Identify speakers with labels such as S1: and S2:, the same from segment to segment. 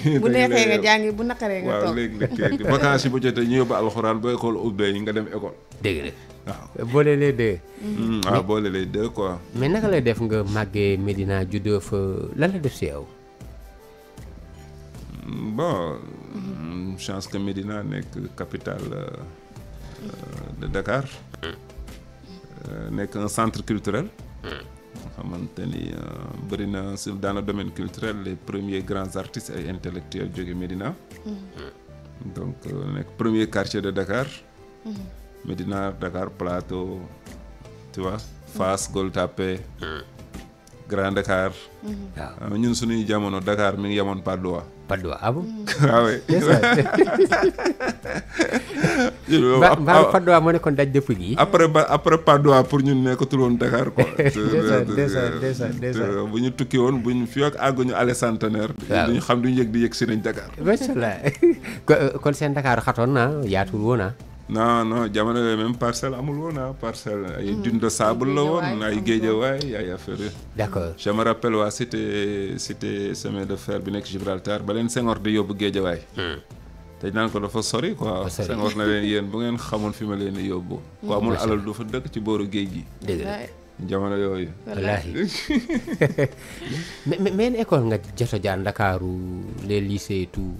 S1: bu neexee nga jàngi bu naqaree nga toog waaw léegi léegi vacances yi bu jotee ñu yóbbu alxuraan ba école ubbee yi nga dem école. dëgg la
S2: waaw boole les deux.
S3: Hmm,
S1: waaw boole les deux quoi.
S2: mais naka lay def nga màggee Medina juddoo fa lan la def si yow. Hmm, bon hmm, chance que Medina nekk capitale euh,
S1: euh, de Dakar. Euh, nekk un centre culturel. xamante ni euh, bëri na sur dans le domaine culturel les premiers grands artistes ay intellectuels jóge Médina
S4: mm-hmm.
S1: donc euh, nekk premier quartier de Dakar mm-hmm. Médina Dakar Plateau tu vois Fass mm-hmm. Gueule Grand Dakar. Mhm. waaw ah, ñun suñuy jamono Dakar mi ngi yemoon Padoa. Padoa ah bon. moo nekkoon daj dëpp gi. après ba pour ñun nekkatul woon Dakar quoi. bu ñu tukki woon bu ñu fii àgguñu ale centenaire. waaw duñu xam duñu yëg di yëg si nañ Dakar. kon seen Dakar xatoon naa yaatul woon naa. non non jamono yooyu même parcelle amul woon ah parcelle. ay hmm. dune de la woon ay géejawaay ay affaire yi. d' accord je me rappelle waa cité cité de fer bi nekk Gibraltar ba leen Senghor di yóbbu géejawaay. Hmm. te naan ko dafa sori quoi. Senghor na leen yéen bu ngeen xamoon
S2: fi ma leen di yóbbu. ko hmm. amul alal du fa dëkk ci booru géej gi. dëgg la jamono yooyu. wallaahi mais mais école nga jot jaar Ndakaaru les
S1: lycées tout.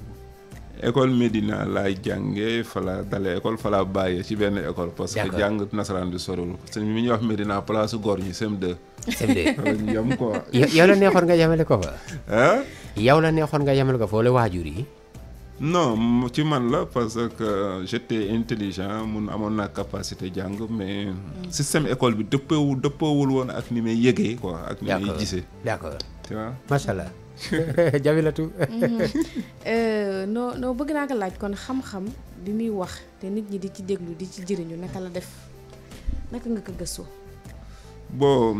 S1: école Médina laay jànge fala laa dale école fa laa bàyyee ci benn école. parce que jàng nasaraan bi sorul sëñ mu ñuy wax Médina place góor ñi CM2. CM2 fa la ñu la neexoon
S2: nga yemale ko fa. ah. yow la neexoon nga yemale ko fa wala waajur yi.
S1: non ci man la parce que j'étais intelligent mun amoon naa capacité jàng mais système école bi dëppewul dëppewul woon ak ni may yëgee
S2: quoi ak ni may gisee d'accord tu Jabilatu. Mhm.
S3: Euh, noo noo bëgg naa ko laaj kon xam-xam bi muy wax te nit ñi di ci déglu di ci jëriñu naka la def naka nga ko gëstu.
S1: boo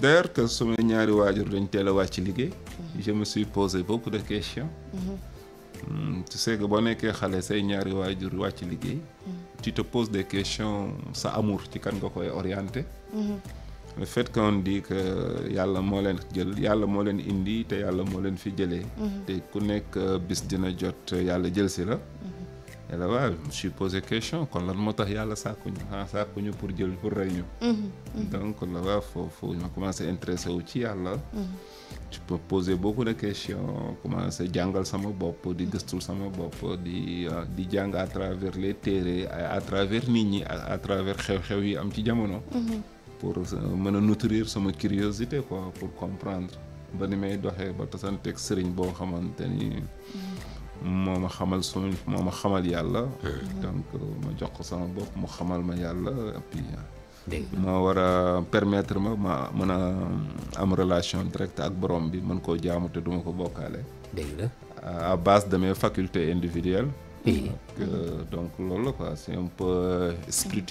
S1: d'ailleurs que sama ñaari waajur dañ teela a wàcc liggéey. Mhm. je me suis posé beaucoup de questions. Mhm. Hmm, tu sais boo nekkee xale say ñaari waajur wàcc liggéey. tu pose poses des questions sa amour ci kan nga koy orienté. le fait qu'on dit que yàlla moo leen jël yàlla moo leen indi te yàlla moo leen fi jëlee. Mm-hmm. te ku nekk euh, bis dina jot euh, yàlla jël si la. yàlla
S4: mm-hmm.
S1: waaw je me suis question kon lan moo tax yàlla sàkkuñu ah sàkkuñu pour jël pour rey ñu.
S4: Mm-hmm.
S1: donc la waaw foofu ma commencé intéressé wu ci yàlla. tu peux boo ko de question commencé jàngal sama bopp di gëstul sama bopp di euh, di jàng à travers les téere à travers nit ñi à travers xew-xew yi am ci jamono. pour euh, mën a nourrir sama curiosité quoi pour comprendre ba ni may doxee ba tasanteeg sëriñ boo xamante ni moo xamal suñu moo ma xamal yàlla hmm. donc euh, ma jox ko sama bopp mu xamal ma yàlla et euh, moo war a permettre ma ma mën a am relation directe ak borom bi mën koo jaamu te duma ko bokkaale dégg la à base de mes facultés individuelles oui donc loolu la quoi c'est un peu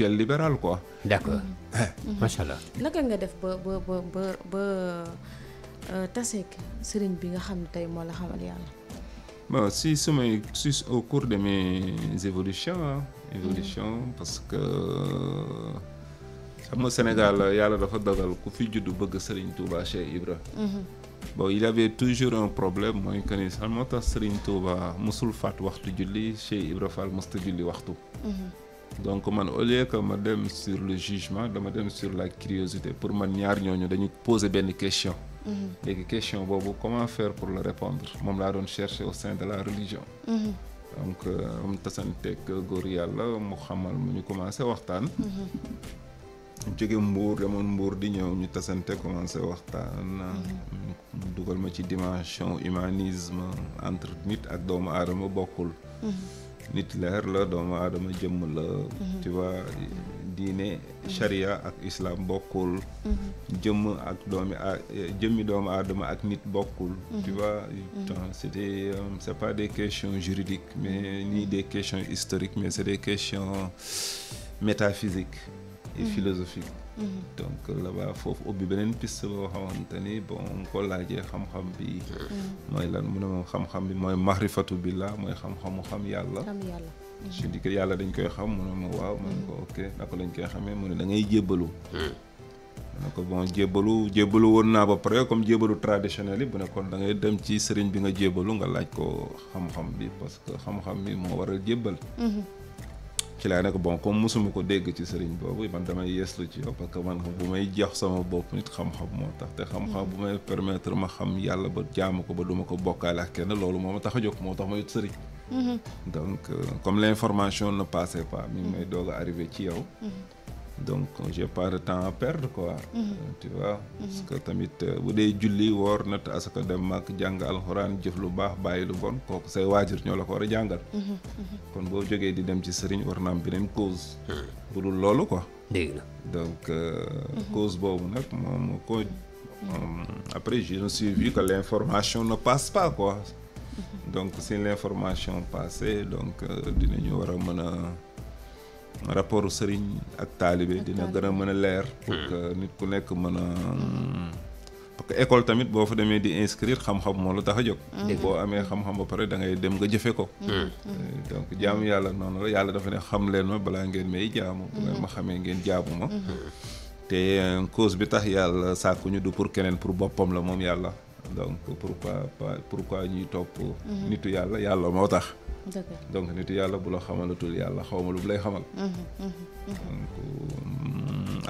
S1: libéral quoi. d'accord mm-hmm. mm-hmm. macha allah.
S3: naka nga def ba ba ba ba ba euh, sëriñ bi nga xam ne tey moo la xamal yàlla.
S1: bon si sumay si au cours de mes évolutions ah. évolution mm-hmm. parce que xam nga Sénégal yàlla dafa dogal ku fi juddu bëgg Serigne Touba Cheikh Ibra. boo il avait toujours un problème mooy que ni sax moo tax Serigne Touba mosul faat waxtu julli Cheikh Ibra Fall musta julli waxtu. Mhm. donc man au lieu que ma dem sur le jugement dama dem sur la curiosité pour man ñaar ñooñu dañu poser benn question. Mhm. léegi question boobu comment faire pour le répondre moom laa doon chercher au sein de la religion. Mhm. donc euh, mu tasanteeg góor yàlla mu xamal mu ñu commencé waxtaan. jóge mbuur demoon mbuur di ñëw ñu tasante commencé waxtaan mm-hmm. dugal ma ci dimension humanisme entre nit ak doomu aadama bokkul mm-hmm. nit leer la doomu adama jëmm la mm-hmm. tu vois diine charia ak islam bokkul jëmm ak doomi jëmmi doomu adama ak nit bokkul tu vois c'était euh, c'est pas des question juridiques mais ni des question historiques mais c'est des questions métaphysiques et mhm. philosophique mhm. donc la bas foofu ubbi beneen piste boo xamante ni bon ko laajee xam-xam bi mhm. mooy lan mu ne moom xam-xam bi mooy mahrifatu billah mooy xam-xamu xam yàlla su di yàlla dañ koy xam mu ne ma waaw mu ko xamee mu ne da ngay jébbalu mu ne ko bon jébbalu jébbalu woon naa ba pare comme jébbalu traditionnel yi bu ne kon da ngay dem ci sëriñ bi nga jébbalu nga laaj ko xam-xam bi parce que xam-xam bi moo waral jébbal ci laa ne ko bon comme mosuma ko dégg ci sëriñ boobu man damay yeeslu ci yow parce que man bu may jox sama bopp nit xam-xam moo tax te xam-xam bu may permettre ma xam yàlla ba jaamu ko ba duma ko bokkaale ak kenn loolu moo ma tax a jóg moo tax ma yut sëriñ mm-hmm. donc euh, comme l'information ne passait pas mi may doog arriver ci yow mm-hmm. donc j'ai pas de temps à perdre quoi mhm. tu vois mhm. que tamit euh, bu dee julli woor natt asaka dem màkk jàng alxuraan jëf lu baax bàyyi lu bon kooku say waajur ñoo la ko war a jàngal mhm, kon boo jógee di dem ci sëriñ war naa am beneen cause hmm. bu dul loolu quoi donc euh, cause boobu nag moom ko euh, après je me suis vu que l'information ne passe pas quoi donc si l'information passait donc dinañu war a mën a rapport sëriñ ak taalibe dina gën a mën a leer hmm. nit ku nekk mën a parce que école tamit boo fa demee di inscrit xam-xam moo la tax a jóg hmm. boo amee xam-xam ba pare da ngay dem nga jëfe ko hmm. Eh, donc jaamu yàlla noonu la yàlla dafa ne xam leen ma balaa ngeen may jaamu ma xamee ngeen jaamu ma te euh, cause bi tax yàlla sàkkuñu du pour keneen pour boppam la moom yàlla donc pourquoi pas pourquoi ñuy topp nitu yàlla yàlla moo tax donc nit yàlla bu la xamalatul yàlla xaw ma lu lay xamal. Mhm, mhm, mhm. donc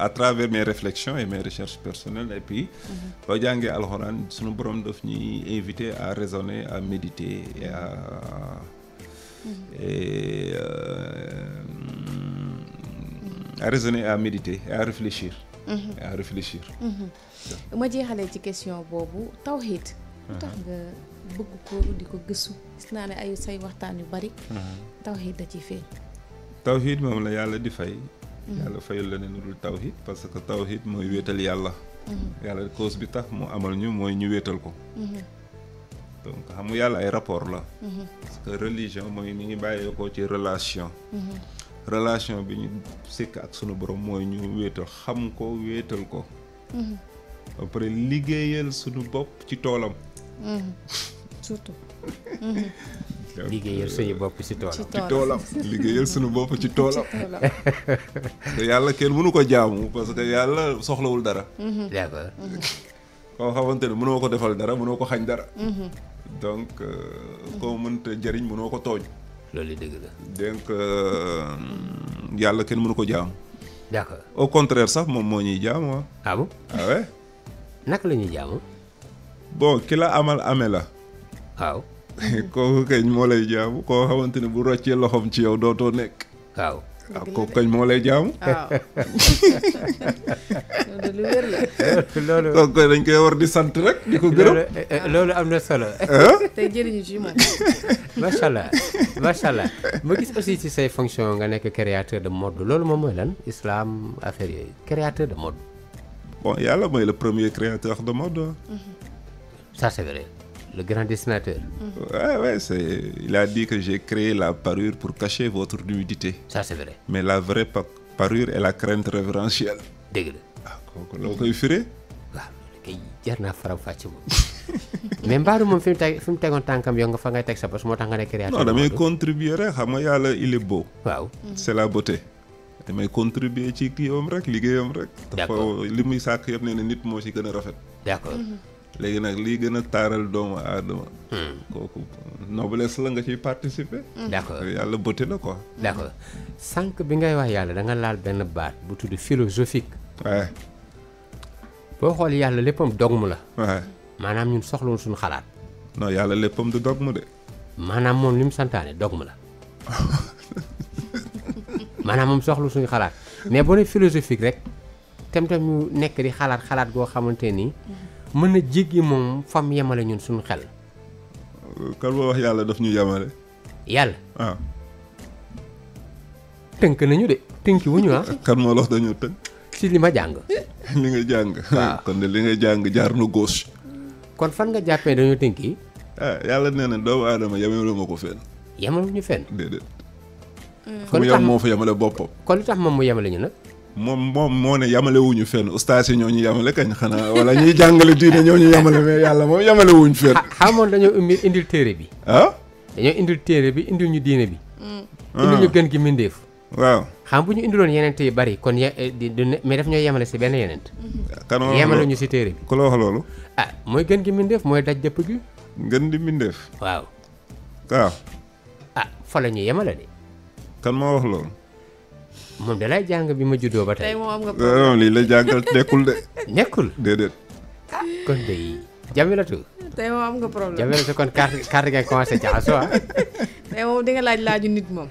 S1: euh, travers mes réflexions et mes recherches personnelles et puis. boo jàngee alxuraan sunu borom def ñuy invité à raisonner à méditer et euh, réfléchir. à réfléchir.
S3: ma jeexalee ci question boobu tawhid. lu tax nga. bëgg ko di ko gëstu gis naa ne ay say waxtaan yu bari mhm. tawxiid da ciy feeñ
S1: tawxiid moom la yàlla di fay mhm. yàlla fayal la ne nu dul tawxiid parce que tawxiid mooy wéetal yàlla mhm. yàlla cause bi tax mu amal ñu mooy ñu wéetal ko donc xam yàlla ay rapport la parce que religion mooy ni ngi bàyyee ko ci relation bi sunu borom mooy ñu wéetal xam ko wéetal ko ba liggéeyal sunu bopp ci toolam
S4: surtout. Mm-hmm.
S1: liggéeyal suñu bopp ci toolam ci toolam liggéeyal suñu bopp ci toolam. te yàlla kenn mënu ko jaamu parce que yàlla soxlawul dara. Mm-hmm. Mm-hmm. koo xamante ne mënoo ko defal dara mënoo ko xañ dara. donc euh, koo mënta jëriñ mënoo ko tooñ. loolu dëgg la. Euh, yàlla kenn mënu ko jaamu. d'accord au contraire sax moom moo ñuy jaamu ah. ah bon ah ouais. naka la jaamu. bon ki la amal amee la. waaw. kooku kañ moo lay jaamu koo xamante ni bu roccee loxoom ci yow dootoo nekk. waaw. waaw ah, kooku kañ moo lay jaamu. loolu kooku kañ dañ
S2: koy war di sant rek di ko gërëm. loolu eh, eh, am na solo. Ah?
S3: tey macha allah macha allah
S2: ma gis aussi ci say fonction nga nekk créateur de mode loolu moom mooy lan islam affaire yooyu créateur de mode. bon yàlla mooy le premier créateur de mode. Mhm. ça c'est vrai. le grand dessinateur. Ouais, ouais,
S1: c'est, il a dit que j'ai créé la parure pour cacher votre nudité. Ça, c'est vrai. Mais la vraie pa parure est la crainte révérentielle.
S2: dëgg la. ah
S1: kooku loo koy firee.
S2: waaw kay jar naa faram fàcce moom. mais Mbadou moom fi mu teg fi mu tegoon tànkam yow nga fa ngay teg sa bos moo tax nga ne créateur. non damay
S1: contribuer rek xam nga yàlla il est beau. waaw c'est la beauté. damay contribuer ci kii yoom rek liggéeyam rek. dafa li muy sàkk yëpp ne nit moo ci gën a rafet. d'accord. léegi nag lii gën a taaral doomu aadama. Hmm. kooku
S2: noblesse la nga ciy participer. Hmm. d' yàlla bëti la quoi. d' accord sànq bi ngay wax yàlla danga laal benn baat bu tudd philosophique. waaw. boo xool yàlla léppam dogmu la. maanaam ñun soxlawul suñu xalaat. non yàlla léppam du dogmu de. maanaam moom li mu santaane dogmu la. maanaam moom soxlu suñu xalaat mais boo ne philosophique rek tam tam ñu nekk di xalaat xalaat goo xamante nii hmm. mën a jéggi moom fam yemale ñun suñu xel. kan boo wax yàlla
S1: daf ñu yemale. yàlla ah.
S2: tënk nañu de tënki
S1: wuñu ah. kan moo wax dañu tënk. ci li ma jàng. li nga jàng. waaw kon de li nga jàng jaar na gauche. kon fan nga jàppee dañoo tënki. ah yàlla nee na doomu aadama yemale ma ko fenn. yemale ñu fenn. déedéet. kon lu mu yem moo fa yemale boppam. kon lu tax moom mu yemale ñu nag. moom moom moo ne yamalewuñu wuñu fenn ustaas ñoo ñu yamale kañ xanaa wala ñuy jàngale diine ñoo ñu yamale mais yàlla moom yamale wuñu fenn. Ah, ah, xamoon
S2: dañoo indil téere bi. ah. dañoo indil téere bi indil ñu diine bi. Hmm. indil ñu ah. gën gi mindeef. waaw xam bu ñu indiloon yenent yu bari kon ya eh, mais daf ñoo yemale si benn yenent mm-hmm. kanoo yemale ñu si téere bi ku la wax loolu ah mooy gën gi mindeef mooy daj dëpp gi gën di mindeef waaw waaw ah fa ñu yemale de kan moo wax loolu moom da jàng bi ma juddoo ba tey.
S3: moom am nga problème
S2: lii la jàngal nekkul de. nekkul déedéet. kon day nga
S3: problème jamilatu
S2: kon carte carte ngay commencé jaxasoo ah.
S3: moom di laaj laaju nit moom.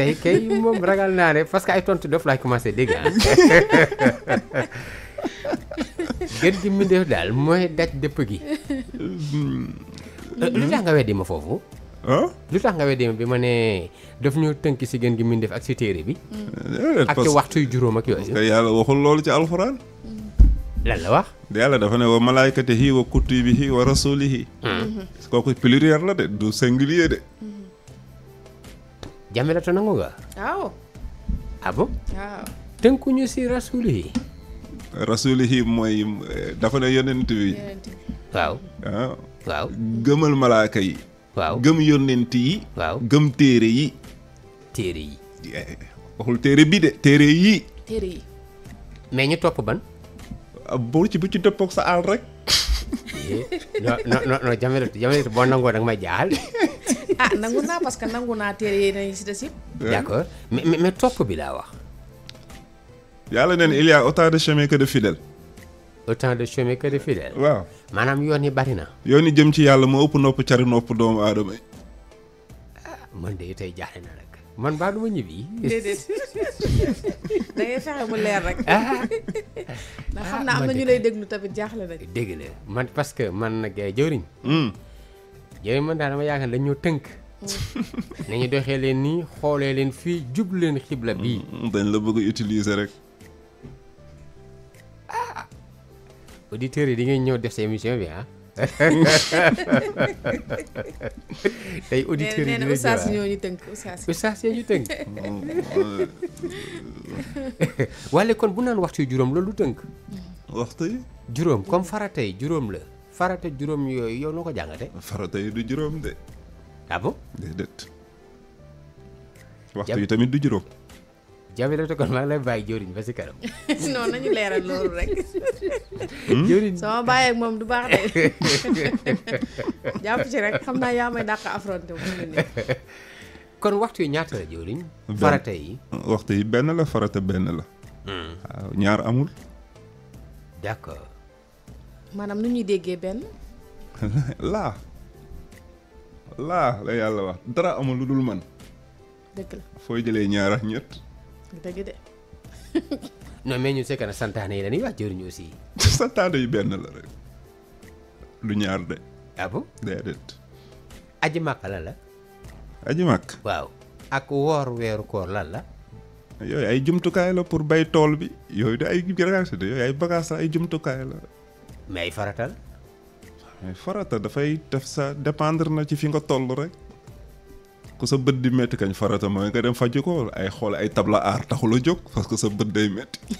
S3: tey kay moom ragal naa ne parce que
S2: ay tontu dof laay commencé dégg ah. gën gi mu def daal mooy daj dëpp gi. lu tax nga weddi ma foofu. lu tax nga weddee bi ma ne daf ñu tënk si gën gi min def ak si téere bi. Mm. ak ci waxtuy juróom ak yooyu.
S1: parce yàlla waxul loolu ci alxuraan.
S4: Mm. lan
S2: la wax. yàlla
S1: dafa ne wa malaayikatihi wa kutubihi wa rasulihi. Mm. kooku pluriel la de du singulier de. Ah mooy eh, dafa ne yonent bi. waaw. Ah. waaw gëmal malaaka yi. waaw gëm yónnent yi. waaw gëm téere yi. téere yi. waxul téere bi
S2: de téere yi. téere yi mais ñu topp ban. Ah, boo ci bu ci dëppook sa àll rek.
S3: Eh, non
S2: non non Jamilatu Jamilatu boo nangoo nag ma jaaxal.
S3: ah nangu naa parce que nangu naa téere yi nañu si des yëpp.
S2: d'accord mais topp bi laa wax.
S1: yàlla neen il y a de chemins que de fidèles.
S2: au temps de chômer que de waaw maanaam yoon yi bari na.
S1: yoon yi jëm ci yàlla moo ëpp nopp cari nopp doomu aadama yi.
S2: Ah, man de tey jaaxle na rek man baa duma ñibbi. déedéet da fexe mu leer rek. Ah. ndax xam ah, naa am na ñu lay déglu
S3: tamit jaaxle na. dégg
S2: na man parce que man nag eh, jëwriñ. Hmm. jëwriñ man daal dama yaakaar ne dañoo tënk. Hmm. nañu doxee leen nii xoolee leen fii jublu leen xibla bii. Hmm,
S1: dañ la bëgg utilise rek.
S2: auditeurs yi di ngeen ñëw def sa émission bi ah. tey auditeurs yi nee na oustaz ñoo ñu tënk oustaz. oustaz ñoo ñu tënk. wala kon bu naan waxtu juróom la lu tënk. waxtu yi. juróom comme farata yi juróom la farata juróom yooyu yow noo ko jàngate. farata yi du juróom de. ah bon. déedéet. waxtu yi tamit du juróom. Jaamiratu kon maa ngi lay bàyyi jëwriñ ba si kanam.
S3: non nañu leeral loolu rek. jëwriñ sama bàyyeeg moom du baax de. jàpp ci rek xam naa yaa may dàq affronté
S2: kon waxtu yu ñaata la jëwriñ. farata yi
S1: waxtu yi benn la farata benn la. ñaar amul.
S2: d'accord.
S3: maanaam nu ñuy déggee benn.
S1: la yàlla wax dara amul lu dul man. fooy jëlee ñaar ak ñett.
S3: dëgg de.
S2: non mais ñu sekk na santaane yi dañuy wax jëriñu aussi. santaane yu benn la rek. lu ñaar de. ah bon déedéet. aji màkk la la. aji màkk. waaw ak woor weeru koor lan la. yooyu ay
S1: jumtukaay la pour bay tool bi yooyu de ay grâce de yooyu ay bagages la ay jumtukaay la.
S2: mais ay faratal.
S1: mais farata dafay def sa dépendre na ci fi nga toll rek. ku sa bët di métti kañ farata mooy nga dem faj ko ay xool ay tabla aar jóg parce que sa bët day métti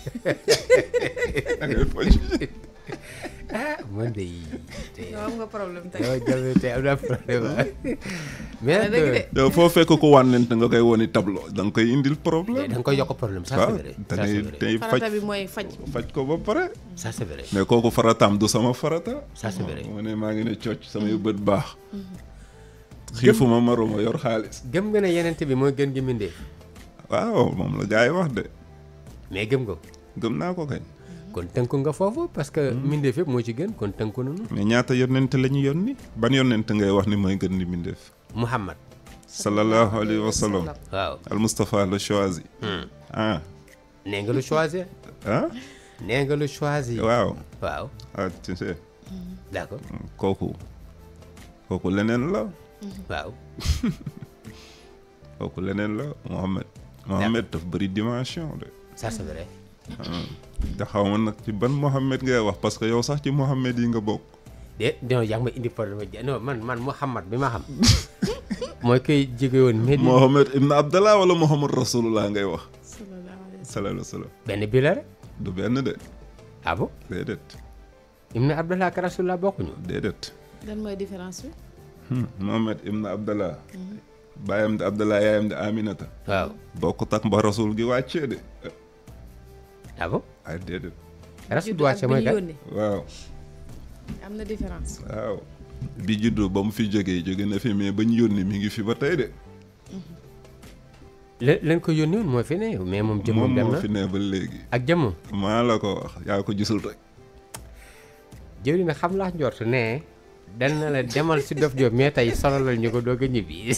S1: ah,
S4: mais nag.
S1: foo fekk ko wànnent nga koy woni tableau da nga koy indil problème. danga koy yokk problème ça c'est vrai. ça c'est vrai tey faj ko ba pare. mais kooku farataam du sama farata. ça ne maa ngi ne cocc samay bët baax. Mm-hmm. xiifuma
S2: maruma yor xaalis. gëm nga ne yenent bi mooy gën gi mbindéef. waaw moom la gars yi wax de. mais gëm nga ko. gëm naa ko kañ. kon tënku nga foofu parce que. Hmm. mbindéef yëpp moo ci gën kon tënku nañu.
S1: mais ñaata yonent la ñu yónni. ban yonent ngay wax ni mooy gën di mbindéef. Muhammad.
S2: sallallahu alayhi wa sallam. waaw
S1: al Mustapha le choisi. Hmm. ah.
S2: nee nga lu choisir.
S1: ah. nee nga Mm-hmm. waaw. kooku leneen la Mohamed. Mohamed daf bëri dimension de. ça c'est vrai. Ah. xaw ma nag ci ban Mohamed ngay wax parce que yow sax ci Mohamed yi nga bokk.
S2: de non yaa ngi may indi problème bi ma xam.
S1: mooy koy jóge woon. Mohamed Ibn Abdallah wala Mohamed Rasulullah ngay wax. benn bi la rek. du benn de. ah bon déedéet. Ibn Abdallah ak Rasulullah bokkuñu. déedéet.
S3: lan mooy différence bi.
S1: Hmm. Mohamed ibn Abdallah hmm. baayam di Abdallah yaayam di Aminata waaw bokkut ak ba rasul gi wàccee de ah bon ay ah, déedéet rasul gi wàccee mooy kan waaw
S3: am na différence
S1: waaw bi juddoo ba mu fi jógee jóge na fi mais ñu yónni mi ngi fi ba tey de
S3: mm-hmm.
S1: lé lañ ko yónni woon moo fi ne mais moom jëmm dem na moom fi ne ba léegi ak jëmm maa la ko wax yaa ko gisul rek
S2: jëw dina xam laa njort ne dan na la demal si Dof Diop mais tey solalal ñu ko doog a ñibbi.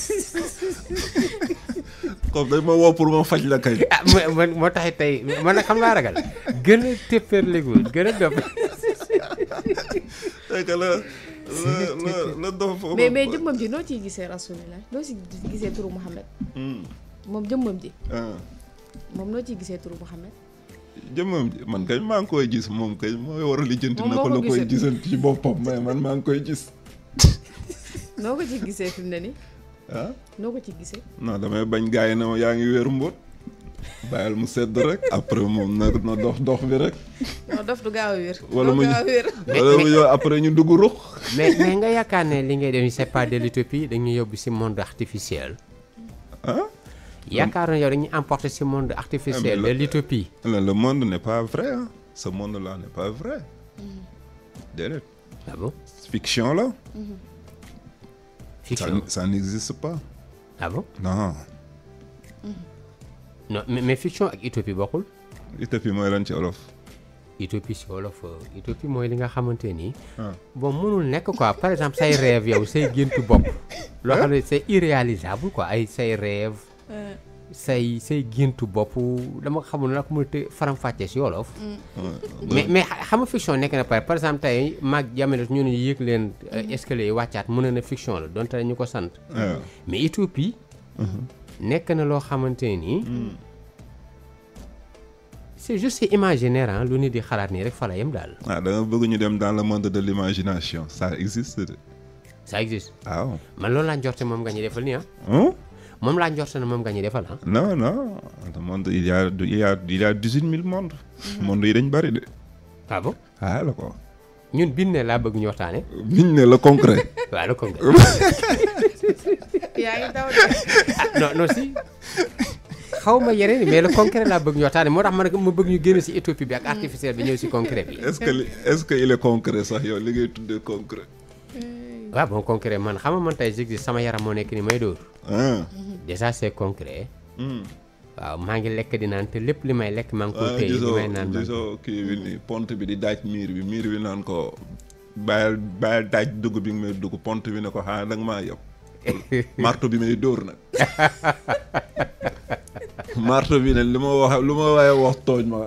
S2: comme ma woo pour ma faj la kay. ah man moo tax tey man nag xam laa ragal gën a tépperliku gën a dof. tey que la la la dof. mais
S3: mais jëmmam ji noo ciy gisee rasulillah noo ciy gisee turu Mouhamed. Hmm. moom jëmmam ji. Ah. moom noo ciy gisee turu Mouhamed.
S1: jëmmam ji man kañ maa ngi koy gis moom kañ mooy war a lijjanti na ko la koy gisal ci boppam mais man maa ngi koy gis
S3: noo ko ci gisee ne nii ah noo ko ci gisee
S1: non damay bañ gars yi ma yaa ngi wéeru mbóot bàyyil mu
S2: sedd rek après moom na na dox dox bi rek
S3: non dof du gaaw a wér wala mu wala mu ñëw
S2: après ñu dugg ruq mais mais nga yaakaar ne li ngay dem c'est pas de l'utopie dañuy yóbbu si monde artificiel ah Mm. yaakaaroon yow dañuy emporter ce monde artificiel de
S1: ah, l'utopie ah, mais le monde n'est pas vrai ah ce monde là n'est pas vrai mm. déedéet ah bon fiction la fiction ça, ça n'existe pas ah bon non
S2: mm. non mais, mais fiction ak utopie bokkul utopie mooy lan ci olof utopie si wolof euh, utopie mooy li nga xamante nii ah. boo mënul nekk quoi par exemple say rêve yow say géntu bopp loo xam ne c'est irréalisable quoi ay say rêve say say géntu bopp dama xamul nag mu te faram-fàccee si wolof. Mm. mais mais xam nga fiction nekk na pare par exemple tey mag jamono ñu ne ñu leen escalier yi wàccaat mën na fiction la donte ñu ko sant. mais utopie. Mm-hmm. nekk na loo xamante nii mm. c'est juste imaginaire lu nit di xalaat nii rek fa yem daal.
S1: ah bëgg ñu dem dans le monde de l'imagination ça existe. ça existe. waaw ah.
S2: man loolu laa njorte moom nga ñu defal nii ah. moom laa njort ne moom nga ñuy defal ah.
S1: non non le monde il y a il y a il y a dix huit mille monde. Mm-hmm. monde yi dañ bëri de. ah bon ah la ko. ñun
S2: biñ ne laa bëgg ñu waxtaanee. biñ ne le concret. waaw le concret.
S4: yaa ngi daw de.
S2: ah non non si. xaw ma yeneen mais le concret laa bëgg ñu waxtaane moo tax ma ne ma bëgg ñu génn si utopie bi ak artificiel bi ñëw si concret bi. est-ce que est-ce que il est concret sax yow li ngay tuddee concret. waaw bon concret man xam nga man tey jii sama yaram moo nekk ni may dóor. déjà c'est concret. Hmm. waaw maa ngi lekk di naan te lépp li may lekk maa ngi ko ah, téye
S1: kii bi nii pont bi di daaj miir bi miir bi naan ko bàyyil bàyyil daaj dugg bi nga may dugg pont bi ne ko xanaa ah, danga maa yëpp marto bi may dóor nag marto bi nag li ma wax lu ma waaye wax tooñ ma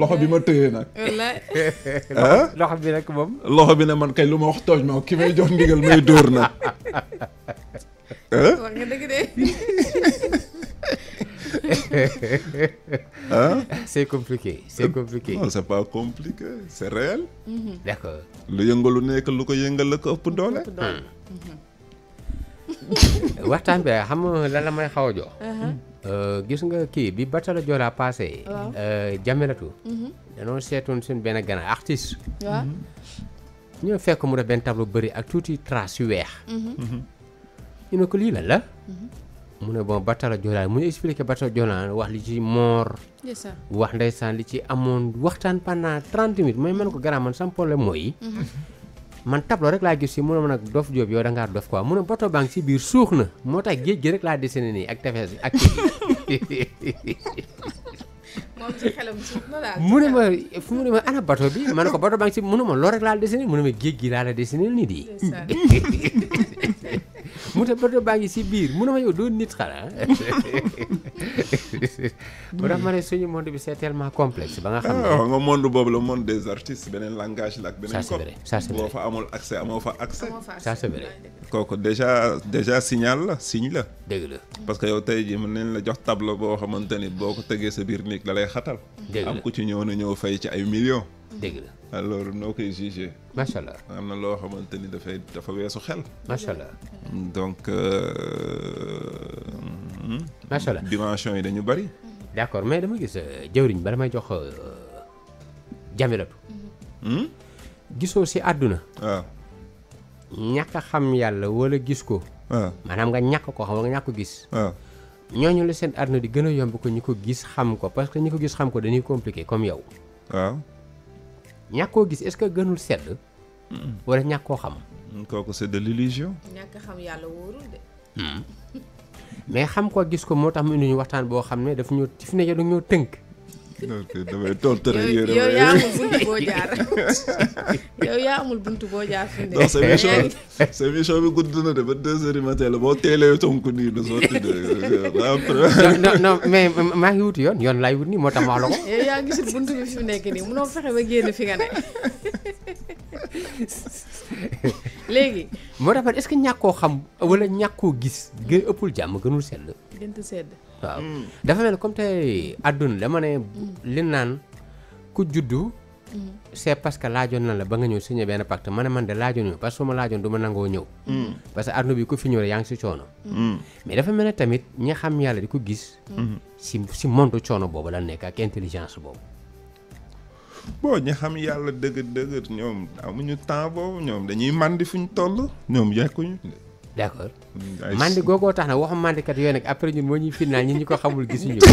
S1: loxo bi ma tëye nag
S2: loxo bi nag moom
S1: loxo bi ne man kay lu ma wax tooñ ma ki may jox ndigal may dóor nag wax nga dëgg de. ah. c'est compliqué c'est compliqué. non c'est pas compliqué c'est réel. Mhm. d'accord.
S2: lu yëngalu nekk lu ko yëngal la ko ëpp doole.
S4: Hmm.
S2: waxtaan bi xam nga lan xaw a jox. Uh-huh. Euh, gis nga kii bi Batara Joola passé. Euh, jamelatu. Mhm. danoo seetoon seen benn gànnaar artiste.
S4: waaw.
S2: fekk mu def benn tableau bëri ak tuuti trace yu weex. Mhm. ñu ne ko lii la la. Mhm. mu ne bon Batara Joolaan mu ñu expliqué Batara Joolaan wax li ci moor. wax ndeysaan li ci amoon waxtaan pendant trente minutes may man ko garaan man sam problème mooy. Mhm. man laa gis si mu ne ma nag dof joob yow da ngaa dof quoi si biir suux na moo tax géej laa dessiné nii ak tefes ak. moom ci fu mu ne ma ana bato bi ma ne ko bato baa ngi si mu ne ma loo rek laa dessiné mu ne ma géej gi laa la dessiné nii di. mu ne bato baa ngi si biir mu ne ma yow doo nit xanaa mu tax ma ne suñu monde bi c'est tellement
S1: complexe ba nga xam ne ah, boobu la monde des artistes beneen langage la ak beneen ko fa amul accès amoo fa accès ça c'est vrai kooku déjà déjà signal la signe la dëgg la parce que yow tey ji mën nañ la jox tableau boo xamante ni boo ko tegee sa biir néeg la lay xatal am ku ci ñëw na ñëw fay ci ay millions dëgg la alors noo koy jugé. macha allah am na loo xamante ni dafay dafa weesu xel. macha allah donc.
S2: Euh, hmm, macha allah dimension yi dañu bari. d' accord mais dama gis euh, jëwriñ ba damay jox euh, jamilatu hmm? gisoo si àdduna. waaw. Ah. ñàkk xam yàlla wala gis ko. waaw ah. maanaam nga ñàkk ko xam nga ñàkk ko gis. waaw ah. ñooñu la seen àdduna di gën a yomb ko ñi ko gis xam ko parce que ñi ko gis xam ko dañuy compliqué comme yow. waaw. ñàkk koo gis est-ce que gënul sedd. wala ñàkk koo xam. Mm, kooku c'est de l'illusion.
S3: ñàkk xam yàlla wóorul de. Hmm.
S2: mais xam ko gis ko moo tax mu indi ñu waxtaan boo xam ne daf ñu fi ne dañoo tënk.
S1: damay tontu rek yow yaa amul buntu boo jaar
S3: yow yaa amul buntu boo jaar fi nekk.
S1: sa émission bi gudd na de ba deux heures du la boo teelee
S2: tonku nii la soo tuddee. mais maa ngi wuti yoon yoon laay wut nii moo tax ma wax la
S3: yaa gisul buntu bi fi mu nekk nii munoo fexe ba génn fi nga ne. léegi.
S2: moo tax est-ce que ñàkkoo xam wala ñàkkoo gis gën ëppul jàmm gënul sedd.
S3: gënul sedd.
S2: waaw mm. dafa mel comme tey àdduna dama ne mm. li naan ku juddu. Mm. c'est parce que laajoon na la ba nga ñëw signé benn pacte ma ne man de laajoon ñu parce que su ma laajoon du ma nangoo ñëw. parce que àdduna bi ku fi ñu rek yaa ngi si coono. mais dafa mel ne tamit ñi xam yàlla di ko gis. Mm-hmm. si si montu coono boobu la nekk ak intelligence boobu.
S1: xam yàlla dëgër dëgër ñoom amuñu
S2: temps boobu ñoom dañuy màndi fuñ toll
S1: ñoom yekkuñu.
S2: d' accord mm, mandi googoo tax na waxu mandikat yooyu nag après ñun moo ñuy firnaal ñun ñu ko xamul gisuñu ko.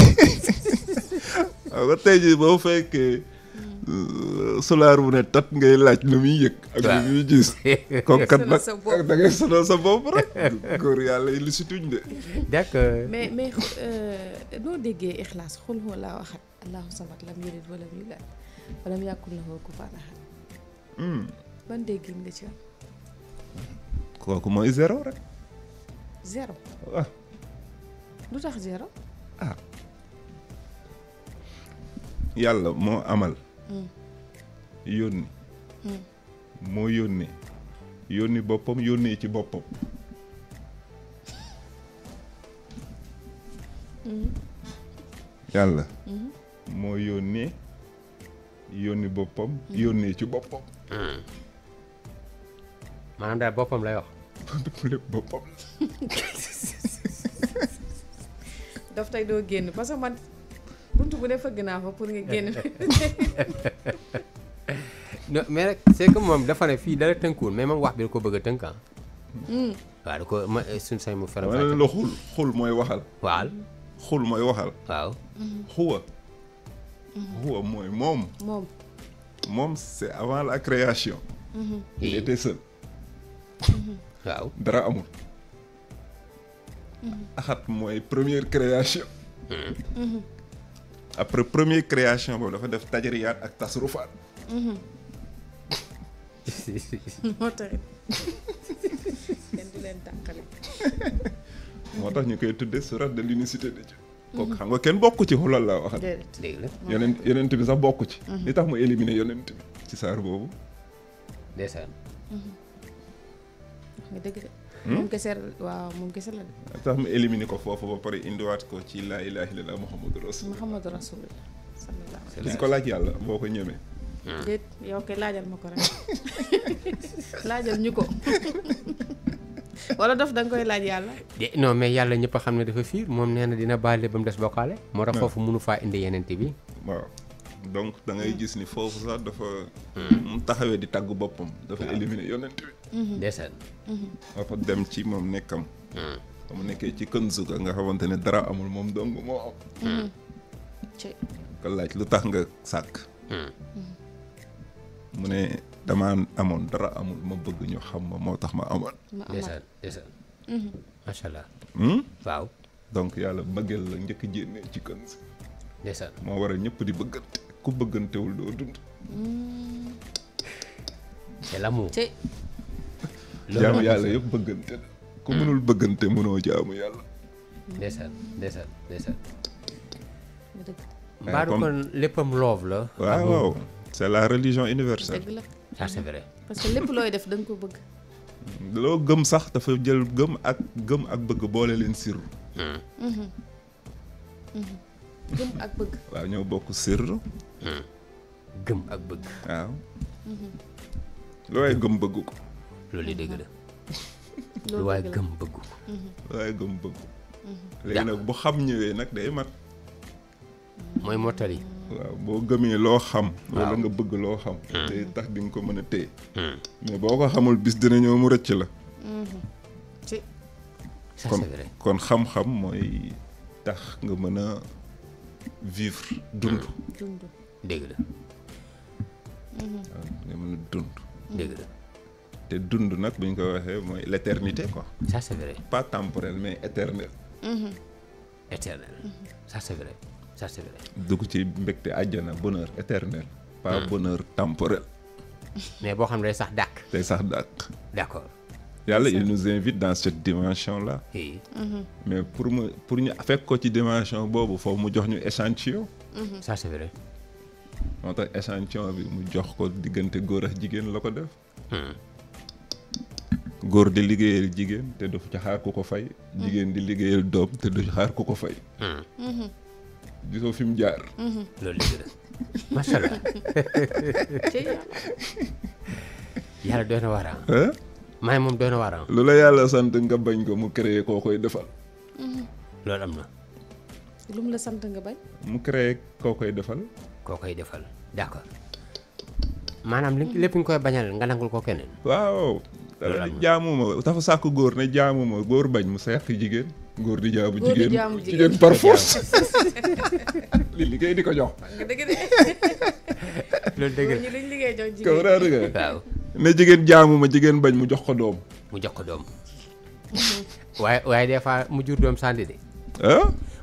S1: waaw ba tey fekkee euh, solaar bu ne tat ngay laaj lu muy yëg. ak lu muy gis. kooku kat sa bopp rek. góor yàlla yi lu si tuñ de. d'
S3: mais mais euh, noo déggee ixlaas xul huwa waxat allahu samad lam yalid walam yulad walam yakun lahu kufuwan ahad hmm. ban déggin nga ci am.
S1: kooku mooy zéro
S3: rek. zéro. waaw. lu tax zéro.
S1: yàlla moo amal. Hmm. yónni. Hmm. moo yónnee. yónni boppam yónnee ci boppam. Hmm. yàlla. moo yónnee. yónni boppam. yónnee ci boppam.
S2: maanaam daal boppam lay wax. lépp boppam.
S3: daf tey doo génn parce que man buntu bu ne fëgg naa fa pour nga génn.
S2: non mais nag moom dafa ne fii dara tënkuwul mais moom wax bi da ko bëgg a tënk ah. Hmm. waaw da ko ma eh, suñu mu faram. wala la xul xul mooy waxal. waal xul mooy waxal. waaw. xuwa.
S1: xuwa hmm. moom. moom. c'est avant la création. Hmm. il était seul. waaw dara amul. Mm-hmm. axat mooy première création. Mm-hmm. Mm-hmm. après première création boobu dafa def tajriyaat ak tasrufaat.
S3: moo tax kenn du leen tàqale. moo tax
S1: ñu koy tuddee sourate de l'unicité de Dieu. kooku xam nga kenn bokk ci xulal laa waxat.
S3: dëgg
S2: la
S1: yonent bi sax bokk ci. li tax mu éliminer yonent bi ci saar boobu.
S3: nga dëgg de. Hmm? moom kese waaw moom kese la de.
S1: tax mu éliminé ko foofu ba pare indiwaat ko ci laa ilaaha illallaah Muhammadu Rasul.
S3: Muhammadu Rasul.
S1: di ko laaj yàlla boo ko ñemee. Hmm. déet
S3: yow kay laajal ma ko rek laajal ñu ko wala dof da koy laaj yàlla. de
S2: non mais yàlla ñëpp xam ne dafa fiir moom nee na dina baale ba mu des bokkaale. moo tax hmm. foofu munu faa indi yeneen bi
S1: waaw. donc da gis ni foofu sax dafa. mu taxawee di tàgg boppam. dafa éliminer yonent bi Mm-hmm. ndeysaan. Mm-hmm. dafa dem ci moom nekkam. Mm. mu nekkee ci kën suga nga xamante ne dara amul moom dong moo am.
S4: ko mm. mm-hmm.
S1: laaj lu tax nga sàkk. Mm. mu ne damaa amoon dara amul ma bëgg ñu xam ma moo tax ma amoon. ndeysaan
S2: macha allah.
S4: Hmm?
S1: waaw. donc yàlla bëggeel la njëkk a ci kën si. ndeysaan moo waral ñëpp di bëggante ku bëggantewul doo dund. jaamu yàlla yëpp bëggante la ku hmm. mënul bëggante mënoo jaamu
S2: yàlla eh,
S1: la waaw la religion universelle
S3: parce que lépp looy def da ko bëgg hmm.
S1: loo gëm sax dafa jël gëm ak gëm ak bëgg boole leen sirru
S4: hmm.
S3: mhm. Mhm. gëm ak bëgg
S1: waaw ñoo bokk sirru gëm ak bëgg waaw mhm. looy gëm bëgg ko loolu mhm. dëgg la lu mhm. waaye gëm bëggu lu waaye gëm bëggu léegi nag bu xam ñëwee nag day mat mooy mottali waaw boo gëmee loo xam wala nga bëgg loo xam hmm. te tax di nga ko mën a téye hmm. mais boo ko xamul bis dina ñëw mu rëcc la
S4: mhm.
S1: kon kon xam-xam mooy tax nga mën a vivre dund hmm. dund dëgg la nga mën a te dund nag bu ñu ko waxee mooy l' éternité quoi. ça c' pas temporel mais
S2: éternel. Mm-hmm. éternel. Mm-hmm. ça
S1: dugg ci mbégte àjjana bonheur éternel. pas mm. bonheur temporel.
S2: mais boo xam ne day sax dàq. day sax dàq. d' accord.
S1: yàlla il nous invite dans cette dimension la mm-hmm. mais pour mu pour ñu fekk ko ci dimension boobu foofu mu jox ñu échantillon. ça c' moo tax échantillon bi mu jox ko diggante góor ak jigéen la ko def. Hmm. góor di liggéeyal jigéen te du ci xaar ku ko fay. jigéen di liggéeyal doom te du ci xaar ku ko fay.
S4: Hmm. Mm-hmm.
S1: gisoo fi mu jaar.
S4: Mm-hmm. loolu léegi la macha
S1: yàlla doy na waar ah. moom doy na waar lu la yàlla sant nga bañ ko mu créé koo koy defal.
S3: Mm-hmm. loolu am na. lu mu la sant nga bañ.
S2: mu créé koo koy defal. koo koy defal d' accord maanaam lépp nga koy bañal nga nangul ko keneen.
S1: waaw jaamuma dafa sàkk góor ne jaamuma góor bañ mu seq jigéen góor di jaamu jigéen jigéen par
S4: li liggéey di ko jox loolu dëgg la liñ liggéey jox jigéen kaw dëgg
S2: waaw
S1: ne jigéen jaamuma jigéen bañ mu jox ko doom
S2: mu jox ko doom waaye waaye des fois mu jur doom sànni de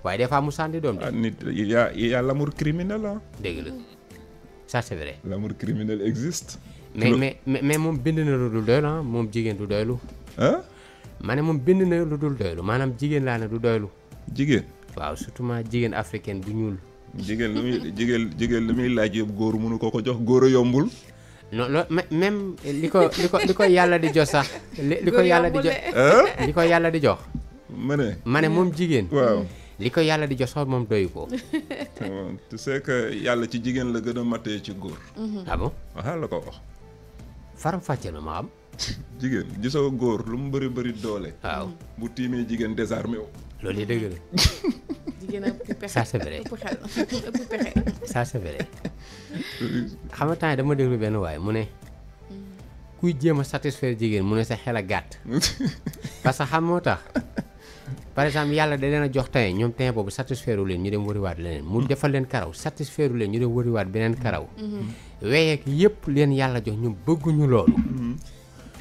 S2: waaye des fois mu sànni doom de ah, nit y a y a la ça c'est vrai l'amour mais mais mais moom bind na lu dul doylu ah moom jigéen du doylu. ma ne moom bind na lu doylu maanaam jigéen laa ne du doylu. jigéen. waaw surtout ma jigéen africaine bu ñuul. jigéen lu
S1: jigéen jigéen lu muy laaj yëpp góor mënu ko ko jox góor a yombul. non non même li ko ko li
S2: ko yàlla di jox sax. li ko yàlla di jox li ko yàlla di jox. ma ne ma ne moom jigéen. waaw li ko yàlla di jox sax moom doyu ko. tu sais
S1: yàlla ci jigéen la gën a matee ci góor. ah faram fàcce na ma am. jigéen gisoo góor lu mu bari bari doole. waaw bu tiimee jigéen désarmé
S2: wu. loolu yi dëgg la.
S3: jigéen ak ëpp xam
S2: nga temps yi dama déglu benn waaye mu ne. kuy jéem a satisfaire jigéen mu ne sa xel a gàtt. parce que xam moo tax. par exemple yàlla da leen a jox tey ñoom tey boobu satisfaire leen ñu dem wëriwaat leneen mu mm-hmm. defal leen karaw satisfaire leen ñu dem wëriwaat beneen karaw. Mm-hmm. weyeeg yëpp leen yàlla jox ñu bëgguñu loolu mm-hmm.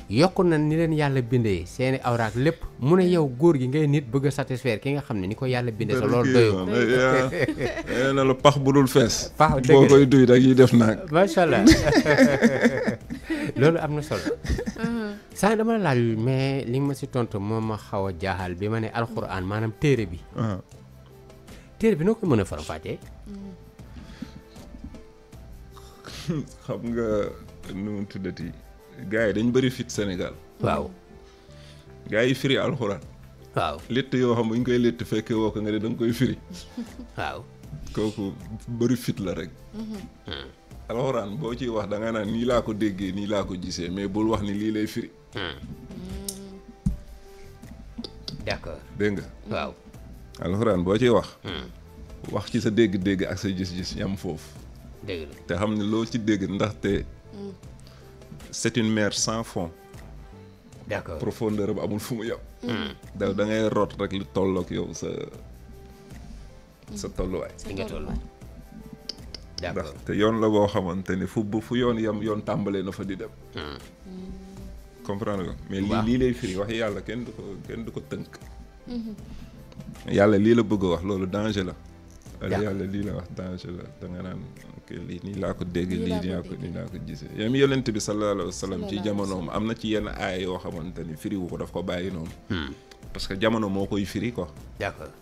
S2: yokk na ni leen yàlla bindee seeni awraak lépp mu ne yow góor gi ngay nit bëgg a ki nga xam ne ni ko yàlla bindee sa loolu doyoo eh, eh, eh, pax bu dul fees pax boo koy duy rek yi def naag macha allah loolu am na solo mm-hmm. saa dama la laaj mais li ma si tontu moom ma xaw a jaaxal bi ma ne alxuraan maanaam téere bi uh-huh. téere bi noo ko mën a faram xam nga nu tuddati
S1: gars yi dañ bëri fit senegal waaw. gars yi firi alxuraan. waaw létt yoo xam bu ñu koy létt fekkee woo ko nga ne danga koy firi. waaw. kooku bëri fit la rek.
S4: Mm-hmm.
S1: Mm. alxuraan boo ciy wax dangay naan nii laa ko déggee nii laa ko gisee mais bul wax ni lii lay firi.
S2: Mm. Mm.
S1: d'accord alxuraan boo ciy wax. wax ci sa dégg-dégg ak sa gis-gis ñam foofu. te xam ne loo ci dégg ndaxte. Mm. c'est une mer sans fond. d'accord profondeur ba amul fu mu yem. Mm. da da ngay root rek lu tollook yow sa mm. sa tolluwaay. li nga tolluwaay. yoon la boo xamante ni fu bu fu yoon yam yoon tàmbalee na fa di dem. comprendre nga mais lii lii lay firi wax yàlla kenn du ko du ko tënk.
S4: Mm-hmm.
S1: yàlla lii la bëgg wax loolu danger la. yàlla lii la wax danger la da nga naan. que lii nii laa ko dégg lii ko nii laa ko gisee yam yonent bi sallallahu alayhi wa ci jamonoom am na ci yenn aay yoo xamante ni firiwu ko daf ko bàyyi noonu hmm. parce que jamono moo koy firi ko d'accord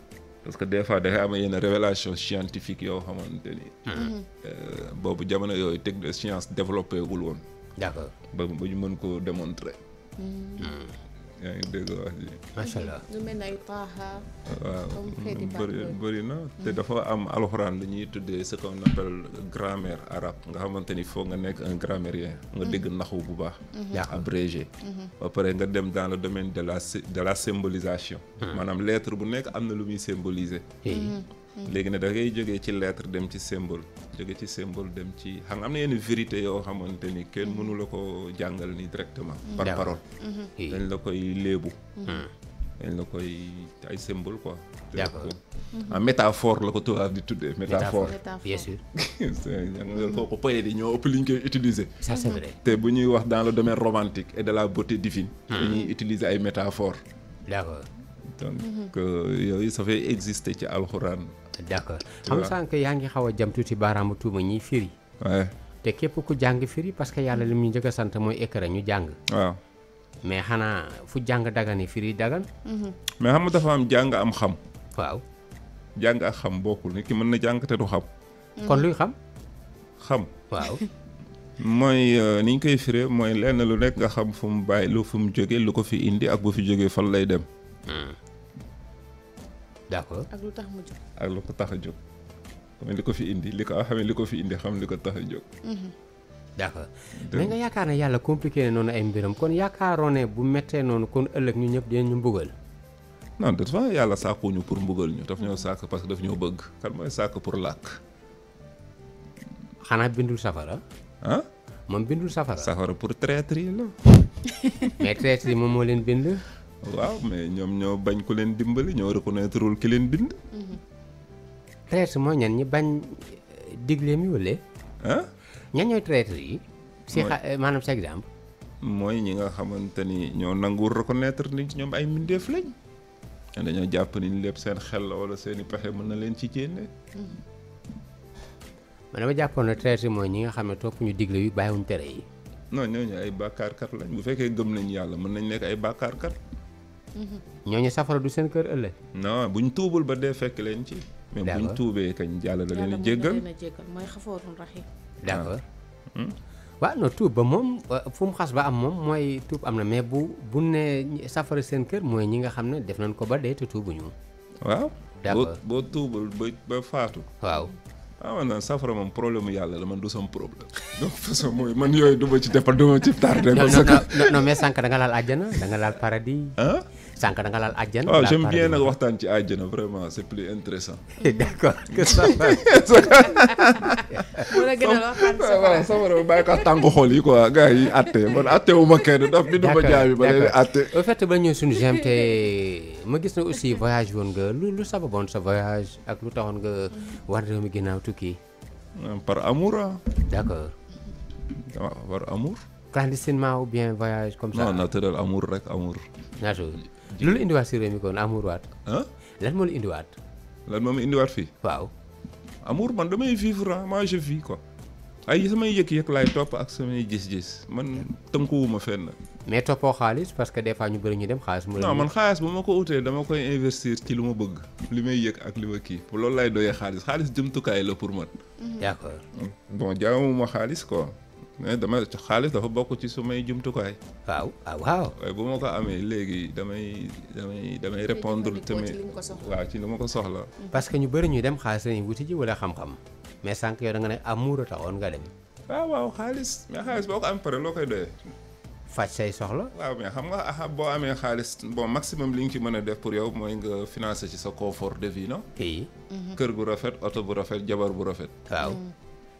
S1: parce que des fois dafay am yenn révélation scientifique yoo xamante ni hmm. mhm. euh, boobu jamono yooyu techno science développé gul woon d'accord ba ba ñu mën ko démontrer
S3: hmm.
S1: yaa ngi dégg wax ji. macha allah
S3: lu waaw mm, bëri
S1: bëri na mm. te dafa am alxuraan li ñuy tuddee ce qu'on appelle grammaire arabe nga xamante ni foog nga nekk un grammairien. nga mm. dégg naxu bu baax. Mm-hmm. yaa abrégé. Mm-hmm. ba pare nga dem dans le domaine de la de la symbolisation. maanaam leetre bu nekk am na lu muy symboliser. Mm-hmm. Mm. léegi nag da ngay jógee ci lettre dem ci symbole jóge ci symbole dem ci xam nga am na yenn vérité yoo xamante ni kenn mm. mënu la ko jàngal ni directement par parole mm-hmm. dañ la koy léebu mm-hmm. mm. dañ la koy ay symbole quoi d'accord mm-hmm. en métaphore la ko tubaab di tuddee métaphore bien sûr kooku poètes yi ñoo ëpp li ñu koy utiliser ça te bu ñuy wax dans le domaine romantique et de la beauté divine dañuy utiliser ay métaphore donc yooyu dafay exister ci alxuraan. d'accord xam sànq
S2: yaa ngi xaw a jam tuuti baaraamu tuuma ñiy firi. te képp ku jàng firi parce que yàlla li mu njëkk sant mooy écra ñu jàng. waaw mais xanaa fu jàng dagane firi dagan. Mhm. mais
S1: xam nga dafa am jàng am xam. waaw. jàng ak xam bokkul nit ki mën na jàng te du xam. Mhm. kon luy xam. xam waaw. mooy euh, ni ñu koy firee mooy lenn lu nekk nga xam fu mu bàyyi lu fu mu jóge lu ko fi indi ak bu fi jógee fan lay dem. Hmm. d'accord ak lu tax ma jóg. ak a jóg. xam li ko fi indi li ko ah, xam
S2: li ko fi indi xam li ko tax a jóg. Mhm. d'accord mais nga yaakaar ne yàlla compliqué na noonu ay mbiram kon yaakaaroon ne bu mettee noonu kon ëllëg ñu ñëpp dinañu mbugal. non de toute façon
S1: yàlla sàkkuñu pour mbugal ñu daf ñoo sàkk parce que daf ñoo bëgg kan mooy pour làkk.
S2: xanaa bindul safara. ah. moom bindul safara. safara pour traître yi la. mais traître yi moom moo leen bind. waaw mais ñoom ñoo bañ ku leen dimbali ñoo reconnaître ki leen bind. traître mooy ñan ñi bañ euh, digle mi wala. ah ñan ñooy traître yi. si euh, maanaam si exemple.
S1: mooy ñi nga xamante ni ñoo nanguwul reconnaître ni ñoom ay mbindeef lañ. dañoo
S2: jàpp ni lépp seen xel la wala seen i pexe mën na leen ci génne. Mm-hmm. man dama jàppoon ne mooy ñi nga xam ne topp ñu digle yu bàyyiwuñ tere yi. non ñooñu ay bàkkaarkat lañ bu fekkee gëm nañ yàlla mën nañ nekk ay bàkkaarkat. ñoo ñooñu safara du seen kër ëllëg.
S1: non buñ tuubul ba dee fekk leen ci. mais buñ tuubee kañ yàlla da leen a jéggal
S3: mooy xafoorun raxiim.
S2: d'accord. Ah. Hmm? waaw non tuub ba moom euh, fu xas ba am moom mooy tuub am na mais bu bu ne safara seen kër mooy ñi nga xam ne def nañ ko ba dee te tuubuñu. waaw
S1: d'accord boo boo tuubul ba ba faatu. waaw. ah
S2: moom problème mu yàlla la man du sama problème donc ci defal laal àjjana da laal paradis. sànq da nga laal àjjana. Ah, waaw j'aime bien nag
S1: waxtaan ci àjjana vraiment c'est plus intéressant. d'accord que ça a waxtaan sa waaw safara bu xool yi quoi wu ma kenn daf bi du ba léegi
S2: àtte. au ba ñëw suñu GMT ma gis na aussi voyage woon nga lu lu sababoon sa voyage ak lu taxoon nga war réew mi ginnaaw tukki. Euh, par amour ah. d'accord. waaw voyage comme ça. non naturel amour rek amour. loolu la indiwaat si réew mi waat. lan moo la indiwaat. lan moo ma indiwaat fii. waaw. amuur man damay vivre ah moi je vis quoi. ay samay yëkk-yëkk laay topp ak samay gis-gis man tënkuwuma fenn. mais toppoo xaalis parce que des fois ñu bëri ñu dem xaalis. mu non man
S1: xaalis bu ma ko utee dama koy investir ci lu ma bëgg. li may yëg ak li ma kii loolu laay doyee xaalis xaalis jumtukaay la pour man. d'accord. bon jaamuma xaalis quoi. mais eh, dama xaalis dafa bokk ci su sumay jumtukaay.
S2: waaw waaw. bu ma ko amee léegi damay damay damay répondre tamit waaw ci li ma ko soxla. parce que ñu bëri ñuy dem xaalis lañuy wuti ji wala xam-xam mais sànq yow da nga ne amuur taxoon nga dem.
S1: waaw waaw xaalis mais xaalis boo ko am pare loo koy doyee.
S2: faj say soxla.
S1: waaw mais xam nga boo amee xaalis bon maximum li ñu ci mën a def pour yow mooy nga financer ci sa confort de vie non. kii. kër gu rafet oto bu rafet jabar bu rafet. waaw. Mm.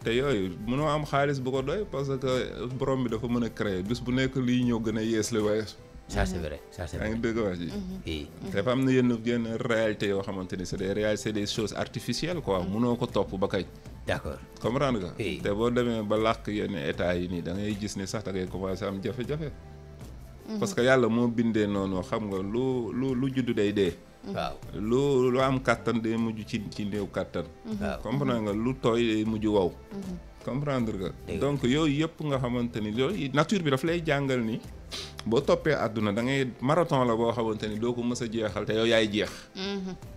S1: te yooyu mënoo am xaalis bu ko doy parce que borom bi dafa mën a créer bis bu nekk liy ñëw gën a yees la waaye. ça c'est vrai ça c'est vrai yaa wax dafa mhm. am na yenn yenn réalité yoo xamante ni c'est des réalités c'est des choses artificielles quoi mhm. mënoo ko topp ba kañ. d'accord comprendre nga. te boo demee ba làkk yenn état yi nii da ngay gis ni sax da ngay commencer am jafe-jafe. Mhm. parce que yàlla moo bindee noonu xam nga lu lu lu juddu day dee. Mhm. waaw lu lu am kàttan day mujj ci ci néew kàttan mhm. waaw comprendre nga lu tooy day mujj wow mhm. comprendre nga donc yooyu yëpp nga xamante ni yooyu nature bi daf lay jàngal ni boo toppee àdduna da ngay marathon la boo xamante ni doo ko mës a jeexal te yow yaay jeex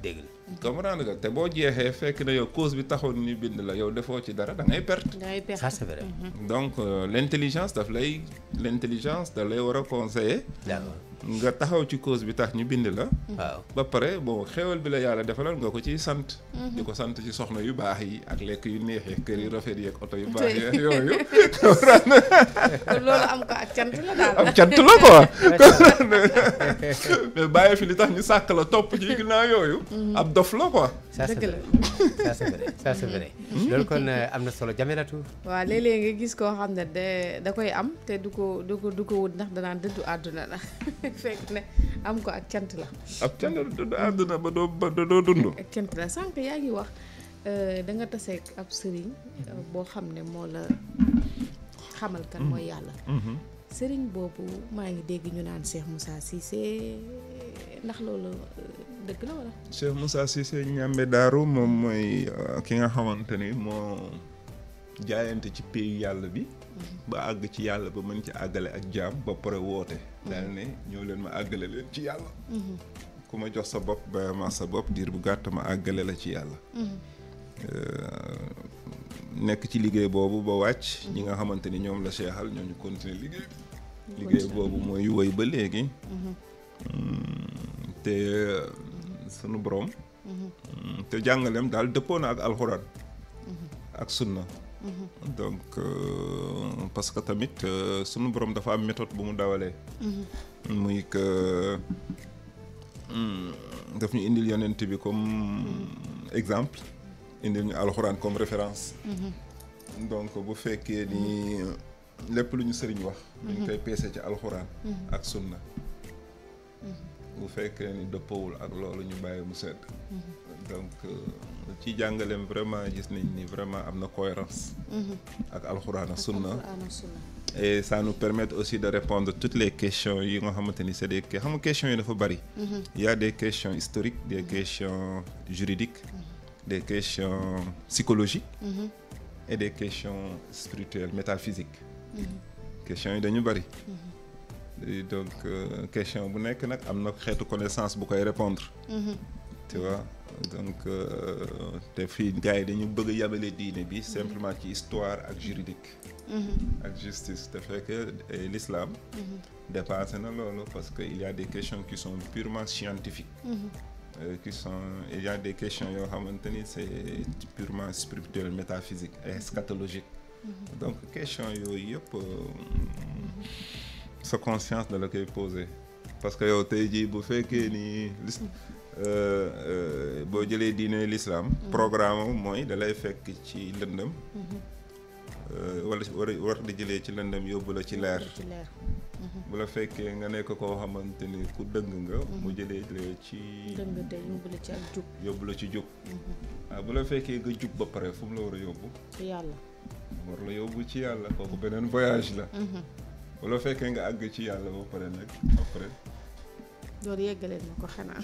S1: dégg nga comprendre nga te boo jeexee fekk na yow cause bi taxoon ni bind la yow defoo ci dara da ngay
S2: perte ça c'est vrai
S1: donc euh, l' daf lay l' intelligence daf lay war a conseiller nga taxaw ci cause bi tax ñu bind la. waaw ba pare bon xéwal bi la yàlla defalal nga ko ci sant. Mhm. di ko sant ci soxna yu baax yi ak lekk yu neex kër yu rafet yeeg oto yu baax yeeg yooyu. loolu am ko ak cant la daal cant la quoi. fi li tax ñu sàkk la topp yooyu.
S2: Mhm. ab dof la quoi. dëgg la mhm. kon euh, am na solo jameratu.
S3: waaw léeg-léeg nga gis koo xam ne da da koy am te du ko du ko du ko wut ndax danaan dëddu àdduna la. fekk ne am ko ak cant la.
S2: ab cant la dund àdduna
S1: ba doo dund. ak
S3: cant la sànq yaa ngi wax euh, da nga taseeg ab sëriñ euh, boo xam ne moo la xamal kan mooy yàlla. Mm-hmm. Mm-hmm. sëriñ boobu maa ngi dégg ñu naan Cheikh Moussa Cissé ndax loolu euh, dëgg la wala.
S1: Cheikh Moussa Cissé ñàmbe daaru moom mooy ki nga xamante ni moo jaayante ci pays yàlla bi. Mm-hmm. ba àgg ci yàlla ba mën ci àggale ak jaam ba pare woote. daal ne ñoo leen ma àggale leen ci yàlla mhm. ku ma jox sa bopp ba sa bopp diir bu gàtt ma àggale la ci yàlla mhm. euh, nekk ci liggéey boobu ba wàcc ñi nga xamante ni ñoom la seexal ñoo ñu continuer liggéey boobu mooy woy ba léegi mhm. mm, te euh, sunu borom
S4: mm,
S1: te jàngaleem daal dëppoo na ak alxuraan ak sunna donc euh, parce que tamit euh, sunu borom dafa am méthode bu mu dawalee. Mhm. muy que hmm, def ñu indil yonent bi comme exemple indil ñu alxuraan comme référence.
S4: Mhm.
S1: donc bu fekkee ni lépp lu ñu sëriñ wax. Mhm. ñu ngi koy peese ci alxuraan. ak sunna. bu fekkee ni dëppoowul ak loolu ñu bàyyi mu sedd. donc. Euh, ci jàngaleem vraiment gis nañ ni vraiment am na cohérence mhm. ak alxuraan ak sunna et ça nous permet aussi de répondre toutes les questions yi nga xamante ni c'est des xam nga questions yi dafa bari mhm. il y a des questions historiques des mhm. questions juridiques des questions psychologiques et des questions spirituelles métaphysiques questions yi dañu bari donc euh, question bu nekk nag am na xeetu connaissance bu koy répondre tu vois donc euh, te fii gars yi dañu bëgg a yabale diine bi simplement ci histoire ak juridique mhm. ak justice te fekk eh, l'islam mhm. dépassé na loolu parce que il y a des questions qui sont purement scientifiques mhm. euh, qui sont il y a des questions yoo xamante ni c'est purement spirituel métaphysique et eschatologique donc question yooyu yëpp euh, sa conscience da la koy poser parce que yow tey jii bu fekkee ni Euh, euh, boo jëlee diine l'islam mhm. programme mooy dalay fekk ci lëndam mhm. euh, wala war di jëlee ci lëndam yóbbu la ci leer mhm. bu la fekkee nga nekk koo xamante ni ku dëng nga mu jëlee lee ci yóbbu la ci ak jub yóbbu la ci jub
S3: waaw
S1: ah, bu la fekkee nga jub ba pare fu mu la war a yóbbu ci yàlla war kooku beneen voyage la bu la fekkee nga àgg ci yàlla ba pare nag après
S3: loolu yeggaleen ma ko xanaa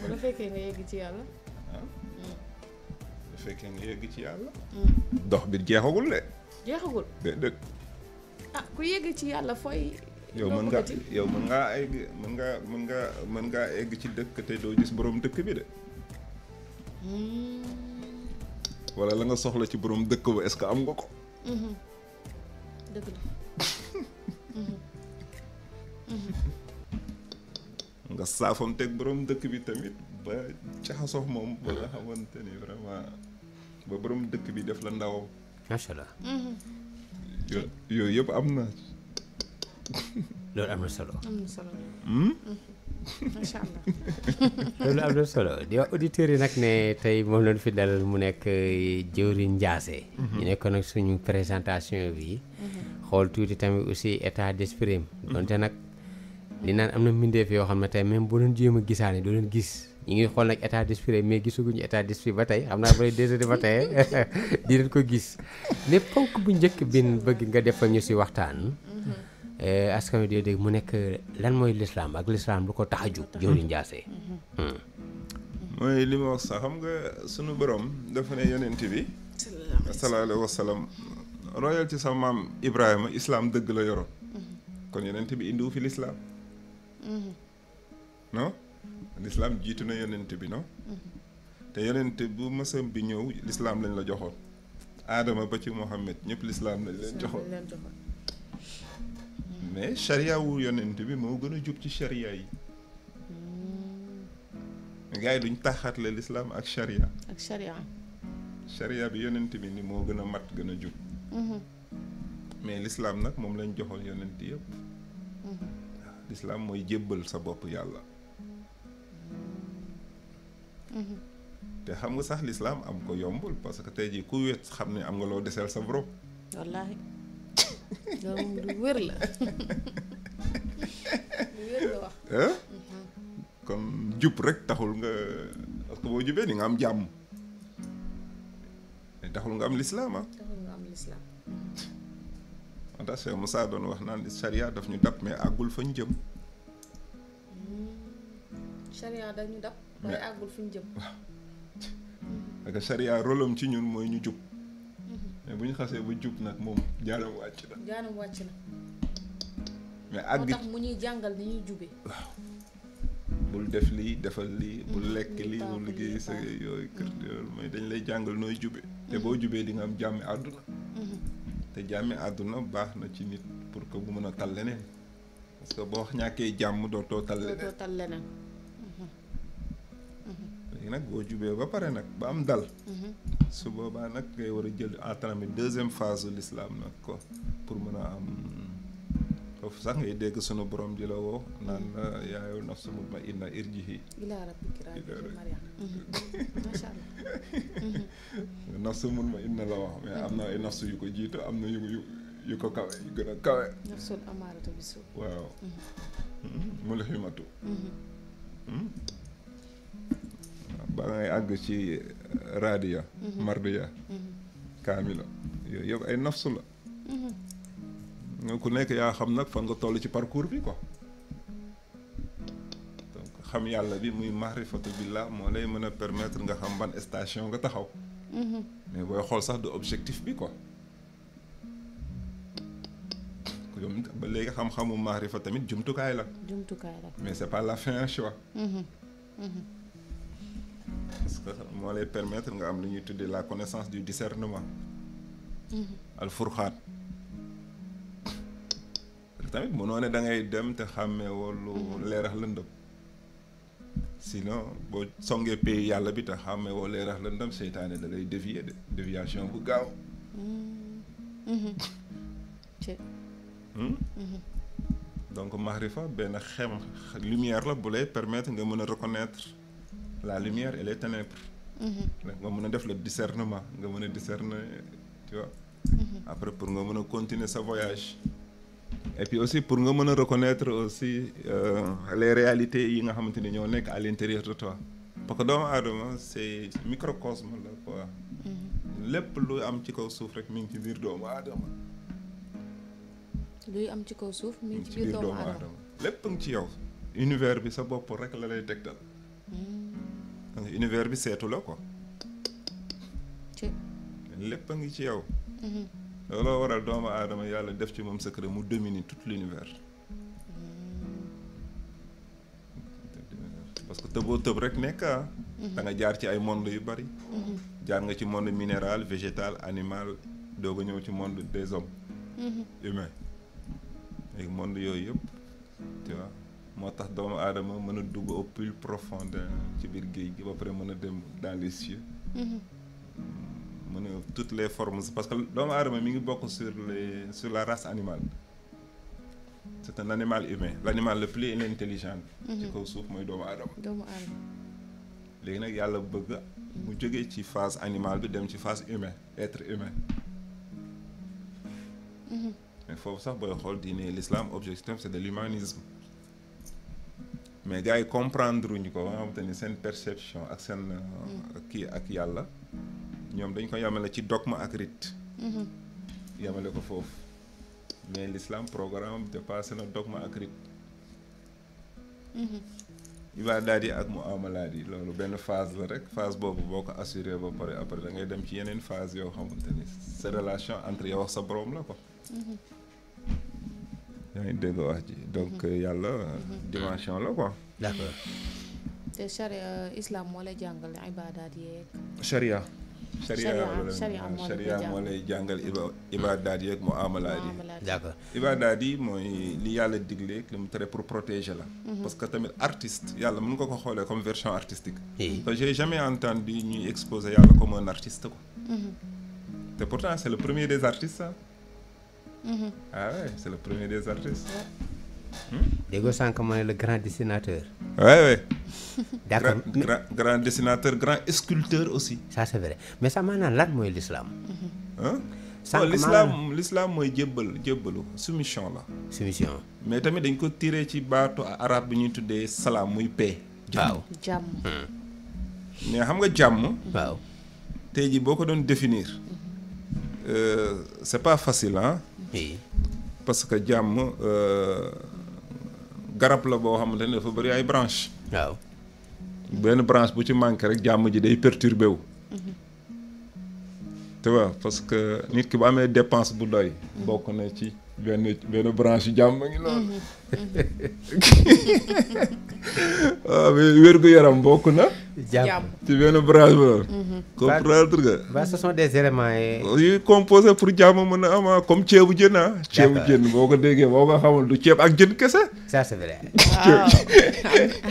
S3: bu fekkee nga ci yàlla
S1: fekkee nga yegg ci yàlla dox bi jeexagul de jeexagul de dëgg
S3: ah ku yegg ci yàlla fooy
S1: yow mën nga yow mën ngaa egg eh, mën nga mën nga mën ngaa eh, egg ci dëkk te doo gis boroom dëkk bi de wala la nga soxla ci boroom dëkk ba est-ce am nga
S4: ko mm-hmm. dëgg la
S1: nga saafoonteeg boroom dëkk bi tamit ba caxasoo moom ba nga xamante ni vraiment ba borom dëkk bi def la ndaw. macha allah.
S2: yooyu yëpp am na. loolu am na solo. am hmm? solo. di wax auditeurs yi nag ne tey moom la lañu fi dalal mu nekk Dieuwrine eh, Ndiassé. Mhm. ñu nekkoon nag suñu présentation bi. Mhm. xool tuuti tamit aussi état d'esprit am donte nag li naan am na mbindeef yoo xam ne tey même bu doon jéem a gisaane doo leen gis ñu ngi xool nag état d'esprit mais gisaguñu état d'esprit ba tey xam naa ba déedéet ba tey di leen ko gis mais ponk bu njëkk bin bëgg nga defal ñu si waxtaan eh, askan wi dégg mu nekk lan mooy lislaam ak lislaam lu ko tax a jóg jëwriñ Ndiassé hmm.
S1: mooy li ma wax sax xam nga sunu borom dafa ne yonent bi sallallahu alayhi wa sallam royal ci sa maam Ibrahima islaam dëgg la yoroon kon yonent bi indiwu fi l'islam mhm. non l'islam jiitu na yonent bi non mhm. te yonent bu mësam bi ñëw lislaam lañ la joxoon aadama ba ci Mohammed ñëpp l'islam lañ leen joxoon mais charia wu yonent bi moo gën a jub ci charia yi hmm. gars yi duñ taxaatle lislaam ak charia ak charia charia bi yonent bi ni moo gën a mat gën a jub Mm-hmm. mais lislaam nag moom lañ joxoon yonent yëpp waaw mm-hmm. l'islam mooy jébbal sa bopp yàlla mm-hmm. te xam nga sax lislaam am ko yombul parce que tey jii ku wet xam ne am nga loo deseel sa borom
S3: wallaahi
S1: kon jub rek taxul nga parce que boo jubee ni nga am jàmm taxul nga am lislaama ah. l'islam moo tax Cheikh Moussa doon wax naan charia daf ñu dab mais àggul fa ñu jëm
S3: charia hmm. daf ñu dab waaye àggul fa ñu jëm
S1: parce que charia ci ñun mooy ñu jub hmm. mais bu xasee ba jub nag moom jaanam wàcc na jaanam wàcc àgg
S3: mu ñuy jàngal ni ñuy jubee waaw
S1: bul def lii defal lii bul hmm. lekk lii bul liggéey sa yooyu kër yooyu mooy dañ lay jàngal nooy jubee te boo jubee di nga am jàmmi àdduna mhm. te jàmmi àdduna baax na ci nit pour que bu mën a tal leneen parce que boo ñàkkee jàmm dootoo tal leneen
S3: tal leneen mhm. Mhm.
S1: léegi nag boo jubee ba pare nag ba am dal su boobaa nag ngay war a jël entamé deuxième phase l'islam nag ko pour mën a am foofu sax ngay dégg sunu borom di la woo naan mm-hmm. ah, yaayu nafsu mutma inna irjihi
S4: ila rabbiki raji'an macha
S1: inna la wax mais am na ay nafsu yu ko jiitu am na yu yu yu ko kawe yu gën a kawe
S3: nafsul mm-hmm.
S1: Mm-hmm. ba ngay àgg ci radia mardiya kaamila yooyu yëpp ay nafsu la ku nekk yaa xam nag fan nga toll ci parcours bi quoi xam yàlla bi muy maarifatu billah moo lay mën a permettre nga xam ban station nga taxaw mm-hmm. mais booy xool sax du objectif bi quoi yow ba léegi xam-xamu maarifa tamit jumtukaay la jumtukaay la mais c'est pas la fin en choix
S3: mm-hmm.
S1: mm-hmm. moo lay permettre nga am lu ñuy tuddee la connaissance du discernement alfurxaat tamit mënoo ne da ngay dem te xàmmee woolu leerax lëndëm sinon boo songee pays yàlla bi te xàmmee woo leerax lëndëm seytaane da dévier de déviation bu gaaw
S4: hmm?
S1: donc maxrifa benn xem lumière la bu lay permettre nga mën a reconnaître la lumière et les ténèbres hmm. nga mën a def la discernement nga mën a discerner tu hmm. après pour nga mën a continuer sa voyage et aussi pour nga mën a reconnaître aussi euh, les réalités yi nga xamante ni ñoo nekk à l'intérieur de toi parce que doomu aadama c'est microcosme la ko mm-hmm. lépp luy am ci kaw suuf rek mi ngi ci biir doomu aadama
S3: luy am ci kaw suuf mi ci biir doomu aadama
S1: lépp ngi ci yow univers bi sa bopp rek la lay tegtal mm-hmm. donc univers bi seetu la quoi lépp a ngi ci yow
S3: mm-hmm.
S1: looloo waral doomu aadama yàlla def ci moom secret mu domine tout l'univers parce que tëboo tëb rek nekka ah. mm-hmm. da nga jaar ci ay monde yu bari mm-hmm. jaar nga ci monde minéral végétal animal doog a ñëw ci monde des hommes mm-hmm. humain léegi monde yooyu yëpp moo tax doomu aadama mën a dugg au plus ci biir géej gi ba pare mën a dem dans les cieux mm. mu ne toutes les formes parce que doomu aadama mu ngi bokk sur les sur la race animale c'est un animal humain l'animal le plus intelligent mhm. ci kaw suuf mooy doomu aadama léegi nag yàlla bëgg mu jógee ci phase animale bi dem ci phase humain être humain mhm. mais foofu sax xool diine l'islam objectif c'est de l'humanisme mais gars yi comprendre ñu ko nga xamante ni seen perception ak seen mhm. kii ak yàlla ñoom dañ ko yamale ci dogme ak rite mhm. yamale ko foofu mais l'islam programme dépassé na dogme ak rite mhm. ibaadaat yi ak mu amalaat yi loolu benn phase la rek phase boobu boo ko assuré ba pare après da ngay dem ci yeneen phase yoo xamante ni sa relation entre yow ak sa boroom la ko mhm. yaa ngi dégg wax ji donc yàlla dimension la quoi d'accord
S3: te charia euh, islam moo lay jàngal ibaadaat yeeg
S1: charia sharia moo lay jàngal iba ibadaat yeeg mu amalaat yi mooy li yàlla digleeg li mu tere pour protéger la mhm. parce que tamit artiste yàlla mën nga ko xoolee comme version artistique te j'ai jamais entendu ñuy exposer yàlla comme un artiste ko mhm. te pourtant c'est le premier des artistes mhm. ah ouais c'est le premier des artistes déggoo sànq ma ne le grand dessinateur. oui oui. grand, grand grand grand sculpteur aussi.
S2: ça c' vrai mais sax maanaam lan mooy l'islam
S1: sànq l'islam l'islam mooy jébbal jébbalu soumission la. soumission. mais tamit dañ ko tiré ci baatu arab bi ñuy tuddee salaam muy paix. waaw jàmm. Hmm. mais xam nga jàmm. waaw tey jii boo ko doon définir. Euh, c' est pas facile ah. parce que jàmm. Euh, garab la boo xamante ne dafa bëri ay branche waaw benn branche bu ci manqué rek jàmm ji day perturbé wu. tu parce que nit ki bu amee dépense bu doy. bokk na ci benn benn branche jàmm ngi loolu. waaw ah, mais wér gu yaram bokk na. jàmm ci benn branche bu doon. Mhm. comprendre nga. waaw ce sont des éléments eh. yi. composé pour jàmm mën a am ah, comme ceebu jën ah. ceebu jën boo ko déggee boo ko xamul du ceeb ak jën kese. ça c'est vrai. Ah.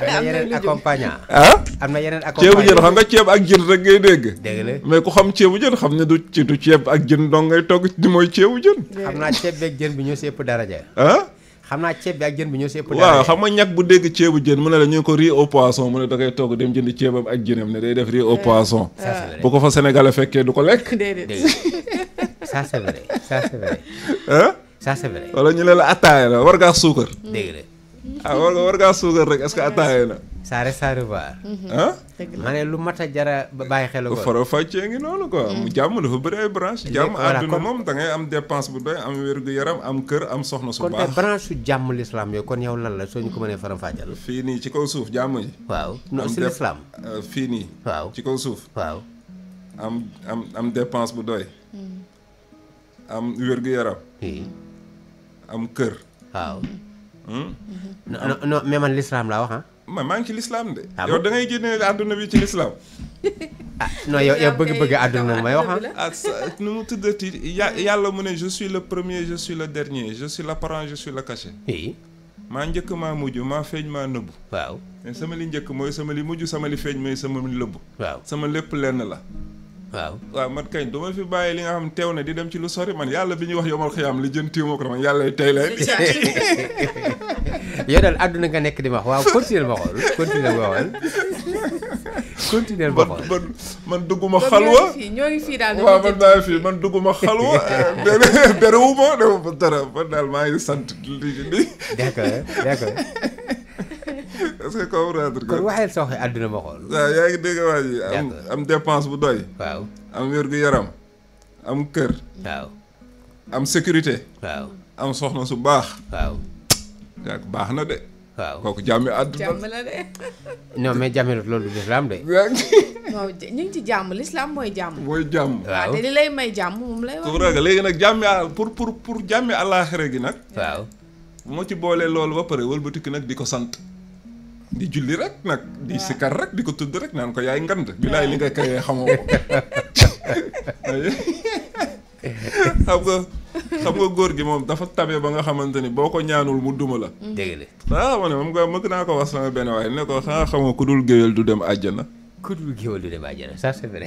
S2: am na yeneen accompagnant. ah am na yeneen accompagnant ceebu jën xam
S1: nga ceeb ak jën rek ngay dégg. dégg la mais ku xam ceebu jën xam ne du ci du ceeb ak jën dong ngay togg di mooy ceebu jën.
S2: xam naa ceeb beeg jën bi ñoo si ëpp daraja. ah. xam naa ceeb bi ak jën bi ñoo si ëpp waaw xam
S1: nga ñàkk bu dégg ceebu jën mu ne la ñu ko riz au poisson mu ne da koy togg dem jënd ceebam ak jënam ne day def riz au euh, poisson bu ko fa sénégalais fekkee du ko lekk ça c'est vrai ça
S2: c'est vrai wala ñu ne la attaaya la war gaa suukar dégg ah war war ngaa suugal rek est-ce que attaaya na. saare saare baar. Mhm. ah. lu mat oh, a jara bàyyi xel. ko
S1: faro fàccee ngi noonu quoi. mu jàmm dafa bëri ay branche jàmm àdduna moom dangay am dépense bu doy am wér gu am kër am soxna su baax.
S2: kon jàmm l'islam kon yow lan la soo ñu ko mënee faram nii ci kaw suuf jàmm ji. waaw non si fii nii. waaw ci kaw suuf. waaw.
S1: bu doy. am wér gu yaram.
S2: am mhm. kër. waaw. Mhm. non hmm? non mais man l'islam laa wax ah.
S1: ma maa ngi ci l'islam de. Ah yow da ngay génne àdduna bi ci l'islam.
S2: ah non yow yow bëgg-bëgg àdduna may wax
S1: ah. ah nu mu tuddati yàlla mu ne je suis le premier je suis le dernier je suis l'apparent je suis le caché. maa njëkk maa mujj maa feeñ maa nëbbu. waaw mais sama li njëkk mooy sama li mujj sama li feeñ mooy sama li lëbb. waaw sama lépp lenn la. waaw waaw man kañ du ma fi bàyyi li nga xam teew na di dem ci lu sori man yàlla bi ñuy wax yomal xiyaam
S2: li jën tiw moo ko man yàlla tey leen yow daal àdduna nga nekk di wax waaw continuer ma xool continuer ma man
S1: dugguma xalwa
S3: ñoo ngi fii daal waaw man
S1: maa fii man dugguma xalwa berewuma dara man daal maa ngi sant li d'accord d'accord est-ce que comprendre nga. kon
S2: waxeel sa waxi ma xool.
S1: waaw yaa ngi dégg waa ji am dépense bu doy. waaw am wér-gu-yaram. am kër. waaw. am sécurité. waaw am soxna su baax. waaw. kooku baax na de. waaw kooku jàmmi
S3: àdduna. jàmm la de.
S2: non mais jàmmi loolu
S3: ci jàmm lislaam mooy jàmm.
S2: mooy jàmm. waaw ah, te li
S3: lay may jàmm moom lay wax.
S2: léegi nag jàmmi pour pour pour
S1: jàmmi àllaaxira gi nag. waaw moo ci boolee loolu ba pare wëlbatiku nag di ko sant. di julli rek nag di sikar rek di ko tudd rek naan ko yaay ngant ngand bilaay li nga kayee xamoo ko xam nga góor gi moom dafa tabe ba nga xamante ni boo ko ñaanul mu duma la mm. dégg la ah mëgg naa ko wax sama ah, ku dul géwél du dem àjjana
S2: ku dul géwél du dem àjjana ça c'est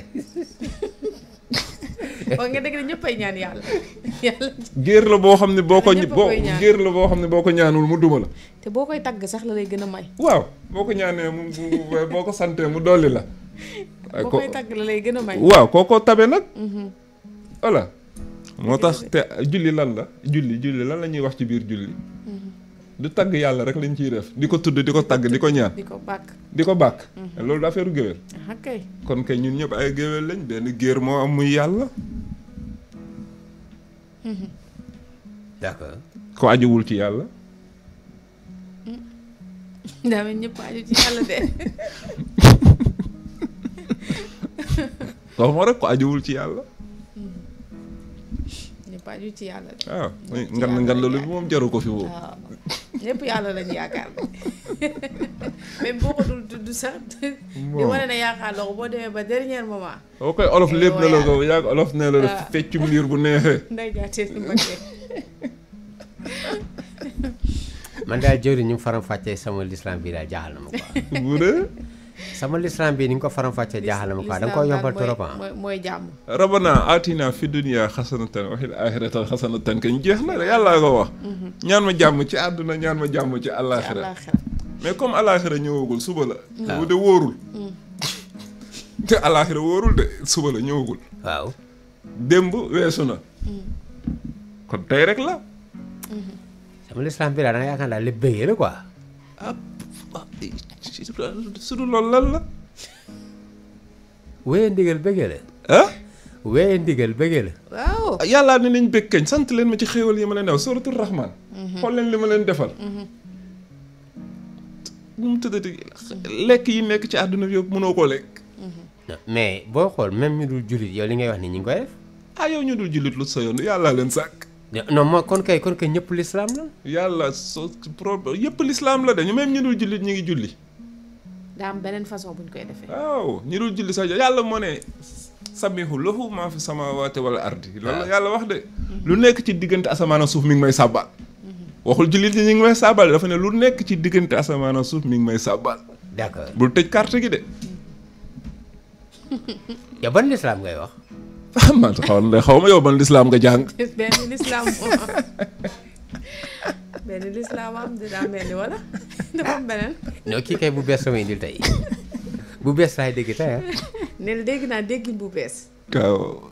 S3: wax nga dëgg ñëppay ñaan yàlla. yàlla
S1: géer la boo xam ne boo ko. boo géer la boo xam ne boo ko ñaanul mu duma la.
S3: te boo koy tagg sax la lay gën a may.
S1: waaw boo ko ñaanee mu boo ko santee mu dolli la. boo koy tagg
S3: la lay gën a may. waaw koo kookoo tabe nag. Mm-hmm.
S1: voilà. moo tax te julli lan la julli julli lan la ñuy wax ci biir julli. Mm-hmm. du tagg yàlla rek lañ ci def di ko tudd di ko tagg di ko ñaan. di ko bàkk di ko bàkk. Mhm. loolu daa feeru géwél. kay kon kay ñun ñëpp ay géwél lañ benn géer moo am muy yàlla. Mhm. ko ajuwul ci yàlla.
S3: Mhm. daa mel ñëpp aju ci yàlla de.
S1: waxuma rek ko ajuwul ci yàlla.
S3: paju ci yàlla de. Ah,
S1: waaw ngan ngan loolu moom jaru ko fi moom. waaw
S3: yàlla lañu yaakaar ne même boo ko tudd sax. di wane ne yaakaar loo boo demee ba dernier moment.
S2: boo koy olof lépp na la ko yaa olof ne la def ah. feccum liir bu neexee.
S3: nday jaatee si
S2: man daal jëwri ñu faram sama l'islam bi
S3: daal jaaxal na ma quoi.
S2: sama lislam bii ni ñu ko faram-fàccee jaaxal ma
S1: quoi da nga ko yombal trop ah. mooy jàmm. atina fi dunya xasanatan wa fil axirati xasanatan kañ jeex na yàlla ko wax. Mhm. ñaan ma jàmm ci àdduna ñaan ma jàmm ci àllaaxira mais comme àllaaxira ñëwagul suba la. Mm. bu de wóorul. Mm. te àllaaxira wóorul de
S2: suba la ñëwagul. waaw. démb weesu na. Mm. kon tey rek la. Mm-hmm. sama lislam bi daal da nga yaakaar daal li bëggee la surtout lool lan la. wéyee ndigal bëggee la. ah. wéyee ndigal bëggee la. waaw. yàllaa ne nañ bëgg kañ sant leen ma ci xéewal
S1: yi ma leen daw suratul rahman. Mhm. xool leen li ma leen defal. Mhm. nu lekk yi nekk ci àdduna bi yëpp mënoo koo lekk.
S2: Mhm. mais boo xool même ñu dul jullit yow li ngay wax ni ñu ngi ah yow ñu dul jullit lu sa yoon yàllaa leen sàkk. non mooy kon kay kon kay ñëpp lislaam
S1: la. yàlla so problème yëpp lislaam la dañu même ñu dul jullit ñu ngi julli.
S3: daa beneen façon bu ñu koy defee.
S1: waaw dul julli sax yàlla moo ne. sabihu lahu maa fi samawaati wala ardi. loolu yàlla wax de. Mhm. lu nekk ci diggante asamaan ak suuf mi ngi may sàbbaal. Mhm. waxul jullit ñi ñu ngi dafa ne lu nekk ci diggante asamaan ak mi ngi may sàbbaal. d'accord bul tëj carte gi de. yow ban lislaam ngay wax. man xaw ma yow ban lislaam nga jàng.
S3: benn lislaam benn lislaam am dinaa mel ni wala dafa am beneen.
S2: non kii kay bu bees sama indil tey bu bees laay dégg tey
S3: ne e la naa déggin bu bees.
S2: waaw.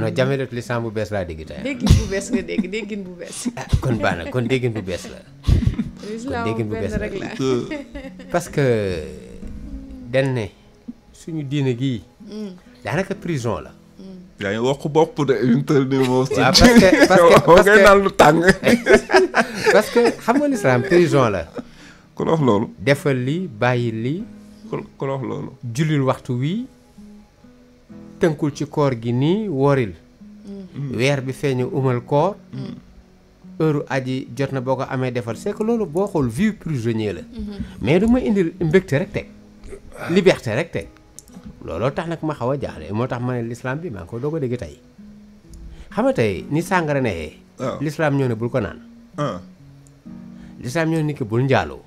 S2: non jamono lislaam bu bees laa dégg tey déggin bu bees nga
S3: dégg déggin bu bees. ah kon baax kon déggin bu bees la. lislaam benn rek la kon bu bees la parce
S2: que. dañ suñu diine gii. Mm. daanaka prison la. yaa ngi wax bopp de une heure de si parce que parce que naan lu tàng. parce que xam nga la. ku la wax loolu. defal lii bàyyi li ku la wax loolu. jullil waxtu wi tënkul ci koor gi nii wooril. Mm. Mm. weer bi feeñu umal koor. Mm. heure aji jot na boo ko amee defal c'est loolu boo xool vie prisonnier la. Mm-hmm. mais du ma indil mbégte rek teg ah. liberté rek teg. looloo tax nag ma xaw a jaaxle moo tax ma ne l'islam bi maa ngi ko doog a dégg tey xam nga tey ni sàngara neexee. waaw l'islam ñoo ne bul ko naan. l'islam ñoo ne nit ki bul njaaloo.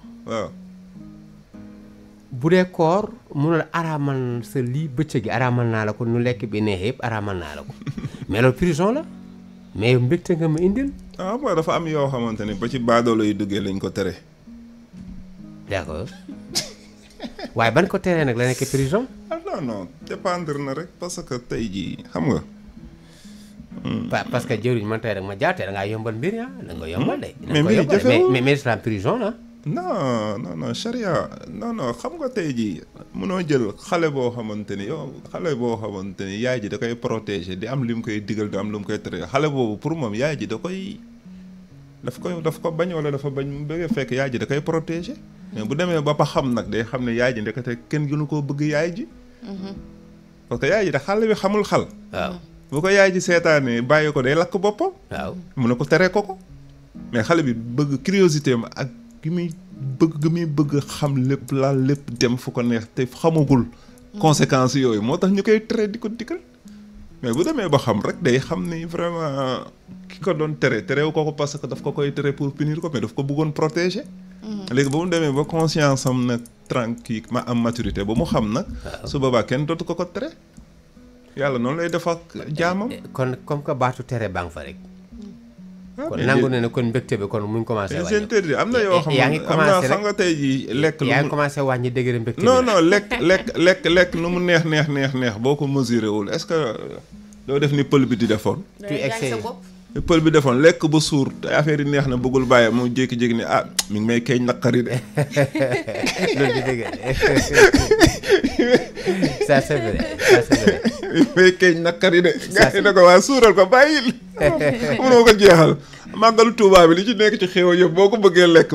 S2: bu dee koor mun a araamal sa lii bëccëg gi araamal naa la ko nu lekk bi neexee yëpp araamal naa la ko mais loolu prison la mais mbégte nga ma
S1: indil. ah dafa am yoo xamante ne ba ci baadoolo yi duggee lañ ko tere.
S2: d'accord waaye ban ko teree nag la nekk prison. ah non dépendre na rek parce que tey jii xam nga. Hmm. parce que jëriñ man tey rek ma jaatee da ngaa yombal mbir ya da nga yombal de. Hmm. mais mbir jafewul mais mais la prison la. non non non
S1: charia non non xam nga tey jii munoo jël xale boo xamante ni yow xale boo xamante ni yaay ji da koy protéger di am li mu koy digal di am lu mu koy tere xale boobu pour moom yaay ji da koy daf koy daf ko bañ wala dafa bañ mu bëggee fekk yaay ji da koy protéger mais bu demee ba pa xam nag day xam ne yaay ji ndekete kenn gënu koo bëgg yaay ji.
S4: Mm-hmm.
S1: parce que yaay ji da xale bi xamul xal. waaw bu ko yaay ji seetaanee bàyyi ko day lakk boppam. waaw mun na ko tere ko ko. mais xale bi bëgg curiosité ma ak ki muy bëgg gi muy bëgg xam lépp laa lépp dem fu ko neex te xamagul. Mm-hmm. conséquence yooyu moo tax ñu koy tere di ko dikkal. mais bu demee ba xam rek day xam ni vraiment ki ko doon tere terewu ko ko parce que daf ko koy tere pour punir ko mais daf ko bëggoon protéger.
S4: Mm-hmm. léegi
S1: ba mu demee ba conscience am nag kii ma am maturité ba mu xam nag. su boobaa kenn dootu ko ko tere.
S2: yàlla noonu lay def ak jaamam. Eh, eh, kon comme que baatu tere baa nga fa rek. Ah, kon nangu na ne kon mbégte bi kon eh, mu commencé. wàññi
S1: interdit am na yoo xam ne am na nga tey lekk. lu commencé wàññi dëgër mbégte non non lekk lekk lekk lekk nu mu neex neex neex neex boo ko mesuré wul est-ce que euh, doo def ni pël bi di defoon. tu excès pël bi defoon lekk ba suur te affaire yi neex na bëggul bàyyi mu jékki-jékki ne ah mi ngi may keeñ naqari de.
S2: loolu bi dëgg ça c'est mi ngi may
S1: keeñ naqari de. ça c'est vrai màggalu Tuubaa bi li ci nekk ci xéwal yëpp boo bëggee lekk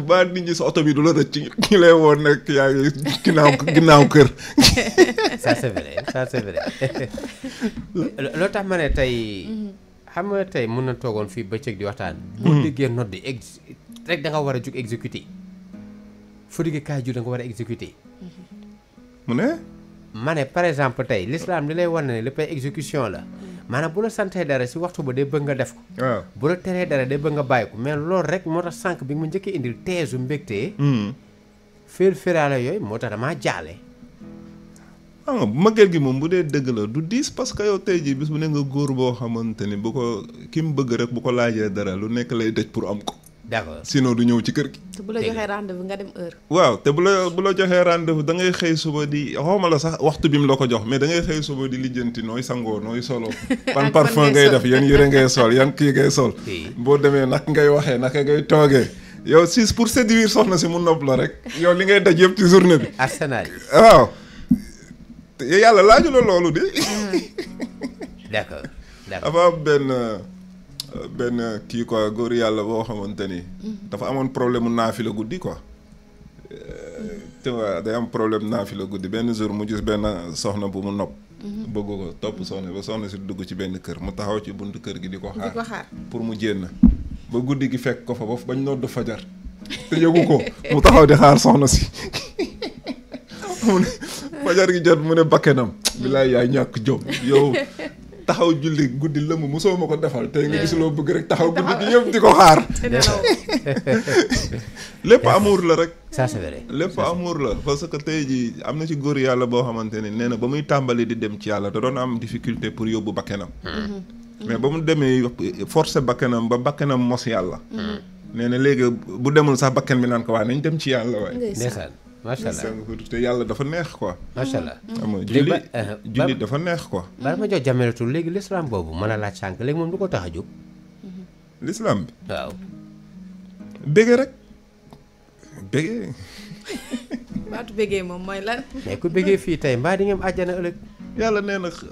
S1: oto bi du la rëcc ñu lay woon nekk
S2: tax ma ne tey. Mm-hmm. xam nga tey mën na toogoon fii bëccëg di waxtaan. Hmm. boo déggee nodd di ex rek da war a jug exécuté foo déggee kaay ju da nga war a exécuté. Hmm. mu ne. ma par exemple tey l'islam li lay na ne léppay exécution la. Hmm. maanaam bu la santee dara si waxtu ba dee bëgg nga def ko. bu la teree dara day bëgg nga bàyyi ko mais loolu rek moo tax sànq bi mu njëkkee indil teesu mbégte. féer féeraale yooyu moo tax damaa jaale.
S1: ah mbëggeel gi moom bu dee dëgg la du diis parce que yow tey jii bis bu ne nga góor boo xamante ni bu ko ki mu bëgg rek bu ko laajee dara lu nekk lay dëj pour am ko. d'accord sinon du ñëw ci kër gi.
S3: te bu la joxee rendez nga dem heure.
S1: waaw te bu la bu la joxee rendez-vous da ngay xëy suba di xawma la sax waxtu bi mu la ko jox mais da ngay xëy suba di lijjanti nooy sangoo nooy solo. ban parfum ngay def yan yëre ngay sol yan kii ngay sol. boo demee nak ngay waxee naka ngay toogee. yow si pour séduire soxna si mu nopp la rek yow li ngay daj yëpp ci journée bi. arsenal waaw. yàlla laaju la loolu de.
S4: Hmm.
S1: dafa am benn benn kii quoi góor yàlla boo xamante ni. dafa amoon problème mu naafi la guddi ko euh, tu vois day am problème naafi la guddi benn jour mu gis benn soxna bu mu nopp. Hmm. bëgg ko topp soxna ba soxna si dugg ci benn kër mu taxaw ci buntu kër gi di ko xaar. pour mu jénn ba guddi gi fekk ko fa ba bañ nodd fajar. te yëgu ko mu taxaw di xaar soxna si. mu ne fajar gi jot mu ne bakkenam bilaay yaay ñàkk jom yow taxaw julli guddi lëmm soow ma ko defal tey nga gis bëgg rek taxaw guddi gi yëpp di ko xaar lépp amour la rek ça c'est vrai lépp amour la parce que tey jii am na ci góor yàlla boo xamante ne nee na ba muy tàmbali di dem ci yàlla da doon am difficulté pour yóbbu bakkenam
S4: hmm. mm-hmm. mm-hmm. mais ba
S1: mu demee forcé bakkenam ba bakkenam mos yàlla hmm. nee na léegi bu demul sax bakken bi naan ko waa nañ dem ci yàlla waaye
S2: macha allah sang fóotu yàlla dafa neex quoi. macha allah mm-hmm. xam nga julli eh, julli dafa neex ko bala ma jox jamelatul léegi l'islam boobu mën a laaj sànq léegi moom du ko tax a jóg. Mm-hmm. l'islam bi waaw. bége rek bége.
S3: baatu bégee moom mooy lan.
S2: mais ku bégee fii tey mbaa di ngeen àjjana ëllëg. yàlla nee na euh,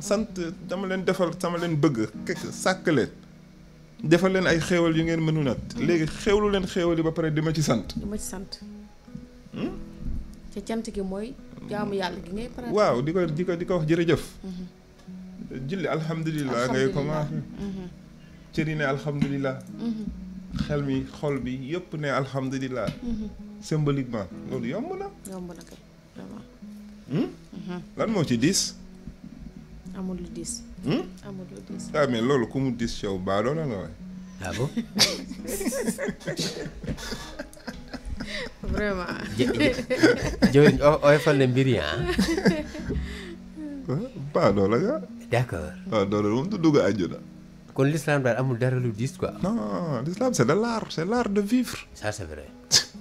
S1: sant dama leen defal sama leen bëgg kekk sàkk leen defal leen ay xéewal yu ngeen mënu nat mm-hmm. léegi xéewlu leen xéewal yi ba pare di ma ci sant.
S3: di ma ci sant. te cant gi mooy jaamu yàlla gi ngay pratiquer. waaw
S1: di ko di ko di ko wax jërëjëf. Mhm. julli alhamdulilah ngay commencé. Mhm. cëri ne alhamdulilah. Mhm. xel mi xol bi yëpp ne alhamdulilah. symboliquement loolu yomb na. Hmm? lan moo ci diis.
S3: amul lu diis. Hmm? amul lu diis. ah loolu
S1: ku mu diis yow baadoo la nga waay. Ah vraiment. jëwriñ oyofal na mbir yi ah.
S2: Eh, paa nga. d'accord. waaw ah, doola moom du dugg àjjuna. kon l'islam daal amul dara lu diis quoi. non l'islam c'est de l'art c'est l'art de vivre. ça c'est vrai.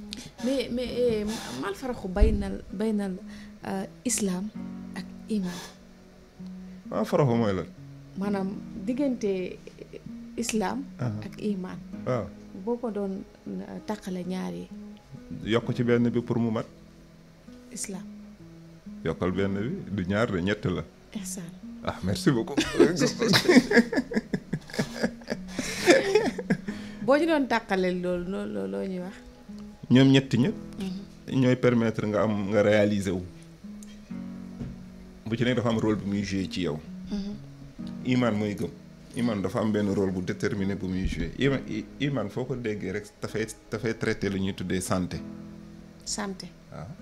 S3: mais eh, faraxu bay nal bay euh, ak iman.
S1: mal faraxu mooy lan.
S3: maanaam diggante islaam ah. ak iman. waaw ah. boo ko doon euh, tàqale ñaar yi.
S1: yokk ci benn bi pour mu mag islam. yokkal benn bi du ñaar de ñett la. ah merci beaucoup.
S3: boo ñu doon tàqale loolu loolu loo ñuy wax.
S1: ñoom ñetti ñëpp. Mhm. ñooy permettre nga am nga réaliser wu. bu ci nekk dafa am rôle bi muy joué ci yow. Mhm. imaan mooy gëm. Iman dafa am benn rôle bu déterminé bu muy joué Iman Iman foo ko déggee rek dafay dafay traité lu ñuy tuddee santé. santé waaw. Ah.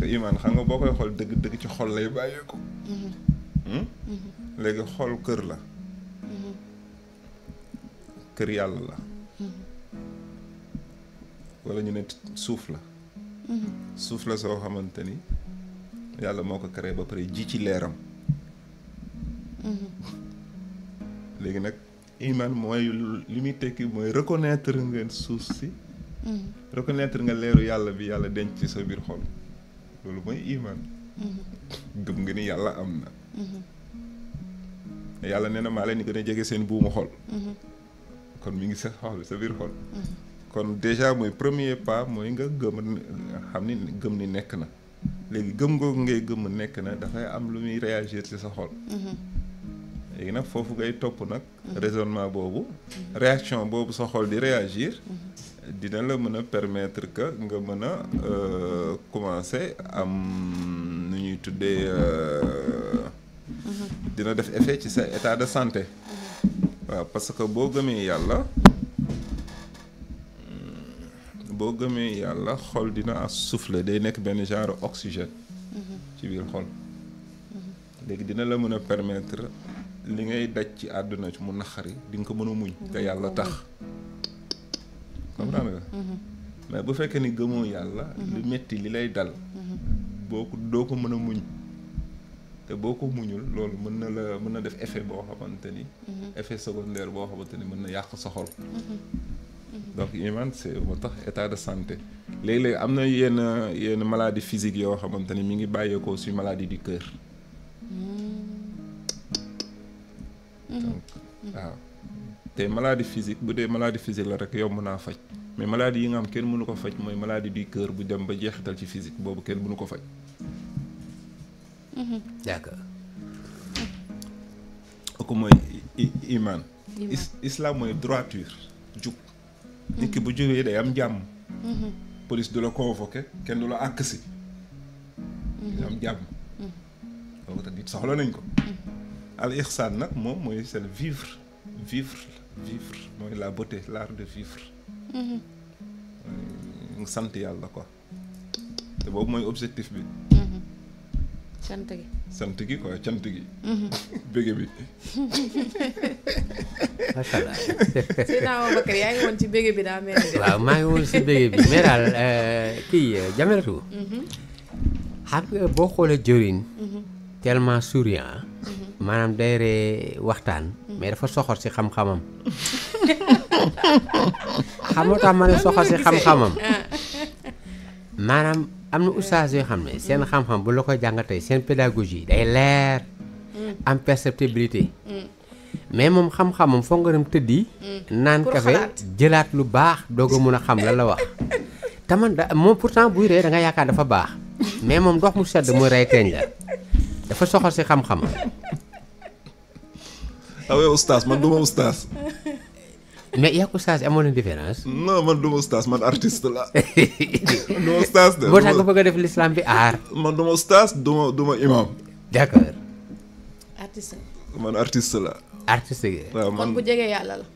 S1: parce xam nga boo koy xool dëgg dëgg ci xol lay ko mm-hmm. hmm? mm-hmm. léegi xol kër la.
S4: Mm-hmm.
S1: kër yàlla la. wala ñu ne suuf la. suuf la soo xamante ni yàlla moo ko créé ba pare ji ci leeram.
S4: Mm-hmm.
S1: léegi nag iman mooy li muy tekki mooy reconnaître nga suuf si
S4: mm-hmm.
S1: reconnaître nga leeru yàlla bi yàlla denc ci sa biir xol loolu mooy iman
S4: mm-hmm.
S1: gëm nga ni yàlla am na yàlla nee na maa leen gën a jege seen buumu xol kon mi ngi sa xol sa biir xol kon déjà mooy premier pas mooy nga gëm xam ni gëm ni nekk na léegi gëm googu ngay gëm nekk na dafay am lu muy réagir ci sa xol léegi nag foofu ngay topp nag mhm. raisonnement boobu mhm. réaction boobu sa xol di réagir mhm. dina la mën a permettre que nga mën a euh, commencer am nu ñuy tuddee euh, dina def effet ci sa état de santé waaw parce que boo gëmee yàlla hmm, boo gëmee yàlla xol dina as souffle day nekk benn genre oxygène ci biir xol léegi dina la mën a permettre li ngay daj ci àdduna mu naqari di nga ko mën a muñ te yàlla tax comprendre nga mm-hmm. Mm-hmm. bu fekkee ni gëmoo yàlla mm-hmm. lu metti li lay dal boo ko doo ko mën a muñ te boo ko muñul loolu mën na la mën na def effet boo xamante ni effet secondaire boo xamante ni mën na yàq sa donc iman c'est moo tax état de santé léeg-léeg am na yenn yenn maladie physique yoo xamante ni mi ngi bàyyeekoo si maladie di cœur
S4: Mhm. Euh, mhm.
S1: waaw te maladie physique bu dee maladie physique la rek yomb naa faj mais maladie yi nga am kenn mënu ko faj mooy maladie du cœur bu dem ba jeexital ci physique boobu kenn mënu ko faj. Mhm. d'accord. kooku mooy iman. islam mooy droiture jub. nit ki bu jubee day am jàmm. police du la convoqué kenn du la àkk si.
S4: day am jàmm.
S1: soxla nañ ko. al ihsaan nag moom mooy seen vivre vivre vivre mooy la beauté l'art de vivre
S4: mhm.
S1: sant yàlla quoi te boobu mooy objectif bi mhm. cant gi sant gi quoi cant gi
S3: mhm. bége bi
S2: macha allah Seydina
S3: Ababacar yaa ngi woon ci bége bi daa mel ni waaw maa ngi woon si
S2: bége bi mais daal euh, kii euh, jameratu xam nga boo xoolee jëriñ tellement souriant maanaam day ree waxtaan. Mm-hmm. mais dafa soxor si xam-xamam. xam nga tax ma ne soxor si xam-xamam. maanaam am na ustaas yoo xam ne seen mm-hmm. xam-xam bu la ko jàngatee seen pédagogie day leer. Mm-hmm. am perceptibilité. mais moom xam-xamam foog nga dem tëddi. naan kafe jëlaat lu baax doo ko mën a xam la la wax. te man da moom pourtant buy ree da nga yaakaar dafa baax mais moom ndox mu sedd muy rey teeñ la dafa soxor si xam-xamam. xaw ma man du ma oustaz. mais yaa ko oustaz amoon na différence. man du ma man artiste
S4: la.
S1: moo tax nga bëgg a def l'islam bi aar. man du ma oustaz du imam. d'accord. artiste la. Ah, man artiste la. artiste gi. waaw man ku jege yàlla la.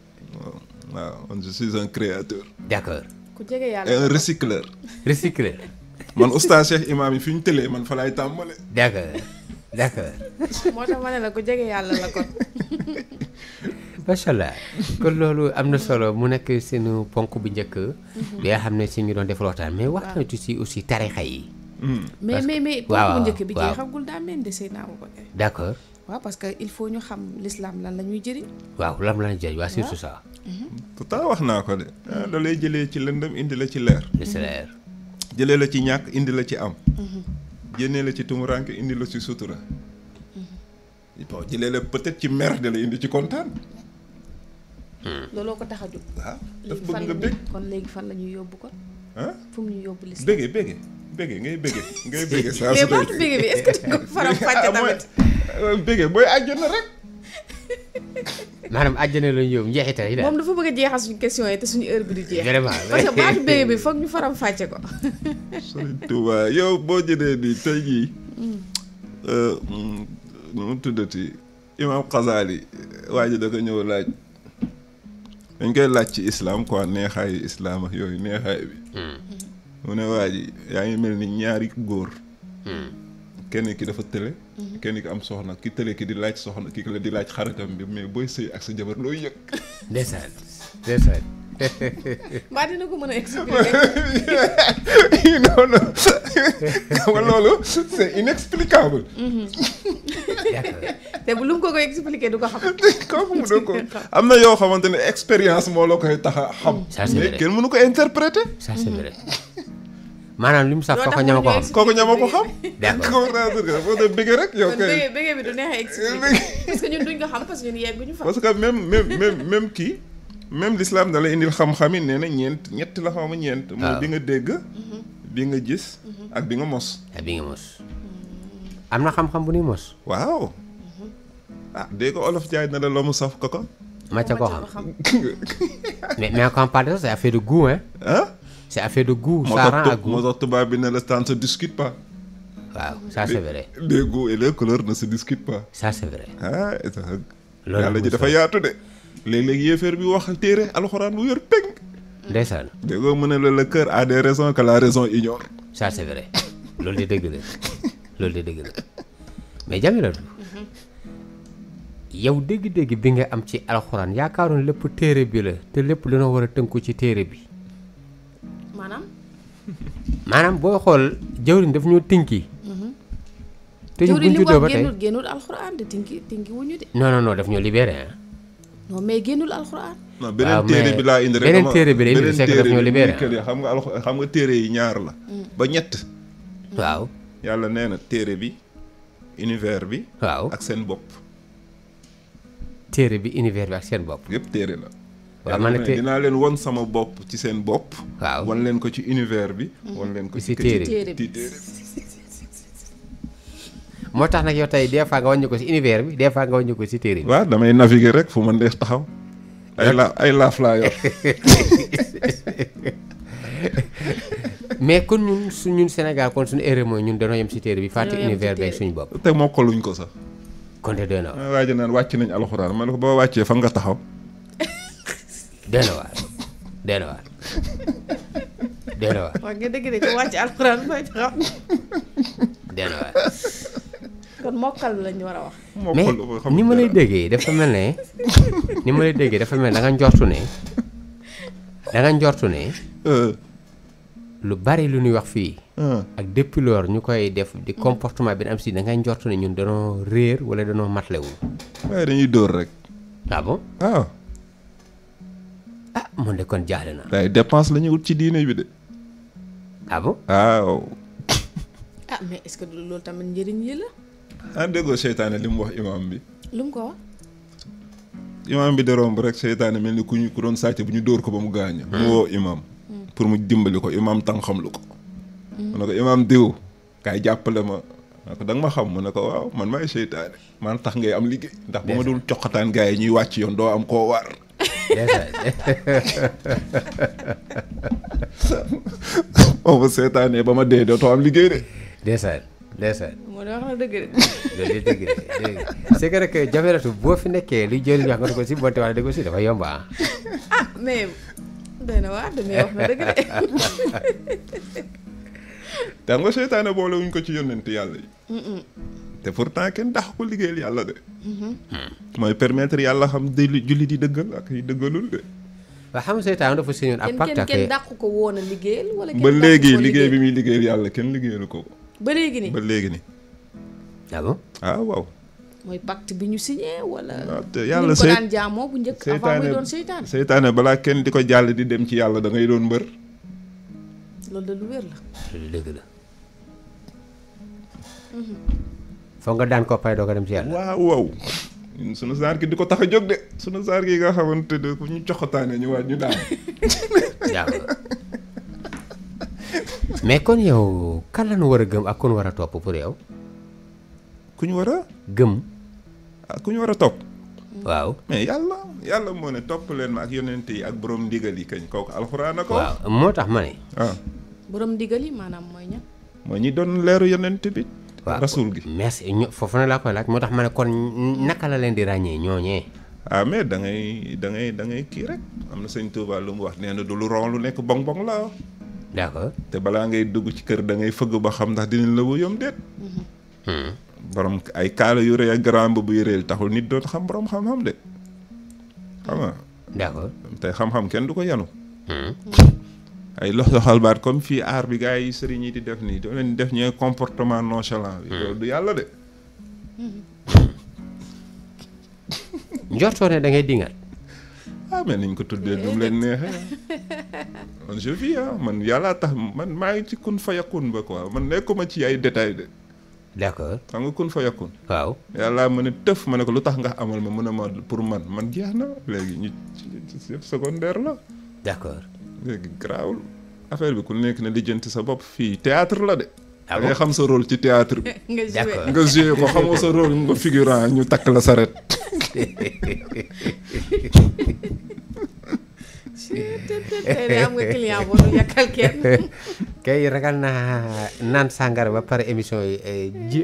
S1: waaw man je suis un créateur. d'accord.
S3: ku jege yàlla
S1: la man oustaz Cheikh Imam yi fi ñu tëlee man fa laay tàmbale.
S2: d'accord. d' accord.
S3: moo tax ma ne la ku jege yàlla la kon.
S2: macha allah kon loolu am na solo mu nekk seenu ponk bu njëkk. bi mhm. nga xam ne si ñu doon def waxtaan wax waxtaan ci si aussi tarixa yi. Mm.
S3: mais mais mais ponk bu njëkk bi jeexagul daa mel ni seen awu ko d' accord. waaw parce que il faut ñu xam lislaam lan la ñuy jëriñ.
S1: waaw lan la ñuy jëriñ waa surtout ça. Mhm. pourtant wax naa ko de. da ah, jëlee ci lëndëm indi la ci leer. ci jëlee la ci ñàkk indi la ci am. Mhm. génnee la ci tumurank indi la ci sutura mm-hmm. bon la peut ci mer de la indi ci kontaan.
S3: Mm. looloo ko tax a jóg. waaw bëgg nga bég kon léegi fan la ñuy yóbbu kon. ah ñu yóbbu li si.
S1: bége bége bége ngay bége. ngay bége saa su mais moom bége bi est-ce que di nga
S4: faram fàcce ah, tamit. booy àjjana rek.
S2: maanaam àjjana la ñu yóbbu njeexital yi moom
S3: dafa bëgg a jeexal suñu question yi te suñu heure bi di jeex. vraiment parce que baatu foog ñu faram fàcce ko. Sëriñ
S2: Tuubaa yow boo jëlee ni tey jii.
S3: Hmm.
S1: Euh, nu mu tuddati Imaam Xasaali waa ji da ko ñëw laaj. dañ koy laaj ci islam quoi neexaayu islam ak yooyu neexaay bi. Hmm. mu ne waa yaa ngi mel ni ñaari góor. Hmm. kenn ki dafa tële. Mhm. kenn ki am soxna ki tële ki di laaj soxna ki la di laaj xaritam bi mais booy sëy ak sa jabar
S2: looy yëg. ndeysaan ndeysaan. loolu c'est inexplicable.
S3: Mhm. te bu lu mu ko koy expliquer du ko xam. kooku mu doon ko
S1: am na yoo xamante ne expérience moo la koy tax a xam. ça c'est vrai kenn mënu ko interpréter. ça
S2: maanaam li mu sax kooku ñama ko xam kooku ñama ko xam. d'accord bëggee rek. yow bëggee
S3: bi du neex a expliqué parce duñ ko xam parce que ñun
S1: yegguñu kii même l'islam da lay indil xam-xam yi na ñeent ñett la xaw ma ñeent. waaw bi nga dégg. Mhm. bi nga gis. Mhm. ak bi nga mos. ak bi nga mos. Mhm.
S2: am na xam-xam bu ñuy mos. waaw. ah
S1: ko olof jaay na la loo mu saf ko ko.
S2: ma ca xam mais mais on parle de ça c'est affaire de goût. ça rend à goût moo tax tubaab bi ne la ça ne discute pas. waaw ça c'est vrai.
S1: les goûts et les couleurs ne pas. ça c'est ah, euh, loolu yàlla ji dafa yaatu de. bi wax téere alxuraan bu
S2: dégg
S1: nga mu ne la le
S2: a des raisons que la raison ignore. ça c'est loolu di dëgg yow dégg-dégg bi nga am ci alxuraan yaakaaroon lépp téere bi la te lépp dina war a tënku ci téere bi. maanaam boo xool jawriñ daf ñoo tinki mhm. te buñ juddoo ba génnul
S3: génnul alxuraan de tinki tinki ñu de.
S2: non non non daf ñoo libéré ah.
S3: non mais génnul alxuraan.
S1: beneen ah, téere bi laa indi rek bi la indi sekk daf ñoo libéré ah. xam nga xam nga téere yi ñaar la. Mm. ba ñett. Mm. waaw. yàlla nee na téere bi univers bi. waaw ak seen bopp. téere bi univers bi ak seen bopp. yëpp téere la. waaw man te dinaa leen won sama bopp ci seen bopp. waaw won leen ko
S2: ci univers bi. Mm-hmm. won leen ko ci téere bi moo tax nag yow tey des fois nga wàññi ko ci univers bi des fois nga wàññi ko ci téere bi. waaw
S1: damay naviguer rek fu ma neex taxaw.
S2: ay la ay laaf laa yor. mais kon ñun su ñun Sénégal kon suñu erreur mooy ñun dañoo yem ci téere bi fàtte univers beeg suñ bopp. te mokkaluñ ko sax. kon de doy na waaw. waaye naan wàcc nañ alxuraan man la ko boo wàccee fan nga taxaw. dee na waar dee
S3: na kon mokkal la ñu war a wax. mais
S2: ni ma lay déggee dafa mel ne ni ma lay déggee dafa mel ne da nga njortu ne da nga njortu ne. Euh. lu bari lu ñuy wax fii. Euh. ak depuis lors ñu koy def di comportement bi am si dangay ngay ne ñun danoo réer wala danoo matlewul. waaye dañuy dóor rek. ah bon ah. ah mun de kon jaaxle na. waaye dépense la ñu wut ci diine bi de.
S1: ah bon waaw.
S3: ah mais est-ce loolu tamit njëriñ yi la. ah
S1: déggoo seytaane li mu wax imaam bi. lu ko wax. imaam bi de romb rek seytaane mel ni ku ñu ku doon sàcc bu ñu dóor ko ba mu gaañu. Hmm. mu woo imaam. Hmm. pour mu dimbali ko imaam tam xam lu ko. Hmm. mu ne ko imaam diw kaay jàppale ma. ne ko da ma xam mu ne ko waaw man maay seytaane man tax ngay am liggéey. ndax bu ma dul coqataan gars yi ñuy wàcc yoon doo am koo waar.
S2: moom seetaanee ba ma dee dootoo am liggéey de. ndeysaan ndeysaan.
S4: moo wax na dëgg
S2: de. loolu rek jafe boo fi nekkee li jëriñ wax nga ne ko si bonte wala dégg ko si dafa yomb ah.
S3: ah mais doy na mais wax na dëgg de.
S1: daa nga seetaane boole wuñ ko ci yónnent yàlla yi. te pourtant kenn dax ko liggéeyal yàlla de.
S3: Mm-hmm.
S1: mooy permettre yàlla xam di julli di dëggal ak yi dëggalul de.
S2: waaw xam nga dafa signoon
S1: ab pacte kenn
S3: dàq ko woon a liggéeyal léegi liggéey bi
S1: muy liggéeyal yàlla kenn liggéeyalu ko. ba léegi ni ba léegi ah ah,
S3: pacte bi ñu signé wala. Ah, yàlla sey daan njëkk avant muy
S1: seytaane balaa kenn di ko jàll di dem ci yàlla da doon mbër.
S3: loolu de lu wér
S2: la.
S1: foog nga daan ko pare doo ko dem ci yàlla. waaw waaw. sunu saar gi di ko tax a jóg de. sunu saar gi nga xamante ne ku ñu coxataane ñu waaj ñu daan.
S2: mais kon yow kan la ñu war a gëm ak ku war a topp pour yow. ku ñu war a. gëm. ah ku ñu war a topp. waaw mais yàlla
S1: yàlla moo ne topp leen ma ak yonent yi ak borom ndigal yi kañ kooku alxuraan a ko.
S2: moo tax ma ne. Ah.
S3: borom ndigal yi maanaam mooy ña.
S2: mooy ñi doon leeru yonent bi. waaw rasul gi merci ño foofu na laa koy laaj moo tax ma ne kon naka la leen di ràññee ñooñee. ah mais da
S1: ngay da ngay da ngay kii rek am na sëñ Touba lu mu wax nee na du lu ron lu nekk bong bong la d'accord te balaa ngay dugg ci kër da ngay fëgg ba xam ndax dinañ la wuyam déet.
S4: Mm-hmm. Hmm.
S1: borom ay kaala yu rëy ak grand bu buy rëy taxul nit doon xam borom xam-xam de xam nga. d'accord tey xam-xam kenn du ko yanu. Hmm. Hmm. ay lox loxal baat comme fii aar bi gars yi sëriñ yi di def nii doo leen def ñooy comportement nonchalant bi hmm. loolu du yàlla de njortoo ne da ngay dingaat ah mais niñ ko tuddee du leen neexee man je vis ah man yàllaa tax man maa ngi ci kun fa yakun ba quoi man nekkuma ci ay détails de d'accord xam nga kun fa yakun waaw yàllaa ma ne tëf ma ne ko lu tax nga amal ma mën a ma pour man man jeex na léegi ñu secondaire la d'accord léegi garaawul affaire bi ku nekk na lijjanti sa bopp fii théâtre la de. Ah da xam sa rôle ci théâtre bi. nga joué nga joué ko xamoo sa rôle nga figurant ñu takk la saret
S2: am nga kay ragal naa naan sàngara ba pare émission yi eh, jé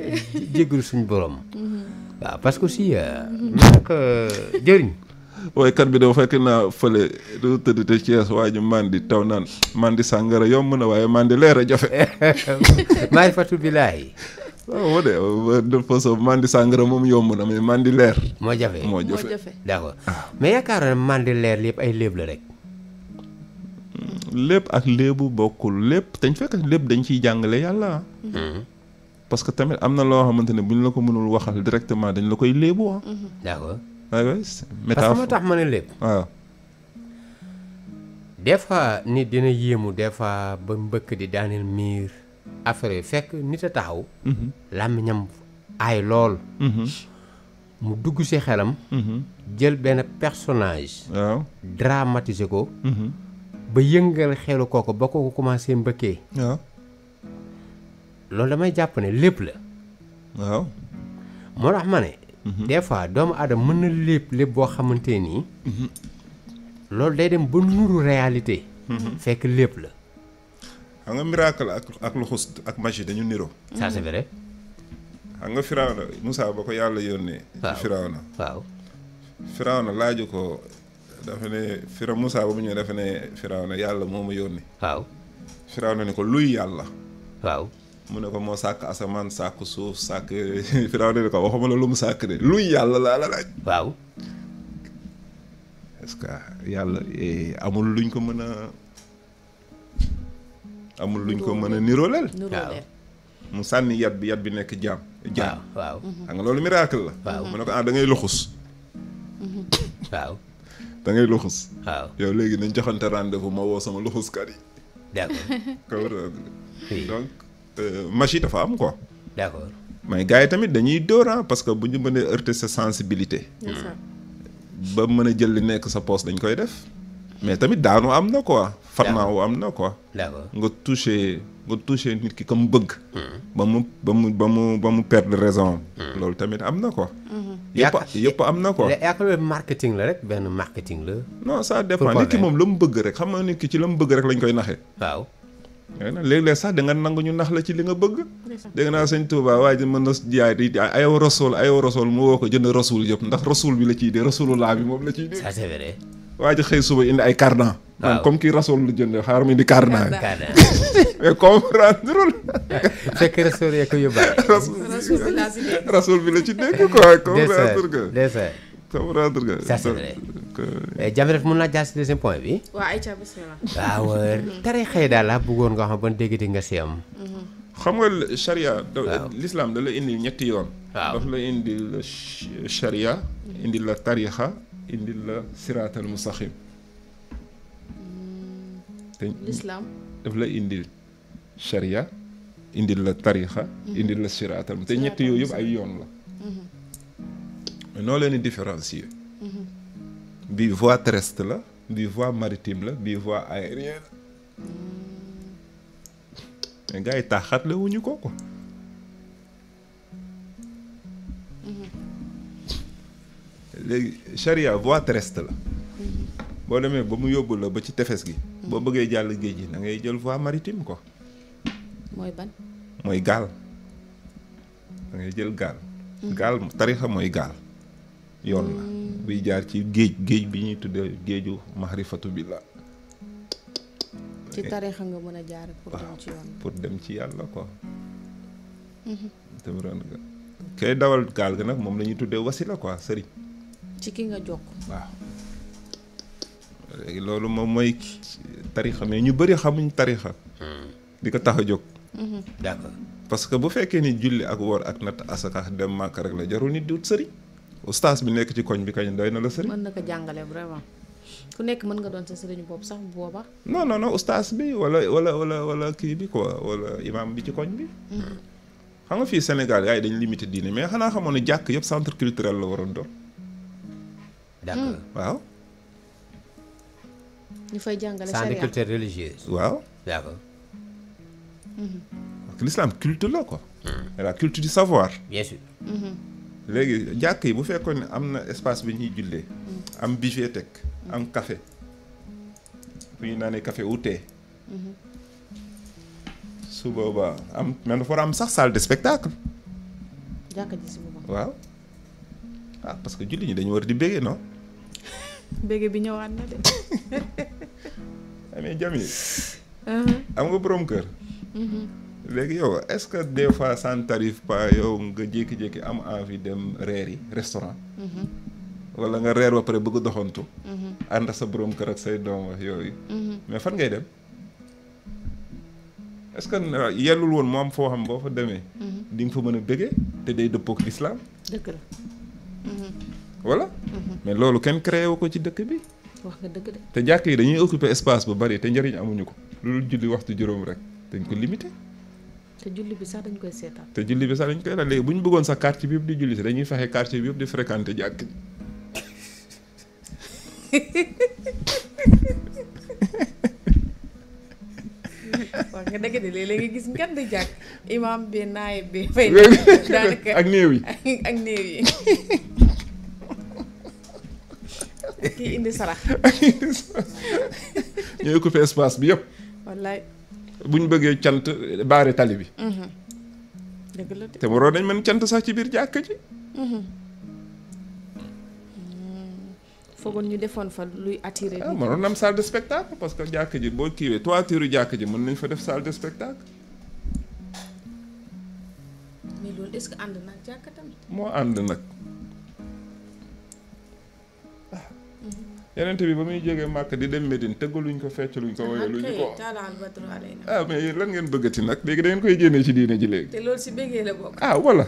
S2: jégalu suñu borom. Mm-hmm. waaw parce que aussi. Euh, mm-hmm. naka euh, jëriñ.
S1: woykat bi dafa fekk naa fële du tëdd te Thiès waa ji mandi taw naan mandi sàngara yomb na waaye mandi leer a jafe. maarifatu billaahi. waaw moo sàngara moom yomb na mais mandi leer. moo jafe moo jafe d'accord mais yaakaaroon mandi leer lépp ay léeb la rek. lépp ak léebu bokkul lépp dañ fekk lépp dañ ciy jàngale yàlla. Hmm. parce que tamit am na loo xamante ne
S2: buñ la ko mënul waxal directement dañ la koy léebu ah. Hmm. waaw parce que tax ma ne lépp. waaw. nit dina yéemu des ba mbëkk di daaneel miir affaire yi fekk nit a taxaw. Mhm. làmmiñam aay lool. Mhm. mu dugg ci xelam. Mhm. jël benn personnage. dramatise ko. ba yëngal xelu kooku ba ko commencé mbëkkee. waaw. loolu damay jàpp ne lépp la. waaw. moo tax ma ne. Mhm. des fois doomu aadama mën na lépp lépp boo xamante nii mhm. loolu day dem ba nuru réalité mhm. fekk lépp la
S1: xam nga miracle ak ak luxus ak magie dañu niroo ça c'est vrai xam nga Firawna Moussa ba ko yàlla yónnee ci Firawna waaw na laaju ko dafa ne Fira Moussa ba mu ñëw dafa ne Firawna yàlla moo ma yónni waaw na ne ko luy yàlla waaw mu ne ko moo sàkk asamaan sàkk suuf sàkk firaw ne ko waxuma la mu sàkk de luy yàlla laa la laaj waaw est-ce que yàlla eh, amul luñ ko mën a amul luñ ko mën a nirooleel mu sànni yat bi yat bi nekk jaam jaam waaw mhm. xam nga loolu miracle la waaw mu ne ko ah da ngay luxus mhm. waaw da luxus waaw yow léegi nañ joxante rendez-vous ma woo sama luxuskat yi Euh, machine dafa am ko d'accord mais gars yi tamit dañuy dóor ah, parce que bu ñu mënee heurter sa sensibilité. ba mën a jël li nekk sa poste dañ koy def. mais tamit daanu am na quoi. farnaaw am na ko d'accord nga touché nga touché nit ki ka mu bëgg. Hmm. ba mu ba mu ba mu ba mu perdre raison hmm. loolu tamit am na quoi. Hmm. yëpp yëpp am na ko quoi. yaakaar marketing la rek benn marketing la. non ça dépend nit ki moom la mu bëgg rek xam nga nit ki ci la mu bëgg rek lañ koy naxe waaw. léeg-léeg sax da nga nangu ñu nax la ci li nga bëgg. dégg naa sëñ Touba waa ji mën na jaay di ayaw rasul ayaw rasul mu woo ko jënd rasul yëpp ndax rasul bi la ciy dee rasulullah bi moom la ciy waa suba indi ay cardan. comme kii rasul lu jënd xaar mu indi cardan. cardan
S3: mais comprendre lul. fekk rasul yaa ko bi la ci
S1: dégg quoi. comprendre que
S2: comprendre nga. ça c'est naa jaar si deuxième point bi.
S3: waaw ayca
S2: daal laa bëggoon nga xam ban dégg-dégg nga si am. Mhm.
S3: E
S1: mhm. xam nga charia. waaw l'islam la indi ñetti yoon. waaw daf la indi la indi la tarixa indi la siraatal mustaxim. Mm. indi la tarixa. Mhm. indi la siraatal te ñetti yooyu yëpp ay yoon la. noo leen di bii bi voie terrestre la bi voie maritime la bi voie aérienne mais gars yi taaxaatle wuñu ko ko léegi charia voie terrestre la boo demee ba mu yóbbu la ba ci tefes gi boo bëggee jàll géej gi da ngay jël voie maritime ko mooy ban mooy gaal da ngay jël gaal gaal tarixa mooy gaal yoon la mm. buy jaar ci géej géej bi ñuy tuddee géeju mahrifatu billah
S3: ci tarixa nga mën a jaar pour dem ci
S1: yoon pour dem mm-hmm. kay dawal gaal ga nag moom la ñuy tuddee wasila quoi sëriñ.
S3: ci ki nga jokk.
S1: loolu moom mooy tarixa mais ñu bari xamuñ tarixa mm. di ko tax a jóg. Mm-hmm. d'accord que bu fekkee ni julli ak woor ak natt asaka dem màkk rek la jarul nit di wut sëriñ. ustaas bi nekk ci koñ bi kañ doy na la sëriñ.
S3: mën na ko jàngale vraiment ku nekk mën nga doon sa sëriñu bopp sax bu boobaa.
S1: non non non ustaas bi wala wala wala wala kii bi ko wala imam bi ci koñ bi. Mm-hmm. xam nga fii Sénégal gars yi dañ limité diine mais xanaa xamoon ne jàkk yëpp centre culturel la waroon doon. d'accord mm. waaw.
S3: ñu fay jàngale charia centre culturel
S1: religieux. waaw mm-hmm. la ko mm. la culture du savoir. léegi jàkk yi bu fekkoon ni am na espace bi ñuy jullee mm-hmm. am bibliothèque am mm-hmm. café fu ñu naanee café wu mm-hmm. su boobaa am man dafa war am sax salle de
S2: spectacle
S3: jàkk ji si boobaa
S1: waaw ah parce que julli ñi dañu war di béggee non
S3: béggee bi ñëwaat na de
S1: amee jam uh-huh. am nga borom kër léegi yow est-ce que des fois ça ne yow nga jékki-jékki am envie dem reer yi restaurant. Mm-hmm. wala nga reer ba pare bëgg doxantu. Mm-hmm. ànd sa borom kër ak say doom wax yooyu. Mm-hmm. mais fan ngay dem. est-ce euh, yellul woon moom foo xam boo fa demee. di fa mën a bëggee te day dëppook lislaam.
S4: dëgg la. voilà.
S1: mais loolu kenn créé wu ko ci dëkk
S3: bi. wax
S1: te jàkk yi dañuy occuper espace bu bari te njëriñ amuñu ko. loolu julli waxtu juróom rek dañ ko limité.
S3: te julli bi sax dañ koy seetaan.
S1: te julli bi sax dañ koy seetaan léegi bu ñu bëggoon sax quartier bi yëpp di julli si dañuy fexe quartier bi
S3: nga gis ngan di jàkk imaam bi yëpp wallaay
S1: bu ñu bëggee cant baare tali bi.
S3: Mm-hmm. dëgg la te
S1: waroon nañ mën cant sax ci biir
S3: jàkka ji. Mm-hmm. Mm-hmm. foogoon ñu defoon fa luy attirer. ah mënoon na
S1: am de spectacle parce que jàkka ji boo kiiwee toiture jàkka ji mën nañ fa def salle de spectacle.
S3: mais loolu est-ce ànd na ak tamit.
S1: moo ànd nag. yeneen bi ba muy jógee màkk di dem Medine tëggaluñ ko feccaluñ ko woyaluñ ko ah mais lan ngeen bëggati nag léegi da ngeen koy génnee ci diine ji léegi. te
S3: loolu si bëggee la bokk.
S1: ah voilà.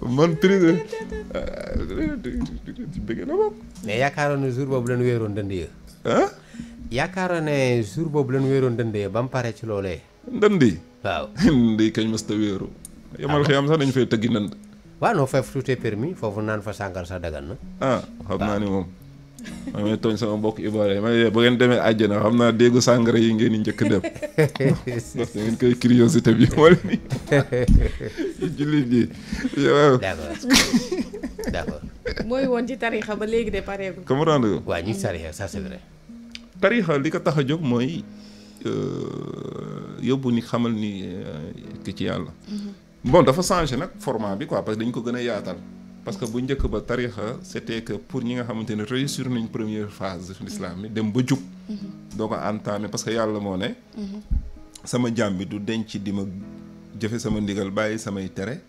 S1: man
S2: mais yaakaaroon ne jour boobu leen wéeroon dënd ya. ah. ne jour boobu leen wéeroon dënd ba mu paree ci loolee. ndënd yi. waaw ndey kañ mës ta wéeru yamal ah, xiyam sax dañu fay tëggi nand waaw non foofu tout est foofu naan fa sàngal sax dagan na
S1: ah xam naa ni moom ma tooñ sama mbokk Ibrahima ma ba ngeen demee àjjana xam naa déggu sàngara yi ngeen njëkk dem ngeen koy curiosité bi wala ni
S2: jullit ji waaw d'accord d'accord
S3: mooy woon ci tarixa ba léegi de pareegul
S2: comprendre nga waaw ñu tarixa tarixa
S1: li ko tax a jóg mooy Euh, yóbbu ni xamal ni euh, ki ci yàlla. bon dafa changé nag format bi quoi parce que dañ ko gën a yaatal. parce que bu njëkk ba tarixa c'était que pour ñi nga xamante ne réussir nañ première phase l'islam bi dem ba jub. doo ko entamé parce que yàlla moo ne. sama jaam bi du denc di ma jëfe sama ndigal bàyyi samay tere.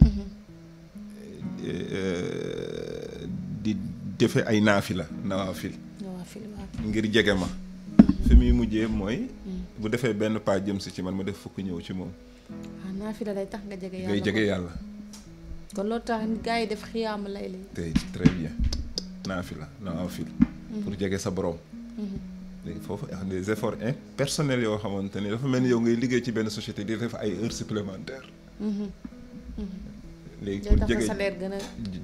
S1: Euh, di jëfe ay naafila nawaafil.
S4: nawaafil ngir
S1: jege ma. fi muy mujjee mooy. bu defee benn pas jëm si ci man ma def fukk ñëw ci moom.
S3: waaw ah, naafila lay tax nga jege yàlla ngay jege yàlla. kon loolu tax gars yi def xiyaam lay lay.
S1: tey très bien naafila naafila. Mm-hmm. pour jege sa borom.
S3: Mm-hmm.
S1: léegi foofu des efforts personnels yoo xamante ni dafa mel ni yow ngay liggéey ci benn société di def ay heures supplémentaires. Mm-hmm. léegi pour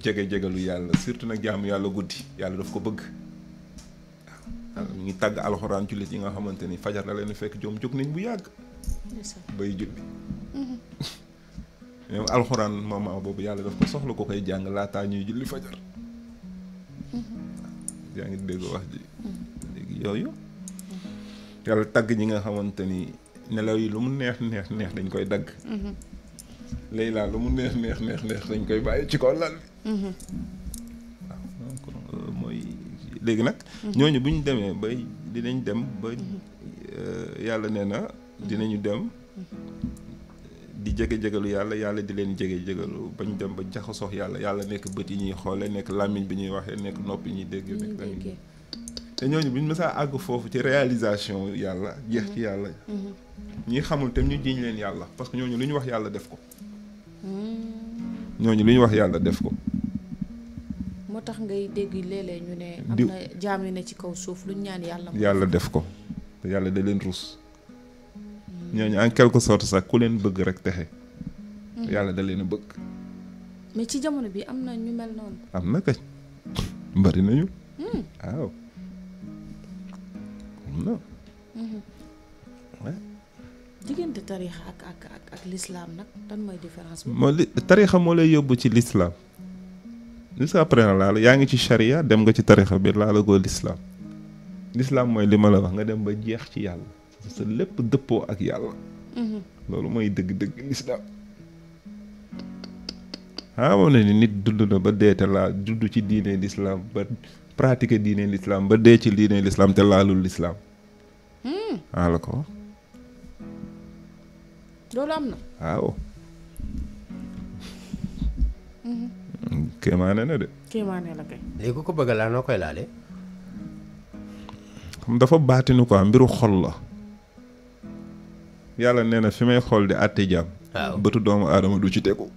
S1: jege jege yàlla surtout nag jaamu yàlla guddi yàlla daf ko bëgg. ñu ngi tàgg alxuraan jullit yi nga xamante ni fajar da leen fekk joom jóg nañ bu yàgg. bay julli. même mm-hmm. alxuraan moment boobu yàlla daf ko soxla ko koy jàng laataa ñuy julli fajar. Mm-hmm. yaa ngi dégg wax ji. Mm-hmm. léegi yooyu. yàlla tagg ñi nga xamante ni nelaw yi lu mu neex neex neex dañ koy dagg. léegi lu mu neex neex neex neex dañ koy bàyyi ci kaw lal bi. Euh, mooy. léegi nag. ñooñu bu ñu demee ba dinañ dem ba euh, yàlla nee na dinañu dem. di jege jegalu yàlla yàlla di leen jege jegalu ba ñu dem ba sox yàlla yàlla nekk bët yi ñuy xoolee nekk làmmiñ bi ñuy waxee nekk nopp yi ñuy dégg nekk làmmiñ te ñooñu bu ñu mësaa àgg foofu ci réalisation yàlla jeex ci mm-hmm. yàlla.
S4: Mm-hmm.
S1: ñi xamul tam ñu jiiñ leen yàlla parce que ñooñu lu ñu wax yàlla def ko. Mm. ñooñu lu ñu wax yàlla def ko.
S3: moo tax ngay dégg léeg ñu ne. am na jaam ne ci kaw suuf lu ñaan yàlla.
S1: yàlla def ko te yàlla da leen ruus. Hmm. ñooñu ku leen bëgg rek texe. Hmm. yàlla da leen bëgg.
S3: ci jamono bi am na ñu
S1: am na kañ bari nañu. Hmm. waaw am na.
S3: diggante tarixa ak ak ak lislaam nag lan mooy différence moo li
S1: tarixa moo lay yóbbu ci lislaam juste après na laa yaa ngi ci charia dem nga ci tarixa bi laa la goo lislaam lislaam mooy li la wax nga dem ba jeex ci yàlla sa lépp dëppoo ak yàlla mhm. loolu mooy dëgg-dëgg lislaam ah moom ne ni nit dund na ba dee te laa dund ci diine lislaam ba pratiquer diine lislaam ba dee ci diine lislaam te laalul lislaam maa waaw kéemaane na de.
S3: kéemaane la kay.
S2: léegi ko bëgga laa noo koy laalee.
S1: xam dafa baatinu quoi mbiru xol la. yàlla nee
S2: na fi may xool di àtte jaam. bëtu
S1: doomu aadama du ci tegu.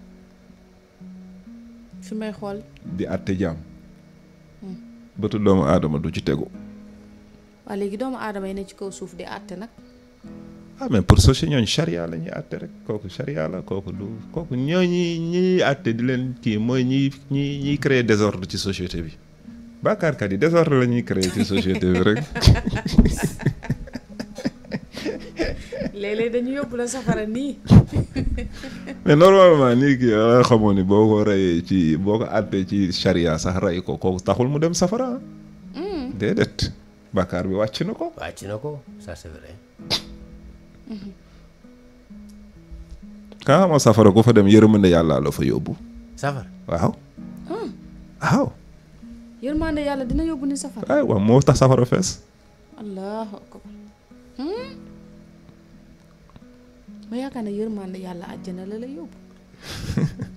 S1: fi may xool. di àtte hmm. bëtu doomu aadama du ci tegu.
S3: waaw léegi doomu aadama yi ne ci kaw suuf di àtte nag. ah mais pour
S1: soche ñooñu charia la ñuy àtte rek kooku charia la kooku du kooku ñooñi ñiy àtte di leen kii mooy ñi ñi ñiy créer désordre ci société bi bàkkaarkat yi désordre la ñuy créer ci société bi rek.
S3: léeg-léeg dañu yóbbu safara nii.
S1: mais normalement nii kii nga ah, xamoon ni ci boo ko ci charia sax rey ko kooku taxul mu dem safara. Hmm. déedéet bàkkaar bi wàcc na ko.
S2: na ko ça
S4: ah
S1: mm-hmm. ma safara ko fa dem yërmande yàlla la fa yóbbu. waaw. Hmm. waaw.
S3: yërmande yàlla dina yóbbu ni safara. ay waaw
S1: moo tax safara fees.
S3: allahu akbar. Hmm? ma yaakaar ne yërmande yàlla àjjana la la yóbbu.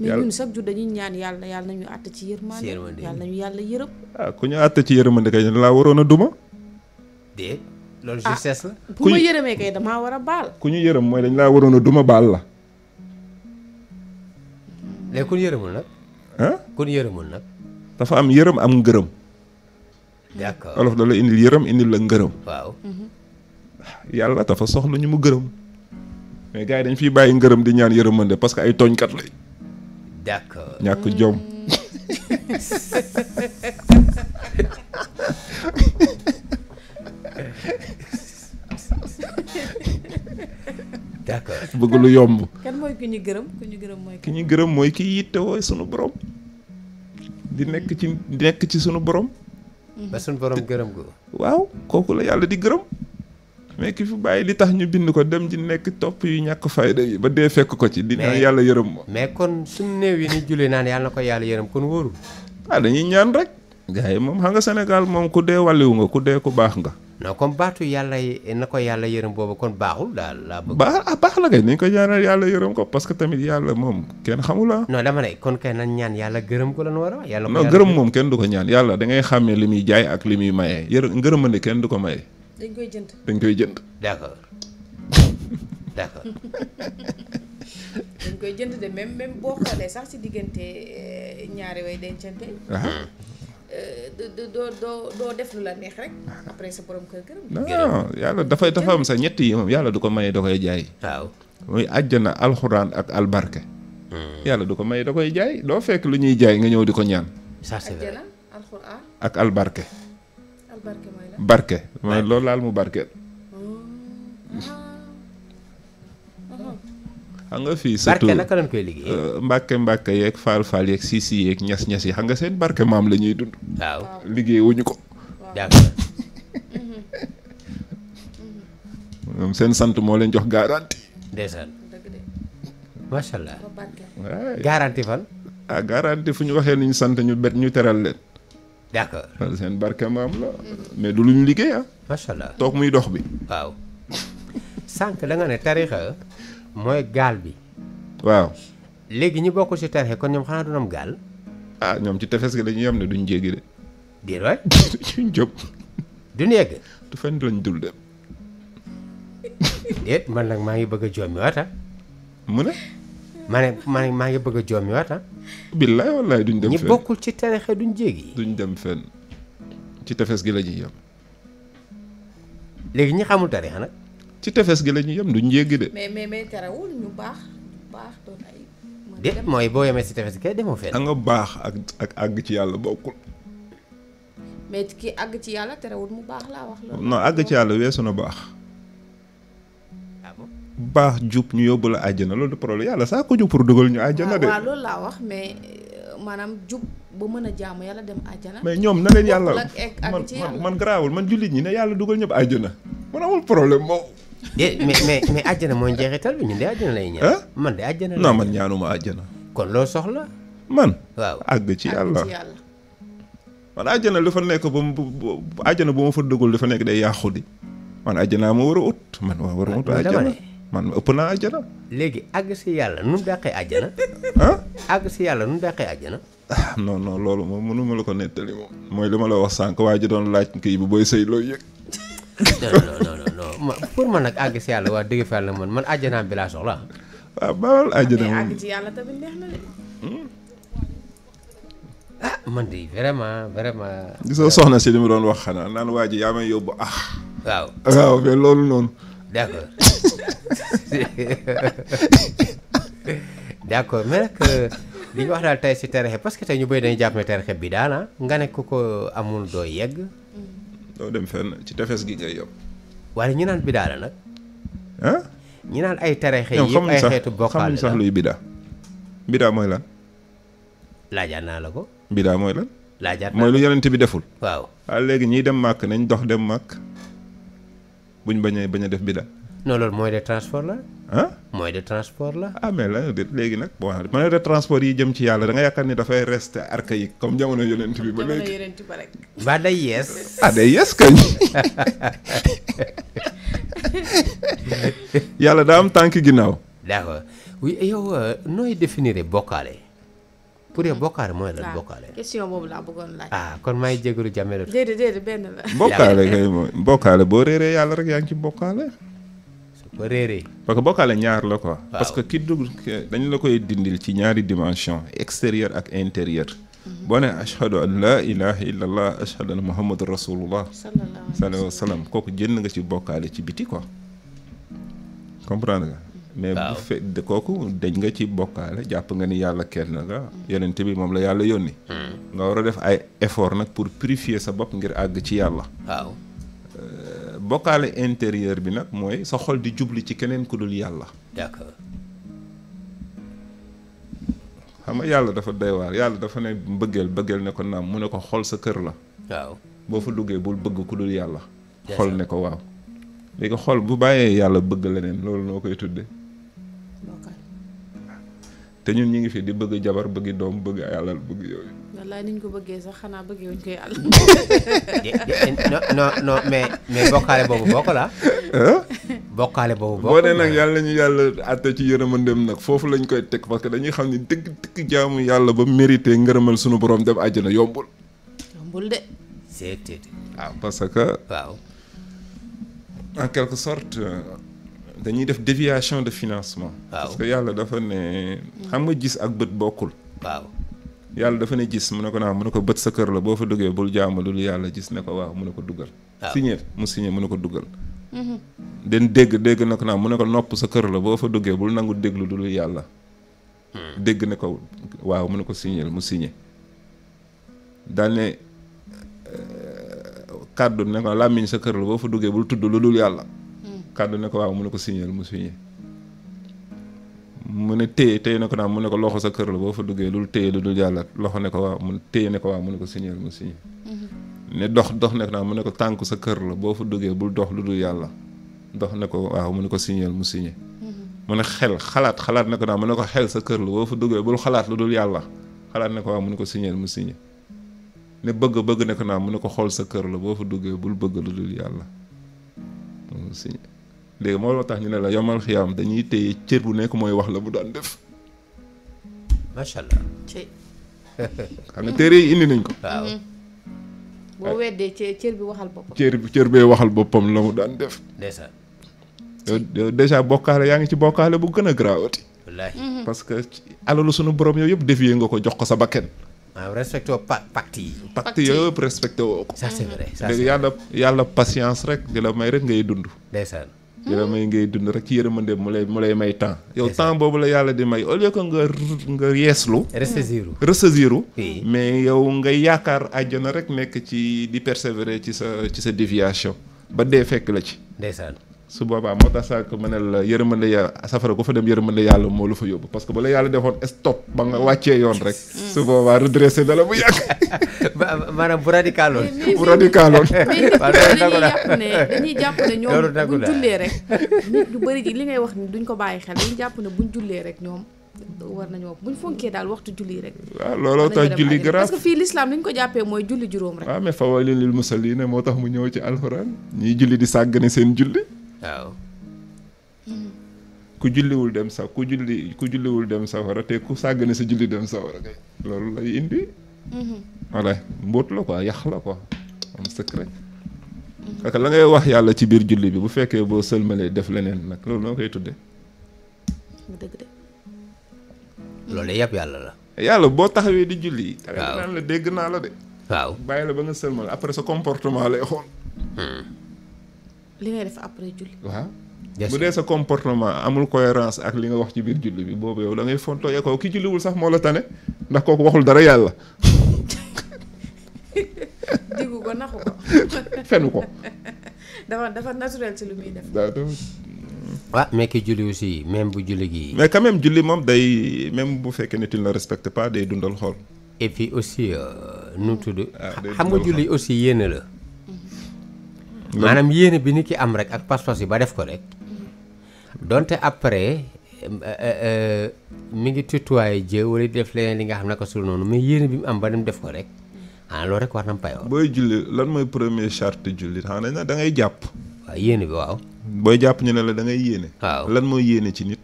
S3: mais ñun chaque jour dañuy ñaan yàlla yàlla nañu àtt ci yërmande. yàlla yàlla yërëm.
S1: ah ku ñu àtt ci yërmande kay laa waroon a duma.
S2: loolu justesse la. Ah,
S3: bu ma yërëmee kay damaa war a baal.
S1: ku ñu yërëm mooy dañ laa waroon a duma baal la.
S2: léegi ku ñu yërëmul nag. ah ku
S1: dafa am yërëm am ngërëm. d'accord olof da la indil yërëm indil la ngërëm. waaw. Ah, yàlla dafa soxla ñu mu gërëm. mais gaa yi dañ fiy bàyyi ngërëm di ñaan yërëmande parce que ay tooñkat lay. d'accord ñàkk jom.
S4: Mm. d'accord bëgg
S1: lu yomb.
S3: kan mooy ku ñu gërëm ñu gërëm mooy.
S1: kii ñu gërëm mooy ki yittewoo sunu borom. di nekk ci di ci sunu borom. ba sunu borom gërëm ko. waaw kooku la yàlla di gërëm. mais ki fi bàyyi li tax ñu bind ko dem ji nekk topp yu ñàkk fayda yi ba dee fekk ko ci. dina yàlla yërëm ma.
S2: mais kon suñu néew yi ni julli naan yàlla na ko yàlla yërëm kon wóorul. ah dañuy ñaan rek. gars yi moom xam nga Sénégal moom ku dee wàlliwu nga ku dee ku baax nga. non comme baatu yàlla na ko yàlla yërëm boobu kon baaxul daal laa bëgg.
S1: baax ah baax la kay nañ ko ñaanal yàlla yërëm ko parce que tamit yàlla moom kenn xamula ah.
S2: non dama kon kay nañ ñaan yàlla gërëm ko lan war a yàlla non gërëm
S1: moom kenn du ko ñaan yàlla da ngay xàmmee li muy jaay ak li muy maye gërëma ngërëmande kenn du ko maye. dañ koy jënd dañ koy jënd. d'accord d'accord.
S3: dañ koy jënd de même même boo xoolee sax ci diggante eh, ñaari way dencante. Ah. Hmm. Euh, doo def lu la neex rek. après
S1: yàlla dafay dafa am sa ñett yi moom yàlla du ko may da koy jaay. waaw muy àjjana alxuraan ak albarke. Hmm. yàlla du ko may da koy jaay doo fekk lu ñuy jaay nga ñëw di ko ñaan.
S2: ça c'est vrai alxuraan
S1: ak albarke. barke. loolu laal mu barke. Oh, ah. xam nga fi surtout naka lañ koy liggéey. Euh, mbàkke mbàkke yeeg faal faal yeeg ñas ñas yi xam nga seen barke maam la ñuy dund. waaw liggéey wuñu ko. seen sant moo leen jox garantie.
S2: ndeysaan macha allah.
S1: garantie fan. ah fu ñu waxee lu ñu sant ñu bet ñu teral leen. d'accord seen barke maam la. mais du lu ñu liggéey ah. macha allah toog muy dox bi.
S2: waaw sànq da ne tarixa mooy gaal bi. waaw. léegi ñi bokk ci tarixe kon ñoom xanaa du gaal. ah ñoom ci tefes gi lañuy yem ne duñ jéegi de. déet waay. duñ jóg. duñ yegg. du fenn lañ dul man nag maa ngi bëgg a joomi waata. Ah. mu ne. ma ne ma maa ngi bëgg a joomi waata. Ah. billaay wallaay duñ dem fenn ñi bokkul ci tarixe duñ jéegi
S1: duñ dem fenn ci tefes gi la ñuy yem.
S2: léegi ñi xamul tarixa nag. ci tefes gi la ñuy yem duñ jéggi de.
S3: mais mais mais terewul ñu baax mooy
S2: boo yemee si tefes gi kay demoo fenn. a nga baax ak
S1: ak àgg ci yàlla bokkul.
S3: mais ki àgg ci yàlla terewul mu baax laa wax. loolu non
S1: àgg ci yàlla weesu na baax. Ah baax jub ñu yóbbu la àjjana loolu du yàlla saa ko pour dugal ñu àjjana de. waaw
S3: laa wax mais euh, maanaam jub ba mën a jaamu yàlla dem àjjana. mais ñoom na leen yàlla
S1: man garaawul man jullit ñi ne yàlla
S2: dugal ñëpp àjjana man amul problème Eh, mais mais mais àjjana mooy njeexital bi ñun de àjjana lay ñaan. man de àjjana non man ñaanuma àjjana. kon loo soxla. man. waaw àgg ci
S1: yàlla man àjjana lu fa nekk ba mu àjjana bu ma fa dugul li fa nekk day yàqu di man àjjanaa ma war a ut man ma war a ut ah, àjjana man ëpp naa àjjana.
S2: léegi àgg si yàlla nu mu dàqee àjjana. ah àgg si yàlla nu mu dàqee àjjana.
S1: non non loolu moom mënu ma la ko nettali moom. mooy li ma la wax sànq waa ji doon laaj kii bi booy sëy looy yëg.
S2: non non non pour man nag àgg yàlla waa dëgg fa yàlla man man àjjanaam bi laa soxla. Ah, ah, hmm? ah man de vraiment vraiment. gisoo soxna
S1: si li mu doon wax xanaa
S2: naan waa ji yaa may yóbbu ah. waaw waaw
S1: loolu noonu.
S2: d'accord d'accord euh, li ñu wax daal tey si terexe parce que tey ñu bëri dañuy jàpp ne terexe bi daana ah, nga ne ko ko amul doo yegg. doo dem fenn ci tefes gi ngay yóbbu. wala ñi naan bidaa la nag. ah. ñi naan ay tareexe yi yëpp ay xeetu bokkaale la sax
S1: luy bidaa. bidaa mooy lan.
S2: laajaat naa la ko. bidaa mooy lan. laajaat mooy lu
S1: yonent bi deful. waaw waaw léegi ñiy dem màkk nañ dox dem màkk buñ bañee bañ def bidaa.
S2: non loolu mooy de transport la.
S1: ah moyen de transport la. ah la la léegi nag bon moyen de transport yi jëm ci yàlla danga nga ni dafay rest archaïque comme jamono yonent bi ba léegi. jamono yonent ba rek. ba day yees. ah day yees kañ. yàlla daa am tànk ginnaaw.
S2: d'accord oui yow euh, nooy définir bokkaale. pour yow mooy lan ah, bokkaale.
S3: question boobu laa bëggoon laaj.
S2: ah kon maay
S1: boo réeree yàlla rek yaa ngi ci bokkaale.
S2: ba parce que bokkaale ñaar la ko
S1: parce que ki dugg dañ la koy dindil ci ñaari dimension extérieur ak intérieur. Mhm. boo ne ashhadu an laa ilaha illa allah ashhadu an muhammadu rasulullah sallallahu alayhi sa sallam kooku jënd nga ci bokkaale ci biti quoi comprendre nga mais bu fe kooku dañ nga ci bokkaale jàpp nga ni yàlla kenn la yonente bi moom la yàlla yónni mhm. nga war a def ay effort nag pour purifier sa bopp ngir àgg ci yàlla bokkaale intérieur bi nag mooy sa xol di jubli ci keneen ku dul yàlla. xam nga yàlla dafa doy waar yàlla dafa ne mbëggeel bëggeel ne ko naam mu ne ko xol sa kër la. waaw boo fa duggee bul bëgg ku dul yàlla. xol ne ko waaw. léegi xol bu bàyyee yàlla bëgg leneen loolu noo koy tudde te ñun ñu ngi fii di bëgg jabar bëggi doom bëgg ay alal bëgg yooyu.
S3: wallaay ni ko bëggee sax xanaa bëggee wuñ ko yàlla. non mais
S2: mais boobu bokk la. bokkaale boobu bokk boo nee nag yàlla nañu yàlla àtte ci
S1: yërmandem nag foofu lañ koy teg parce que dañuy xam ni dëkk dëkk jaamu yàlla ba mérité ngërëmal sunu borom dem àjjana yombul. yombul de. Ah, parce que. waaw. en quelque sorte. Euh, dañuy def déviation de financement. waaw yàlla dafa ne. xam nga gis ak bët bokkul. yàlla dafa ne gis mu ne ko naa mu ne ko bët sa kër la boo fa duggee bul jaamu lu yàlla gis ne ko waaw mu ne ko duggal signé mu signé mu ne ko duggal den dégg dégg na ko naa mu ne ko nopp sa kër la boo fa duggee bul nangu déglu lu yàlla dégg ko waaw mu ne ko signé mu signé daal ne làmmiñ sa kër la boo fa duggee bul tudd lu dul yàlla kàddu ne ko waaw mu ne ko siñeel mu signé mu ne téye téye na ko naan mu ne ko loxo sa kër la boo fa duggee lul téye lu dul jàllat loxo ne ko waaw mu téye ne ko waaw mu ko signal mu signé ne dox dox ne ko mu ne ko tànk sa kër la boo fa duggee bul dox lu dul yàlla dox ne ko waaw mu ne ko signal mu signé mu xel xalaat xalaat ne ko naan mu ne xel sa kër la boo fa duggee bul xalaat lu dul yàlla xalaat ne ko waaw mu ne ko signal mu signé ne bëgg bëgg ne ko naan mu ne ko xool sa kër la boo fa duggee bul bëgg lu dul yàlla mu signé léegi moo loo tax ñu ne la yomal xiyaam dañuy téye cër bu nekk mooy wax la bu daan def. allah. xam nga téere indi nañ ko. waaw. Mhm.
S3: boo weddee cër bi waxal boppam. cër
S1: bi cër bee waxal boppam la mu daan
S3: def. ndeysaan.
S1: yow dèjà bokkaale yaa ngi ci bokkaale bu gën a garaawati. wallaahi. Mhm. parce que alalu sunu borom yow yëpp defiyee nga ko jox ko sa bakken. waaw respecté woo pacte yi. pacte yëpp respecté woo ko. léegi yàlla yàlla patience rek di may rek ngay dund. ndeysaan. may ngay dund rek ci yërëmande mu lay mu lay may temps yow temps boobu la yàlla di may au lieu que nga nga yeeslu ressaisiru hmm. ressaisiru mais yow ngay yaakaar àjjana rek nekk ci di persévérer ci sa ci sa déviation ba dee fekk la ci ndeysaan su boobaa moo tax sànq ma ne la yërmande yàlla safara ku fa dem yërmande yàlla moo lu fa yóbbu parce que bu la yàlla defoon stop ba nga wàccee yoon rek. su boobaa redressé na la bu yàgg.
S2: maanaam bu radicaloon. bu radicaloon. waaw loolu dañuy jàpp ne ñoom buñ jullee
S3: rek. nit ñu bëri li ngay wax ni duñ ko bàyyi xel jàpp ne buñ jullee rek ñoom. war nañoo buñ fonkee daal waxtu julli rek. waaw looloo tax julli grave parce que fii l'islam li ñu ko jàppee mooy julli juróom
S1: rek. waaw mais fawaylun lil musalliin moo tax mu ñëw ci alxuraan ñiy julli di sàggane seen julli waaw. ku julliwul dem sa ku julli ku julliwul dem safara te ku sàgg ne sa julli dem safara kay loolu lay indi. voilà mbóot la quoi yàq la quoi am secret. parce que la ngay wax yàlla ci biir julli bi bu fekkee boo sëlmalee def leneen nag loolu noo koy tuddee. dëgg loolu yëpp yàlla la. yàlla boo taxawee di julli. waaw naan la dégg naa la de. waaw bàyyi la ba nga sëlmal après sa comportement lay xool.
S3: Hmm. li ngay def après julli.
S1: waaw bu dee sa comportement amul cohérence ak li nga wax ci biir julli bi boobu yow da fonto fontooyee ko ki julliwul sax moo la tane ndax kooku waxul dara yàlla.
S3: diggu ko naxu ko. fenu ko. dafa dafa naturel ci lu muy def.
S2: waaw ah, mais ki julli aussi même bu julli gi.
S1: mais quand même julli moom day même bu fekkee ne tu ne respecte pas day dundal xool.
S2: et aussi aussi euh, nu tudd. Ah, xam nga julli aussi yéene la. maanaam yéene bi nit ki am rek ak pas-pas yi ba def ko rek donte après euh, euh, euh, mi ngi tutuwaay jë wala def leneen li nga xam ne ko sul noonu mais yéene bi mu am ba dem def ko rek ah loolu rek wax na payoor.
S1: booy julli lan mooy premier charte julli xam nañ ne da ngay jàpp. waaw yéene bi waaw. booy jàpp ñu ne la da ngay yéene. waaw lan mooy yéene ci nit.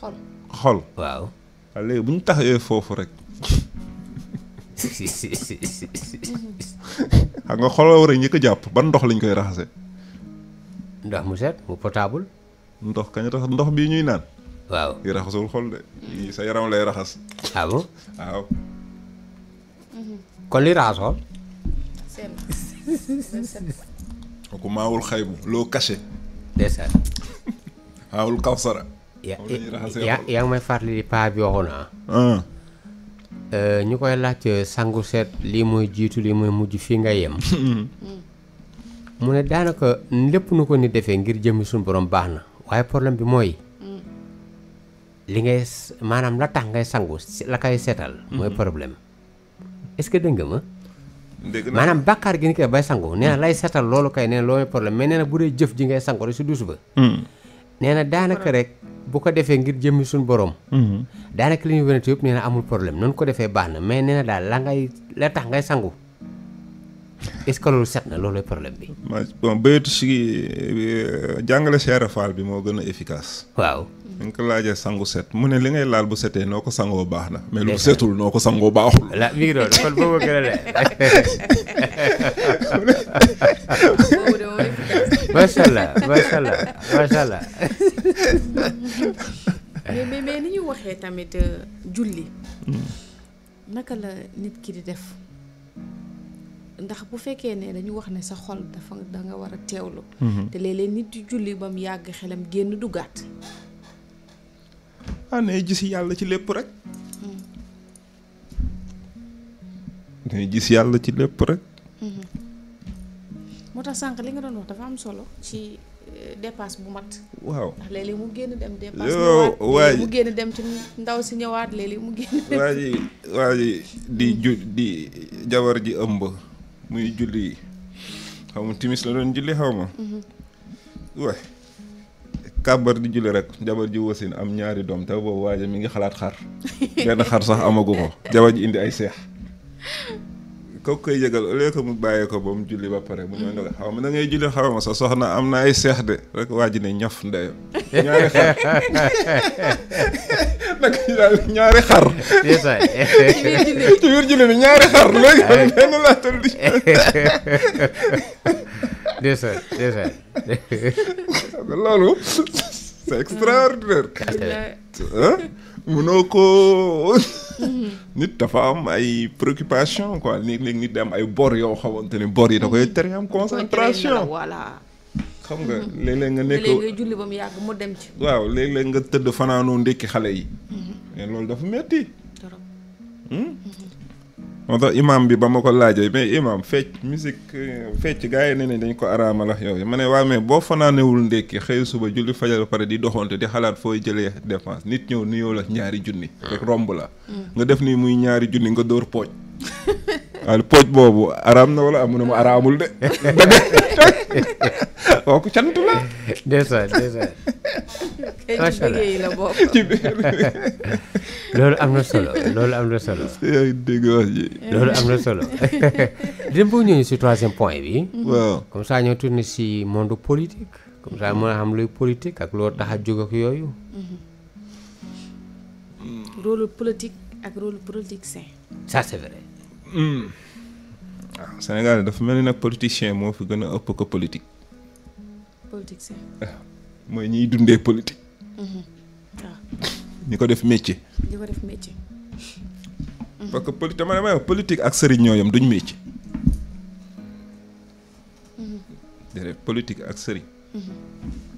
S1: xol xol. waaw. léegi bu ñu taxawee foofu rek. xam nga xol war a ñi ko jàpp ban ndox lañ koy raxase
S2: ndox mu set mu potable ndox kañ tax ndox bii ñuy naan
S1: waaw yi raxasul xol de sa yaram lay raxas ah bon waaw kon li raxas xol kooku maawul xaybu loo caché ndeysaan maawul kawsara
S2: yaa yaa ngi may fàttali paa bi waxoon ah, ah. Euh, ñu koy laaj euh, sangu seet lii mooy jiitu lii mooy mujj fii ngay yem mm-hmm. mm. mu ne daanaka lépp nu ko ni defee ngir jëmmi suñ borom baax na waaye problème bi mooy mm. li ngay maanaam la tax ngay sangu la koy seetal mooy mm-hmm. problème est-ce que dégg nga ma maanaam bàkkaar gi ni koy bay sangu nee lay seetal loolu kay nee na loolu mooy problème mais nee bu dee jëf ji ngay sangu rek si duus ba mm. nee na daanaka rek bu ko defee ngir jëmmi suñu borom. Mhm. daanaka li ñu wérante yëpp nee na amul problème noonu ko defee baax na mais nee daal la ngay la tax ngay sangu est-ce loolu set na loolu problème bi.
S1: bon béyatu si euh, jàngale Cheikh Fall bi moo gën a efficace. waaw. ni nga ko laajee sangu set mu ne li ngay laal bu setee noo ko sangoo baax na. mais lu setul noo ko sangoo baaxul. la mi ngi doon
S2: macha allah macha allah
S3: mais mais mais ñu waxee tamit euh, julli. Mm. naka la nit ki di def ndax bu fekkee ne dañu wax ne sa xol dafa da war a teewlu. Mm-hmm. te léeg-léeg nit di julli ba mu yàgg xelam génn duggaat.
S1: ah nay gis yàlla ci lépp rek. Mm. nay gis yàlla ci lépp rek. Mm-hmm.
S3: moo tax sànq li nga doon wax dafa am solo ci euh, dépasse bu mat. waaw ndax léeg mu génn dem. dépasse waay mu génn dem ci ndaw si ñëwaat léeg-léeg mu génn. waa ji
S1: waa ji di ju jabar ji ëmb muy julli xaw ma timis la doon julli xaw ma. Mhm. kàbbar di julli rek jabar ji wasin am ñaari doom te boobu waaja mi ngi xalaat xar benn xar sax amagu ko jabar ji indi ay seex. kooku koy yëgal au lieu que mu bàyyee ko ba mu julli ba pare. mu ñëw ne ko xaw ma da ngay ma sa soxna am na ay de rek waa ji ne ñaf ndeyo ñaari xar
S4: nag ñaari ñaari xar léegi man benn laa toll di.
S1: loolu c'est extraordinaire. munoo ko. nit dafa am ay préoccupation quoi léeg-léeg nit day am ay bor yoo xawante ne bor yi da koy tere am concentration voilà xam nga léeg nga nekk léeg-léeg nga
S3: julli ba mu yàgg mu
S1: nga tëdd fanaanoo ndékki xale yi mhm. mais loolu dafa metti moo tax imam bi ba ma ko laajee mais imam fecc musique fecc gars yi ne nañ dañ ko araama la yooyu ma ne waa mais boo fanaanewul ndekki xëy suba julli fajal pare di doxante di xalaat fooy jëlee dépense nit ñëw nuyoo la ñaari junni rek mm. romb la nga def nii muy ñaari junni nga dóor pooj waaye pooj boobu araam na wala amu ne mu araamul de
S2: waaw ku cant la. ndeysaan ndeysaan. macha allah loolu am na solo loolu am na solo. am na solo. dem boo ñëwee si troisième point bi. waaw comme ça ñoo tourné si monde politique. comme ça mën a xam luy politique ak loolu tax a jóg ak yooyu. Mm-hmm.
S3: rôle politique ak rôle politique sain. ça c'est
S2: waaw hmm.
S1: ah, Sénégal dafa mel ni nag politicien moo fi gën a ëpp ko politique. Ah, mooy ñiy dundee politique.
S3: Mhm. Ah.
S1: ñu ko def métier. ñi ko mhm. que poli dama damay wax politique ak sëriñ ñooyam duñ métier.
S3: Mhm.
S1: politique ak sëriñ.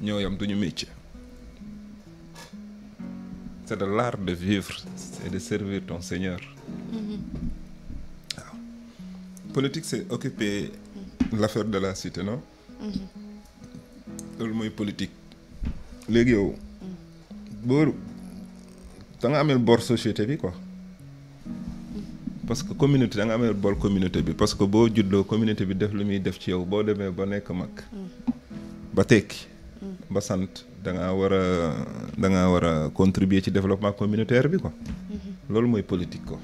S1: ñooyam duñu métier. c'est de l'art de vivre c'est de servir ton Seigneur. politique c'est occuper l'affaire de la cité non mm-hmm. loolu mooy politique léegi yow boo da nga ameel boor société bi ko mm-hmm. parce que communauté danga nga ameel bor communauté bi parce que boo juddoo communauté bi def lu muy def ci yow boo demee ba nekk mag mm-hmm. ba tekki ba sant da ngaa war a da ngaa war a contribuer ci développement communautaire bi quoi loolu mooy politique ko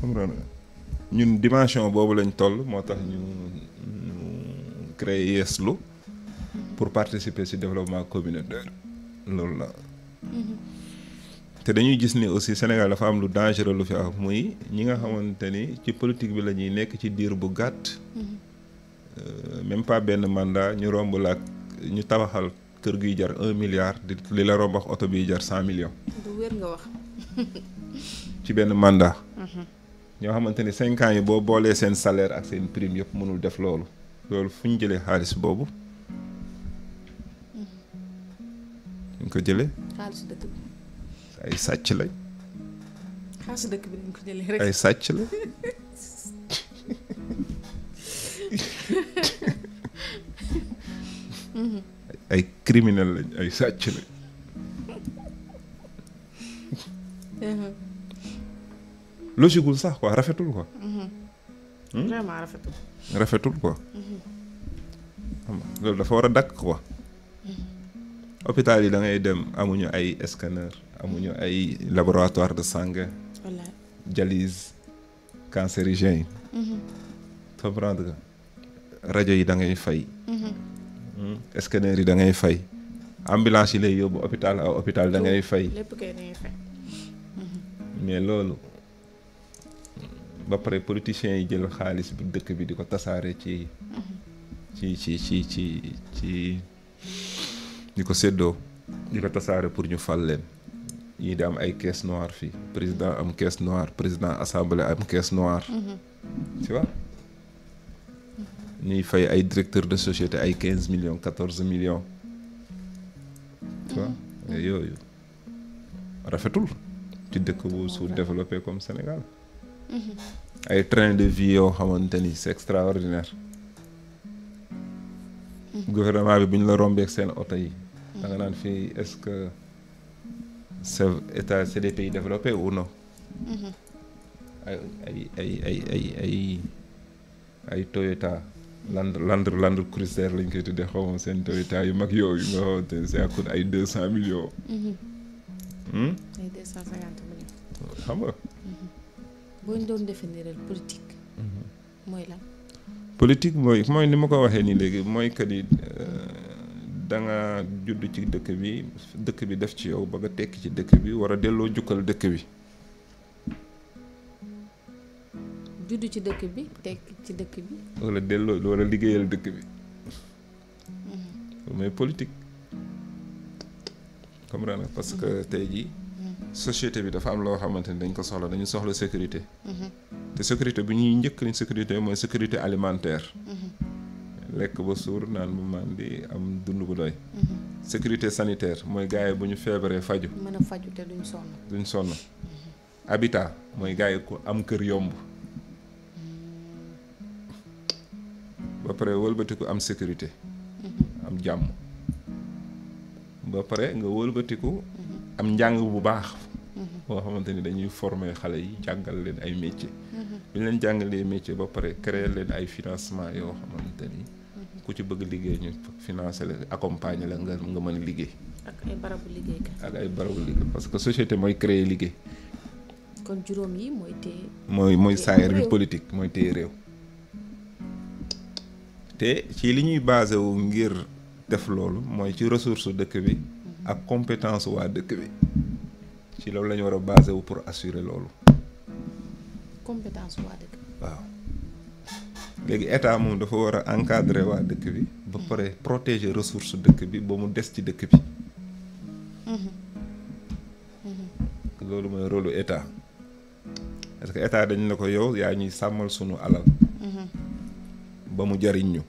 S1: comprendre nga ñun dimension boobu lañ toll moo tax ñu créer Yeslu pour participer ci développement communautaire loolu la. te dañuy gis ni aussi Sénégal dafa am lu dangereux lu fi am muy ñi nga xamante ni ci politique bi la ñuy nekk ci diir bu gàtt. Euh, même pas benn mandat ñu romb la ñu tabaxal kër guy jar un milliard di li la rombax oto biy jar cent millions. ci benn mandat. Mhm. ñoo xamante ni cinq yi boo boolee seen salaire ak seen prime yëpp mënul def loolu loolu fu ñu jëlee xaalis boobu. Mhm. ñu ko jële ay sàcc lañ.
S3: xaalis ay sàcc lay mhm.
S1: ay criminel lañ ay sàcc lañ. logique wul sax quoi rafetul ko
S3: mm-hmm. hmm? rafetul.
S1: rafetul mm-hmm. loolu dafa war a dakk quoi. Mm-hmm. hôpital yi da ngay dem amuñu ay scanner amuñu ay laboratoire de sang. wallaay dialyse cancérigène yi. comprendre nga rajo yi da fay.
S3: Hmm?
S1: scanner yi da ngay fay. ambulance yi lay yóbbu hôpital aw hôpital da ngay fay.
S3: lépp fay.
S1: mais loolu. ba pare politiciens yi jël xaalis bu dëkk bi di ko tasaare ci ci ci ci ci ci di ko séddoo di ko tasaare pour ñu fal leen ñii di am ay caisse noire fii président am caisse noir président assemblée am caisse noir tu vois ñuy fay ay directeur de société ay quinze millions quatorze millions tu vois yooyu rafetul ci dëkk bu sous développé comme Sénégal ay train de vie yoo xamante ni c'est extraordinaire gouvernement bi buñu la rombeek seen oto yi danga naan fii est-ce que c'est état c'est des pays développés ou ay ay ay ay ay ay ay Toyota Land Land Land Cruiser lañ koy tuddee xaw ma seen Toyota yu mag yooyu nga xamante ne ça coûte ay deux cent millions mm-hmm. hmm?
S3: ay deux cent cinquante millions xam boo ñu doon définiral ni
S1: mm-hmm. mooy lan. mooy mooy li ma ko waxee nii léegi mooy que yi euh, da nga judd ci dëkk bi dëkk bi def ci yow ba nga tekki ci dëkk bi war a delloo jukkal dëkk bi.
S3: judd ci dëkk bi tekki ci dëkk bi.
S1: wala delloo wala liggéeyal dëkk bi. mais mm-hmm. politique. comprendre parce que tey jii. société bi dafa am loo xamante ni dañ ko soxla dañu soxla sécurité. Mhm. te sécurité bi ñuy njëkk liñ sécurité mooy sécurité alimentaire. Mhm. lekk ba suur naan bu maan di am dund bu doy. Mhm. sécurité sanitaire mooy gars bu ñu feebaree faju mën a faju te duñ sonn. abita mooy gars yi ku am kër yomb. ba pare wëlbatiku am sécurité. am jàmm. ba pare nga wëlbatiku. am njàng bu baax boo xamante ni dañuy former xale yi jàngal leen ay métier mm-hmm. bu leen jàngalee métier ba pare créer leen ay financement yoo xamante mm-hmm. ku ci bëgg liggéey ñu financer la accompagner la nga nga mën liggéey
S3: ak ay barabu liggéey
S1: ak ay barabu parce que société mooy créer liggéey
S3: kon juróom yi mooy
S1: mooy mooy bi politique mooy téye réew te ci li ñuy basé wu ngir def loolu mooy ci ressource dëkk bi mm-hmm. ak compétence waa dëkk bi ci loolu la ñu war a basé wu pour assurer loolu.
S3: compétence waa dëkk.
S1: waaw léegi état moom dafa war a encadrer waa dëkk bi. ba pare protéger ressource dëkk bi ba mu des ci dëkk bi.
S4: Mm-hmm. Mm-hmm.
S1: loolu mooy rôle état parce que état dañ la ko yow yaa ñuy sàmmal sunu alal.
S4: Mm-hmm.
S1: ba mu jariñ ñu.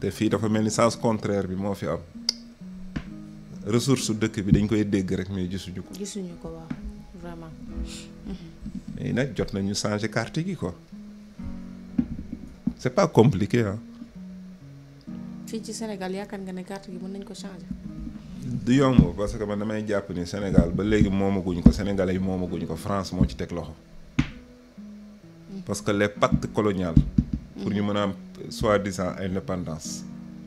S1: te fii dafa mel ni sens contraire bi moo fi am. ressource su dëkk bi dañ koy dégg rek mais gisuñu ko.
S3: gisuñu ko waaw vraiment.
S1: mais nag jot nañu changer carte gi quoi c'est pas compliqué ah.
S3: fii ci Sénégal yaakaar nga ni carte gi mën nañ ko changer.
S1: du yomb parce que man damay jàpp ni Sénégal ba léegi moomaguñ ko sénégale yi moomaguñ ko France moo ci teg loxo. parce que les pactes coloniaux. pour ñu mën a am soi-disant indépendance.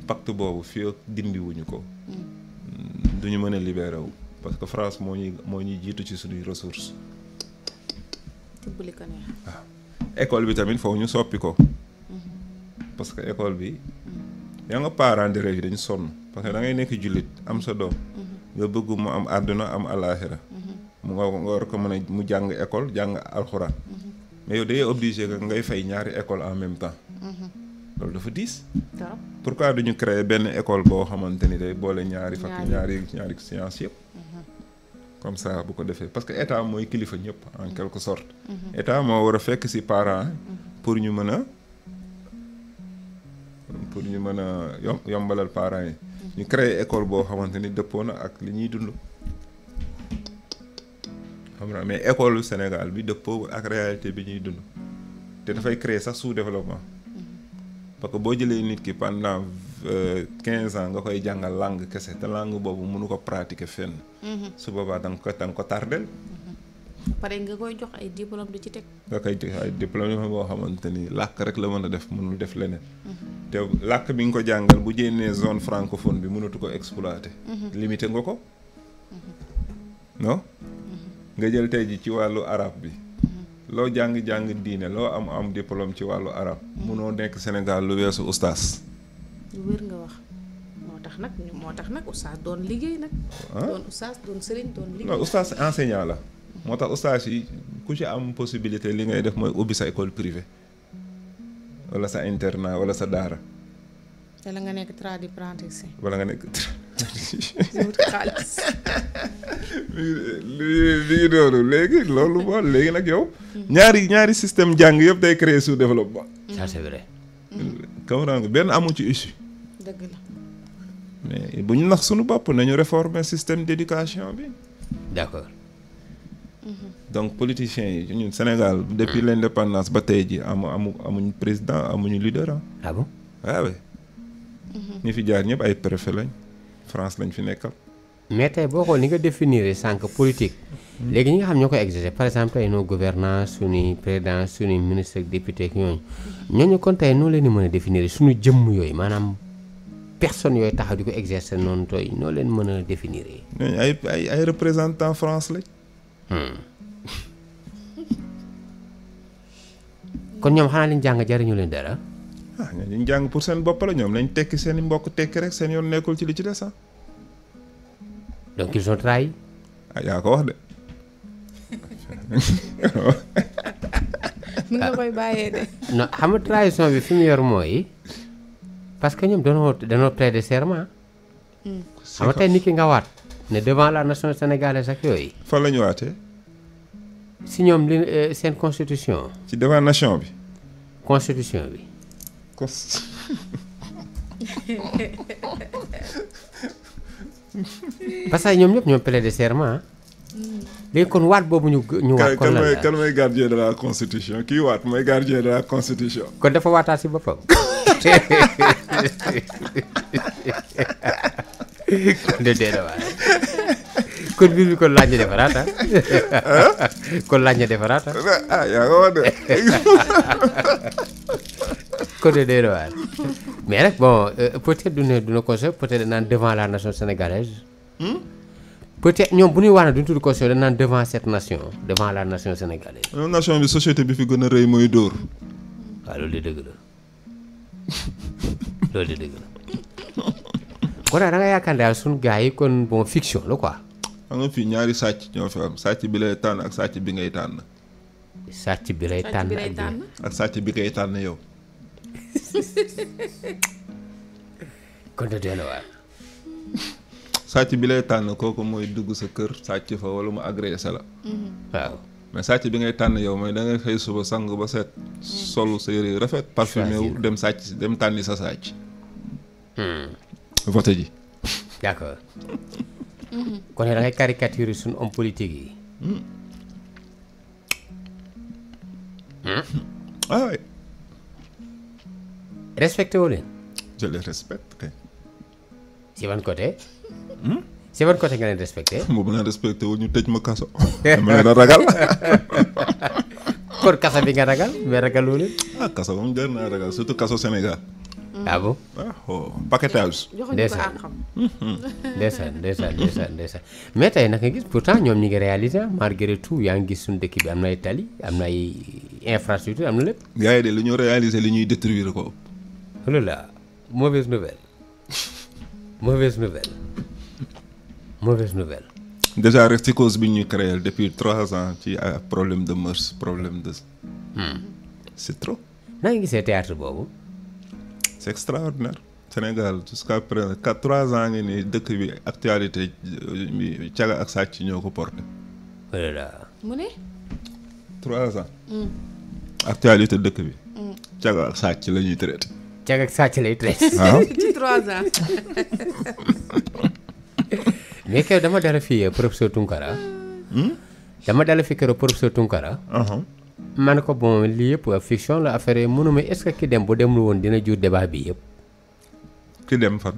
S1: pacte boobu fii ak ko. Mm. lu ñu mën a libéré wu parce que France moo ñuy moo ñuy jiitu ci suñuy ressources.
S3: waaw ah.
S1: école bi tamit foofu ñu soppi ko.
S3: Mm-hmm.
S1: parce que école bi. yaa nga parent d'élèves yi dañu sonn parce que da ngay nekk jullit am sa doom. Mm-hmm. nga bëgg mu am àdduna am alaaxira mm-hmm. mu nga war ko mën mu jàng école jàng alxuraan. mais yow day obligé que ngay fay ñaari école en même temps. loolu dafa diis. pourquoi du ñu créer benn école boo xamante ni day boole ñaari. fakk ñaari ñaari science yëpp. Mhm. comme ça bu ko defee parce que état mooy kilifa ñëpp en mhm. quelque sorte. Mhm. état moo war a fekk ci parent pour ñu mën a pour ñu mën a yom yombalal parents yi. ñu créer école boo xamante ni dëppoo na ak li ñuy dund. xam naa mais école Sénégal bi dëppoo ak réalité bi ñuy dund. te dafay créer sax sous développement. parce que boo jëlee nit ki pendant euh, quinze ans nga koy jàngal langue kese te langue boobu mënu ko pratiquer fenn. Mm-hmm. su boobaa danga ko da ko tardel. Mm-hmm.
S3: pare nga koy jox ay diplôme di ci teg.
S1: nga koy jox ay diplôme yoo boo xamante ni làkk rek la mën a def mënul def leneen. Mm-hmm. te làkk bi nga ko jàngal bu jénnee zone francophone bi mënatu ko exploiter. limité nga ko. non. nga jël tey ji ci wàllu arabe bi. loo jàng-jàng diine loo am am diplôme ci wàllu arab munoo nekk Sénégal lu weesu ustaas
S3: lu wér nga wax moo tax nag moo tax nag ustaas doon liggéey nag ah? doon ustaas doon sëriñ doon liggéey non
S1: ustaas la moo tax ustaas yi ku ci am possibilité li ngay def mooy ubbi sa école privée wala sa internat wala sa daara
S3: wala nga nekk tradipraticien wala nga nekk xaalis.
S1: li li doonu léegi loolu moo léegi nag yow. ñaari ñaari système jàng yëpp day créer sous développement. ça c'est vrai. comprends benn amu ci issue. bu ñu nax suñu bopp nañu réformer système d'éducation bi. d'accord. donc politiciens yi ñun Sénégal depuis mm. l'indépendance ba tey ji amu amu amuñu président amu ñu ah. ah bon ah mm-hmm. fi jaar ñëpp ay préfet
S2: lañ. France lañ fi nekkal. mais tey boo xool ni nga définir sànq politique. léegi ñi nga xam ñoo koy exercer par exemple tey nos gouvernants suñuy président suñuy ministre ak député ak ñooñu ñooñu kon tey noo leen di mën a définir suñu jëmm yooyu maanaam personnes yooyu taxaw di ko exercer noonu tooy noo leen mën a définir. ay ay ay
S1: représentants France lañ.
S2: Hmm. kon ñoom xanaa leen jàng jariñu
S1: leen dara. ah ñooñu ñu jàng pour seen bopp la ñoom lañ tekki seen i mbokk tekki rek seen yoon nekkul ci li ci des ah.
S2: donc ils ont trahi. Ah, yaa ko wax de.
S3: mën nga koy bàyyee de.
S2: non xam nga trahison bi fi mu yor mooy parce que ñoom danoo danoo prêter serment.
S4: Hmm. xam nga
S2: tey nit ki nga waat ne devant la nation sénégalaise ak yooyu. fan la ñu waatee. si ñoom li euh, seen constitution. ci devant nation bi. constitution bi. Kost. parce que ñoom ñëpp ñoo prêter ah. léegi kon waat boobu ñu ñu waat kon
S1: la de
S2: kon dafa waataat si boppam kon de dee waay kon biir bi kon laaj ñu defaraat ah. kon laaj ñu defaraat ah. yaa nga wax de code doy na waar mais rek bon euh, peut-être duna duna conseil peut-être naan devant la nation sénégalaise. Hmm? ñoom bu ñuy wax ne duñ tudd caution dañ naan devant cette nation devant la nation sénégalaise.
S1: non euh, nation bi société bi fi gën a rëy mooy dóor.
S2: waaw loolu de dëgg la loolu de dëgg la. kon da nga yaakaar daal suñu gars yi kon bon fiction la quoi. xam nga fii ñaari sàcc ñoo fi am sàcc
S1: bi lay tànn ak sàcc bi ngay tànn. sàcc bi lay tànn ak sàcc bi ngay tànn yow. kon sàcc bi lay tànn kooku mooy dugg sa kër sàcc fa wala mu agressé la. Mm-hmm. waaw mais sàcc bi ngay tànn yow mooy da ngay xëy suba sang ba set. Mm-hmm. solu sa yu
S2: rafet. parfumé wu dem sàcc dem tànni sa sàcc. Hmm. vote ji. d'accord
S4: mm-hmm.
S2: kon da ngay caricature suñu homme politique yi. Hmm. Hmm? Ah respecté wu leen. je les respecte kay. si ban côté. Hmm? si ban côté nga leen respecté.
S1: boobu leen respecté wu ñu tëj ma kaso. dama leen a ragal.
S2: kon kaso bi nga ragal mais ragal wu leen. ah kaso moom gën naa ragal surtout kaso Sénégal. ah bon. waaw ah, oh, paquetage. ndeysaan ndeysaan ndeysaan ndeysaan ndeysaan mais tey naka gis pourtant ñoom ñi ngi réalisé malgré tout yaa ngi gis suñu dëkk bi am na ay tali am na ay infrastructure am na lépp. gars yi de lu ñu
S1: réalisé li ñuy détruire ko.
S2: mu ne la mauvaise nouvelle mauvaise nouvelle mauvaise nouvelle.
S1: déjà rek ci cause bi ñuy créer depuis trois ans ci problème de mœurs problème de. Hmm. c'est trop. na nga gisee théâtre boobu. c'est extraordinaire. Sénégal jusqu'à présent quatre trois ans ngi nii dëkk bi actualité bi euh, caga ak sàcc ñoo ko porté. voilà. mu ne. trois ans. Hmm. actualité dëkk bi.
S2: caga hmm. ak sàcc la ñuy traité. cag ak sàcc lay traité.
S3: ci trois ans.
S2: mais keroog dama dara fi professeur Tunkara. Hmm? dama dara fi keroog ko bon lii yëpp fiction la affaire yi mënu ma est-ce que ki dem bu demul woon dina jur débat bi yëpp. E. ki dem fa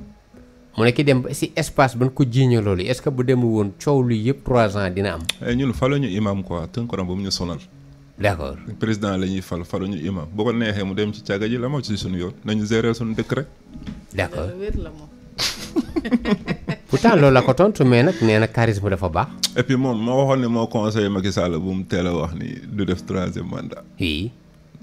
S2: mu ne ki dem si espace ban ko jiiñee loolu est-ce que bu demul woon coow lu yëpp e trois ans dina am. ñun fa ñu imaam quoi tënk ba mu ñu sonal. d' accord président la ñuy fal faluñu imam bu ko neexee
S1: mu dem ci càgga ji la moo ci suñu yoon nañu gérer suñu dëkk rek. d' accord
S2: pourtant loolu la ko tontu mais nag nee na charisme dafa baax.
S1: et puis moom moo waxoon ne moo conseil ma Macky Sall bu mu teel wax ni du def troisième mandat. oui.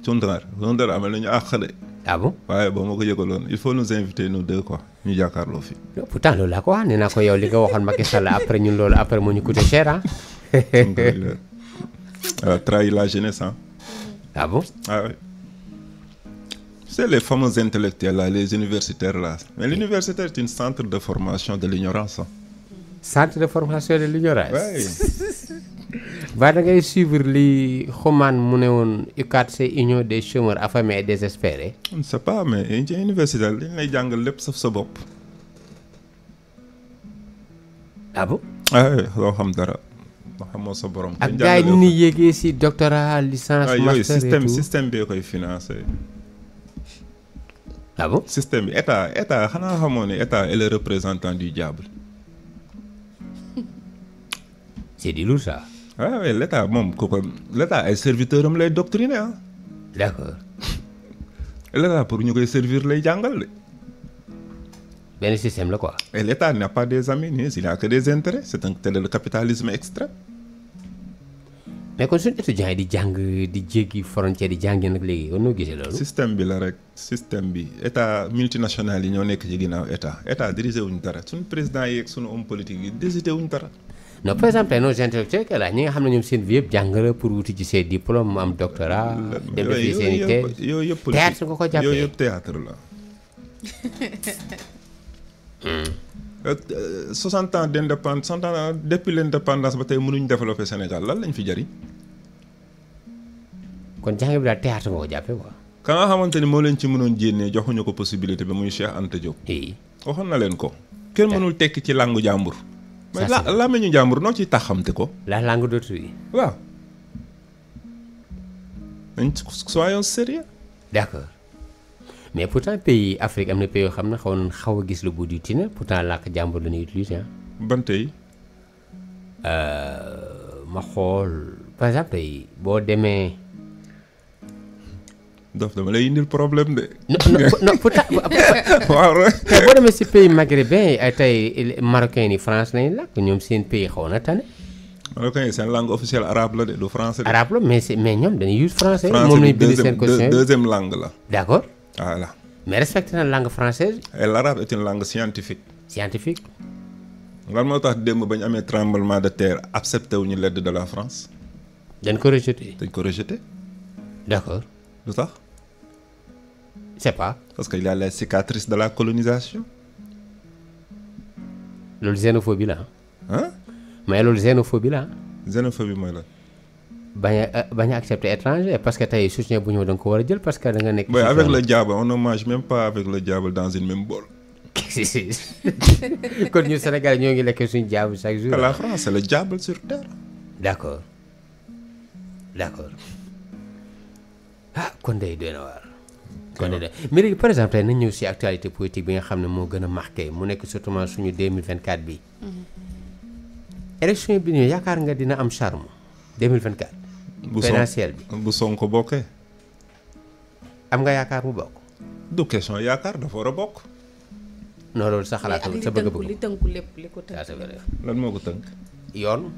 S1: Soundar Soundar amal nañu àq de. ah bon waaye boo ma ko yëgaloon il faut nous inviter nous deux quoi ñu jàkkaarloo fi.
S2: pourtant loolu laa ko wax nee naa ko yow li nga waxoon Macky Sall après ñun après moo ñu coûté cher ah. Elle euh, la jeunesse. Hein. Ah bon ah, oui.
S1: C'est les fameux intellectuels, là, les universitaires. Là. Mais l'universitaire est un centre de
S2: formation de l'ignorance. Hein. Centre de formation de l'ignorance Oui. ngay suivre li Xuman mu ne woon UCAD c'est union des chômeurs affamés et désespérés.
S1: on ne sait pas mais ci li ñu lay jàngal lépp saf sa bopp. ah bon. loo ah xam dara. ba xamoo sa borom. ak gars yi ni
S2: yéegee si doctorat licence. Ah, master yooyu système système
S1: bee ah système bi état état xanaa xamoo ne état est représentant du diable. c' est du lourd ça. waaye ah l' moom ko l' état ay serviteurs am lay doctriner ah. pour ñu koy servir lay jàngal de. benn système la quoi.
S2: et l' état n' a pas des amis il n' a que des intérêts c' est un tel le kon suñu étudiants yi di jàng di jéggi frontière di jàngi nag léegi kon noo gisee loolu.
S1: système bi la rek système bi état multinational yi ñoo nekk ci ginnaaw état état dirigé wuñ dara suñu président yi ak suñu homme politique yi dirigé wuñ dara.
S2: non par exemple nos intellectuels que la ñi nga xam ne ñoom seen vie yëpp jàng la pour wuti ci seen diplôme am doctorat. yooyu yëpp yooyu ko jàppee yëpp théâtre
S1: Euh, euh, soixante ans d'indépendance soixante ans depuis l'indépendance ba tey mënuñ développé Sénégal lan lañ fi jariñ kon jàng bi daal théâtre nga ko jàppee quoi. ka nga xamante ni moo leen ci mënoon jénnee joxuñu ko possibilité bi muy Cheikh Anta Diop. waxoon na leen ko. kenn mënul tekki ci làngu jàmbur. mais la jàmbur noo ciy taxamte ko. la langue d'autrui. waaw. nañ soyons sérieux.
S2: mais pourtant pays Afrique am na pays yoo xam ne xaw xaw a gis lu bu du tina pourtant làkk jàmbur la ñuy utiliser ban tey. Euh, ma xool par exemple tey boo demee. dof dama lay indil problème de. non si pays maghrébin ay tey marocain yi France lañuy làkk ñoom seen pays xaw na tane. marocain yi seen langue officielle arab la de du français. arabe la mais mais ñoom dañuy use français. moom lañu bind seen question deuxième langue la. d'accord. voilà. mais respecte na langue française. et l'arabe est une langue scientifique.
S1: scientifique. lan moo tax démb ba ñu amee tremblement de terre accepté wu ñu l'aide de la France. dañ ko rejeté. dañ ko rejeté. d'accord. lu tax. c'est pas. parce que il y a de la colonisation.
S2: loolu xénophobie la ah. mais loolu xénophobie la ah. xénophobie mooy la. bañ a euh, bañ a accepter étranger parce que tey soutien bu ñëw da nga ko war a jël parce que da nga nekk. waaye avec le
S1: diable on ne mange même pas avec le diable
S2: kon ñu Sénégal ñoo ngi lekk suñu diable chaque jour. la France c'est le diable sur terre. d'accord d'accord ah kon day doy na waar. kon day doy mais léegi par exemple tey nañ ñëw si actualité politique bi nga xam ne moo gën a marqué mu nekk surtout suñu 2024 bi mhm. élection bi ñu yaakaar nga dina am charme 2024. bu présidentielle bi bu Sonko bokkee. am nga yaakaar mu bokk. du question yaakaar dafa war a bokk. non loolu sa xalaatul sa bëgg
S3: bëgg li tënku lépp li ko tënk
S2: lan moo ko tënk. yoon.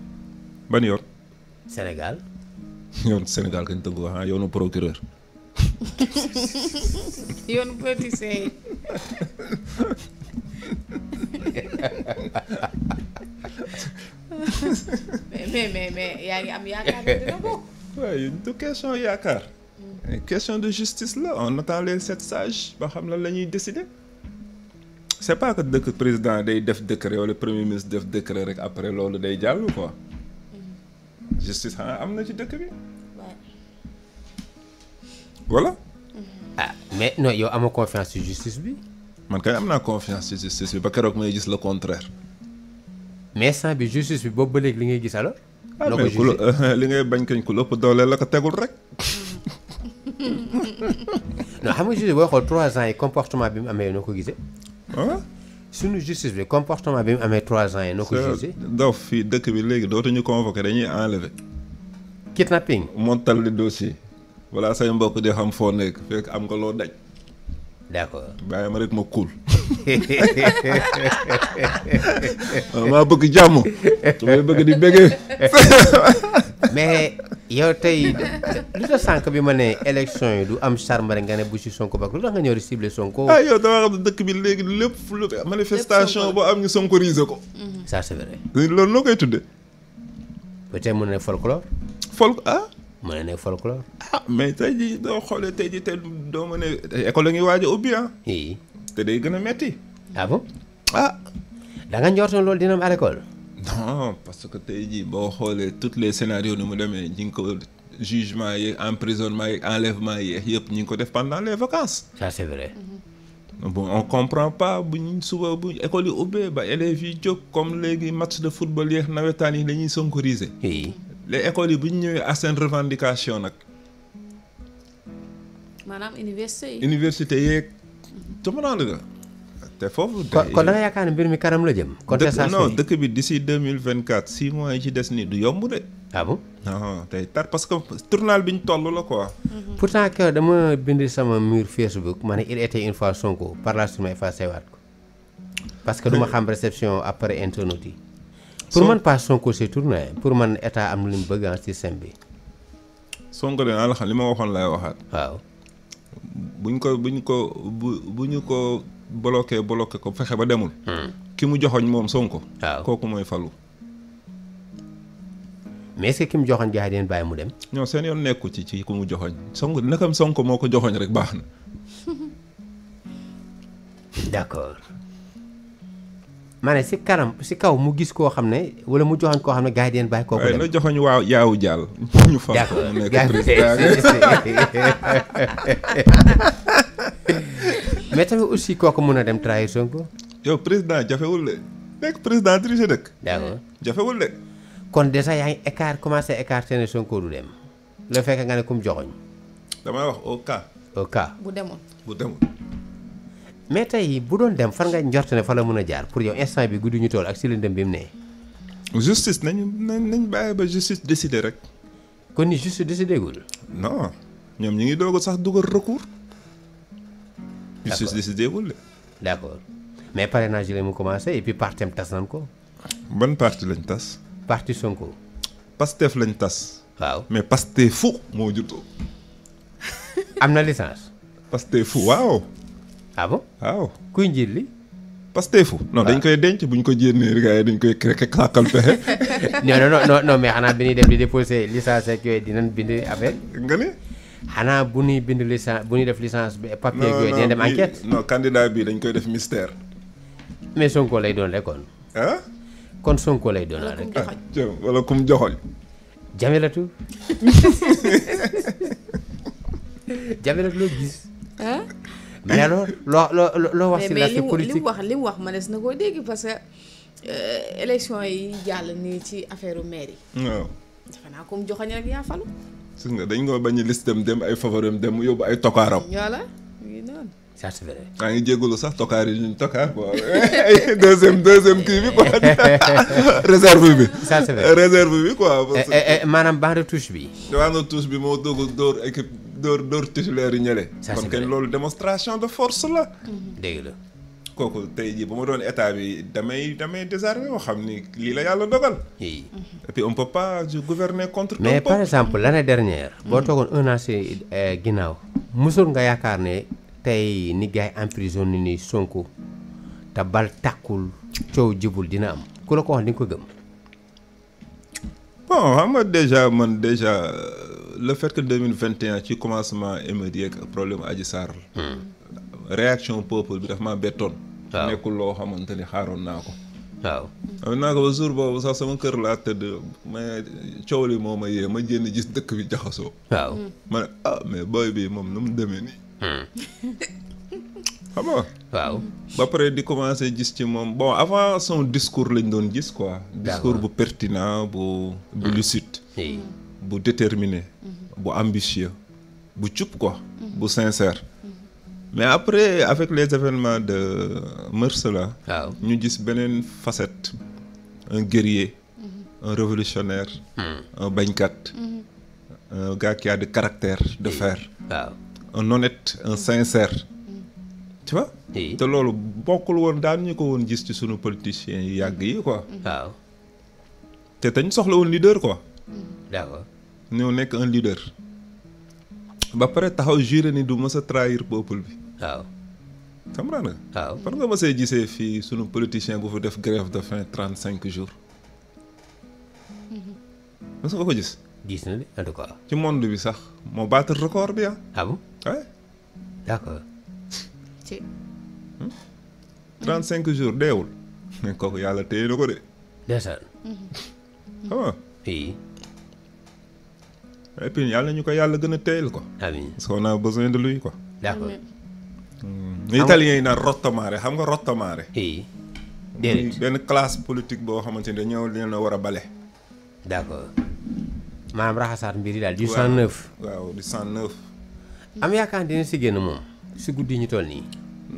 S2: ban yoon. Sénégal.
S1: yoon Sénégal kañ tënku wax ah yoonu procureur.
S3: yoonu politicien yi. mais mais yaa ngi am yaakaar ne dina
S1: bokk. waaye du question yaakaar. Mm. question de justice la on attend les sept sages ba xam lan la ñuy décider. c' est pas que dëkk président day def décret wala premier ministre def décret rek après loolu day jàll quoi. Mm-hmm. justice xanaa am na ci dëkk bi. walla mm-hmm.
S2: ah mais non yow amoo confiance ci justice bi. man kay am naa confiance ci justice bi ba keroog may gis le contraire. mais sant bi justice bi boobu ba léegi li ngay gis alors. loo ah, ko li ngay bañ kañ ku lëpp doole la ko tegul rek. non xam nga jugé booy xool trois ans yi comportement bi mu amee noo ko gisee. Ah? suñu justice bi comportement bi mu amee trois ans yi noo ko gisee. dof fii dëkk bi léegi dootuñu convoqué dañuy enlevé.
S1: kidnapping. montal le dossier. voilà say mbokk de xam foo nekk fekk am nga loo daj. d' accord bàyyi ma rek ma kuul
S2: maa bëgg jàmm damay bëgg di bëggee. mais yow tey lu tax sànq bi ma ne élection yi du am charme nga ne bu si Sonko ba lu tax nga ñëw di Sonko. ah yow
S1: dama xam dëkk bi léegi lépp lu manifestation boo am ñu sonkorisé ko. ça c'
S2: loolu noo koy tuddee. peut être mun na folklore. folk ah? mën na nekk folklore.
S1: ah mais tey jii doo xoolee tey jii tey doo ma ne école ngi waaj a ubbi ah. te day gën a metti. ah bon ah. nga loolu dina am à non parce que tey jii boo xoolee toutes les scénarios ni mu demee ñi ngi ko jugement yeeg emprisonnement yeeg enlèvement yeeg yëpp ñi ngi ko def pendant les vacances. ça c'est vrai. Mm-hmm. bon on comprend pas bu ñu suba bu école yi ubbee ba élèves yi jóg comme léegi match de football yeeg nawetaan yi la ñuy sonkorisé. les écoles bu ñu ñëwee à seen revendication nag.
S3: maanaam université yi.
S1: université yeeg. comprendre nga te foofu. day kon da
S2: yaakaar ne mbir mi kanam la jëm.
S1: contestation non dëkk bi d'ici deux mille vingt quatre six mois yi ci des nii du yomb de. ah bon.
S2: tey tar parce tournal bi ñu toll la quoi. Mm-hmm. pourtant que dama bind sama mur Facebook ma ne il était une fois Sonko par la suite ma effacé waat ko. parce que du ma xam réception après internaute yi. pour man pas Sonko si tourné pour man état am lu mu bëgg ci système bi. Sonko de naa la xam li ma waxoon laay waxaat. waaw.
S1: buñ ko buñ ko bu ñu ko bloqué bloqué ko fexe ba demul. Hmm. ki mu joxoñ moom Sonko. waaw kooku mooy falu. mais est ki mu
S2: joxoñ jaay deen bàyyi mu dem.
S1: ñoo seen yoon nekku ci ci ku mu joxoñ Sonko nakam Sonko moo ko joxoñ rek baax na.
S2: d'accord. ma si kanam si kaw mu gis koo xam ne wala mu joxoñ koo xam ne gars yi deen bàyyi kooku dem na joxoñ waaw yaaw jàll ñu fa mais tamit aussi kooku mën a dem trahir Sonko yow président jafewul de nekk président dirigé dëkk d'accord jafewul de kon déjà yaa ngi écart commencé écarté ne Sonko du dem la fekk nga ne kum joxoñ damay wax au cas
S1: bu
S3: demoon
S2: mais tey bu doon dem fan nga njort ne fa la mën a jaar pour yow instant bi guddi ñu tool ak si lëndëm bi mu ne. justice nañu nañ bàyyi ba justice décider rek. kon ni justice décider gul. non ñoom ñu ngi doog sax dugal recours. justice décider gul de. d' accord mais parrainage yi la mu commencé et puis parti am tas nañ ko. ban parti lañ tas. parti Sonko. Pastef lañu
S1: tas. waaw mais Pastef fu moo jutoo. am na licence. Pastef fu waaw. ah bon waaw kuy njiit li Pastefu non dañ koy denc buñ ko jénnee gars yi dañ koy créé sàkkal pexe.
S2: non non non non mais xanaa bi ñuy dem di déposé licence ak yooyu dinañ bind affaire. nga ne. xanaa bu ñuy bind licence bu ñuy def licence bi papier yooyu dinañ dem enquête.
S1: non candidat bi dañ koy def mystère.
S2: mais Sonko lay doon rek kon. ah. Sonko lay doon rek. wala kum joxoñ ah, Jamilatu Jamilatu loo gis.
S3: mais loolu loo loo loo wax si l'aspect politique li mu wax li mu wax mënees na koo dégg parce que euh, élection yi jàll nii ci affaire maire yi. waaw comme joxoñ rek
S1: nga dañ koo bañ a dem ay favoram dem yóbbu ay tokaaram.
S3: voilà la noonu. c'est vrai.
S1: maa ngi jégalu sax tokaar yi ñu tokaar quoi eh, eh, deuxième deuxième kii bi bi. c'est vrai eh, maanaam
S2: bande touche bi.
S1: bande touche bi moo dugg dóor équipe. dóor dóor titulaire yi ñële. kon kañ de force la. Mm-hmm. la. kooku tey jii bu ma doon état bi damay damay désarmer woo xam ni lii la yàlla dogal. et puis on peut contre. mais par exemple
S2: l'année dernière. boo toogoon un an euh, ginnaaw. musul nga yaakaar ne tey ni gars yi emprisonné ni Sonko te bal tàkkul coow jibul dina am ku la ko wax di ko gëm. bon xam nga déjà
S1: man déjà. le fait que 2021 ci commencement émeutes yeeg problème Adji Sarr hmm. réaction peuple bi daf maa bettoon nekkul loo xamante ni xaaroon naa ko waaw am naa ko ba jour boobu sax sama kër laa tëdd ma coow li moo ma yee ma jénn gis dëkk bi jaxasoo waaw ma ne ah mais booy bi moom nu mu demee nii hmm. xam nga waaw ba pare di commencer gis ci moom bon avant son discours lañ doon gis quoi discours bu pertinant bu bu bu déterminé mhm. bu ambitieux bu jub ko mhm. bu sincère mhm. mais après avec les événements de mars là ñu gis beneen facette un guerrier un révolutionnaire hmm. un bañkat un gars de caractère de fer waaw un honnête un sincère tu te loolu bokkul woon daan ñu ko woon gis ci sunu politiciens yi yàgg yi quoi waaw te dañ soxla woon leader quoi ñëw nekk un leader ba pare taxaw juré ni du mës a trahir peuple bi waaw comprendre nga waaw par nga mësee gisee fii sunu politicien bu fi def grève de faim trente cinq jours mhm. mës nga ko gis ci monde bi sax moo battre record bi ah ah bon ah ouais d'accord hmm? cinq jours deewul ne kooku yàlla téye na ko de ndeysaan xam mhm. nga ah et puis yàlla ñu ko yàlla gën a teyel ko. amiin soo qu'on a besoin de lui quoi. d'accord. Hmm. italien yi naan rottamare xam nga rottamare. déedéet benn classe politique boo xamante ni dañoo leen a war a bale. d'accord
S2: maanaam raxasaat mbir yi daal. du 109 waaw
S1: du 109.
S2: am yaakaar dina si génn moom si guddi ñu toll nii.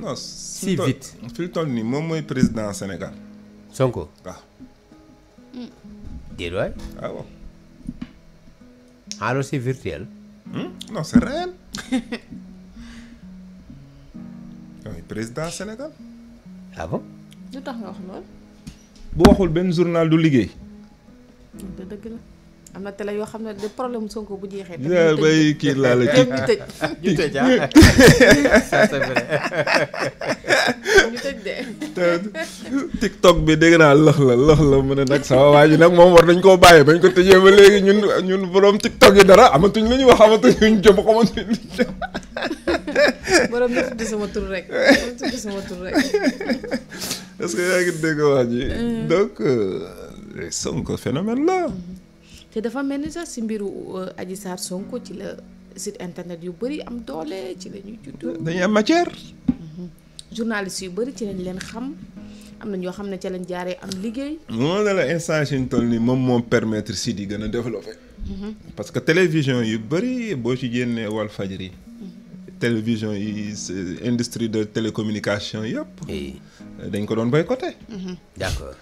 S1: non si vite fi toll nii moom mooy président Sénégal.
S2: Sonko waaw. Hmm. déedéet Ah, alors c'est virtuel. Hmm? Non, c'est réel. président Sénégal.
S3: lu tax nga wax lool.
S1: bu benn journal du liggéey.
S3: dëgg am na télé yoo xam ne de problème Sonko bu jeexee. dañuy bay kii laa la ci ñu tëj. ñu tëj ah c'est vrai. ñu tëj de. tiktok
S1: bi dégg naa lox la lox la mu ne nag sama waa ji nag moom war nañ koo bàyyi bañ ko tëjee ba léegi ñun ñun borom tiktok yi dara amatuñ lu ñu wax amatuñ lu ñu jëm xamatuñ lu ñu jëm.
S3: borom na tudd sama tur rek borom tudd sama tur rek.
S1: est-ce que yaa ngi dégg waa ji. Mm. donc euh, Sonko phénomène la. Mm-hmm.
S3: te dafa mel ni sax si mbiru euh, Adji Sarr Sonko ci la site internet yu bëri am doole ci la am matière. Mhm. journaliste yu bëri ci lañ leen xam am na ñoo xam ne ca lañ jaaree am liggéey.
S1: moo la instant si nii moom moo permettre site yi gën a développé. Mhm. parce que télévision yu bëri boo ci génnee Walf Fadjri mhm. télévision yi industrie de télécommunication yëpp. dañ ko doon boycotté.
S4: d'accord.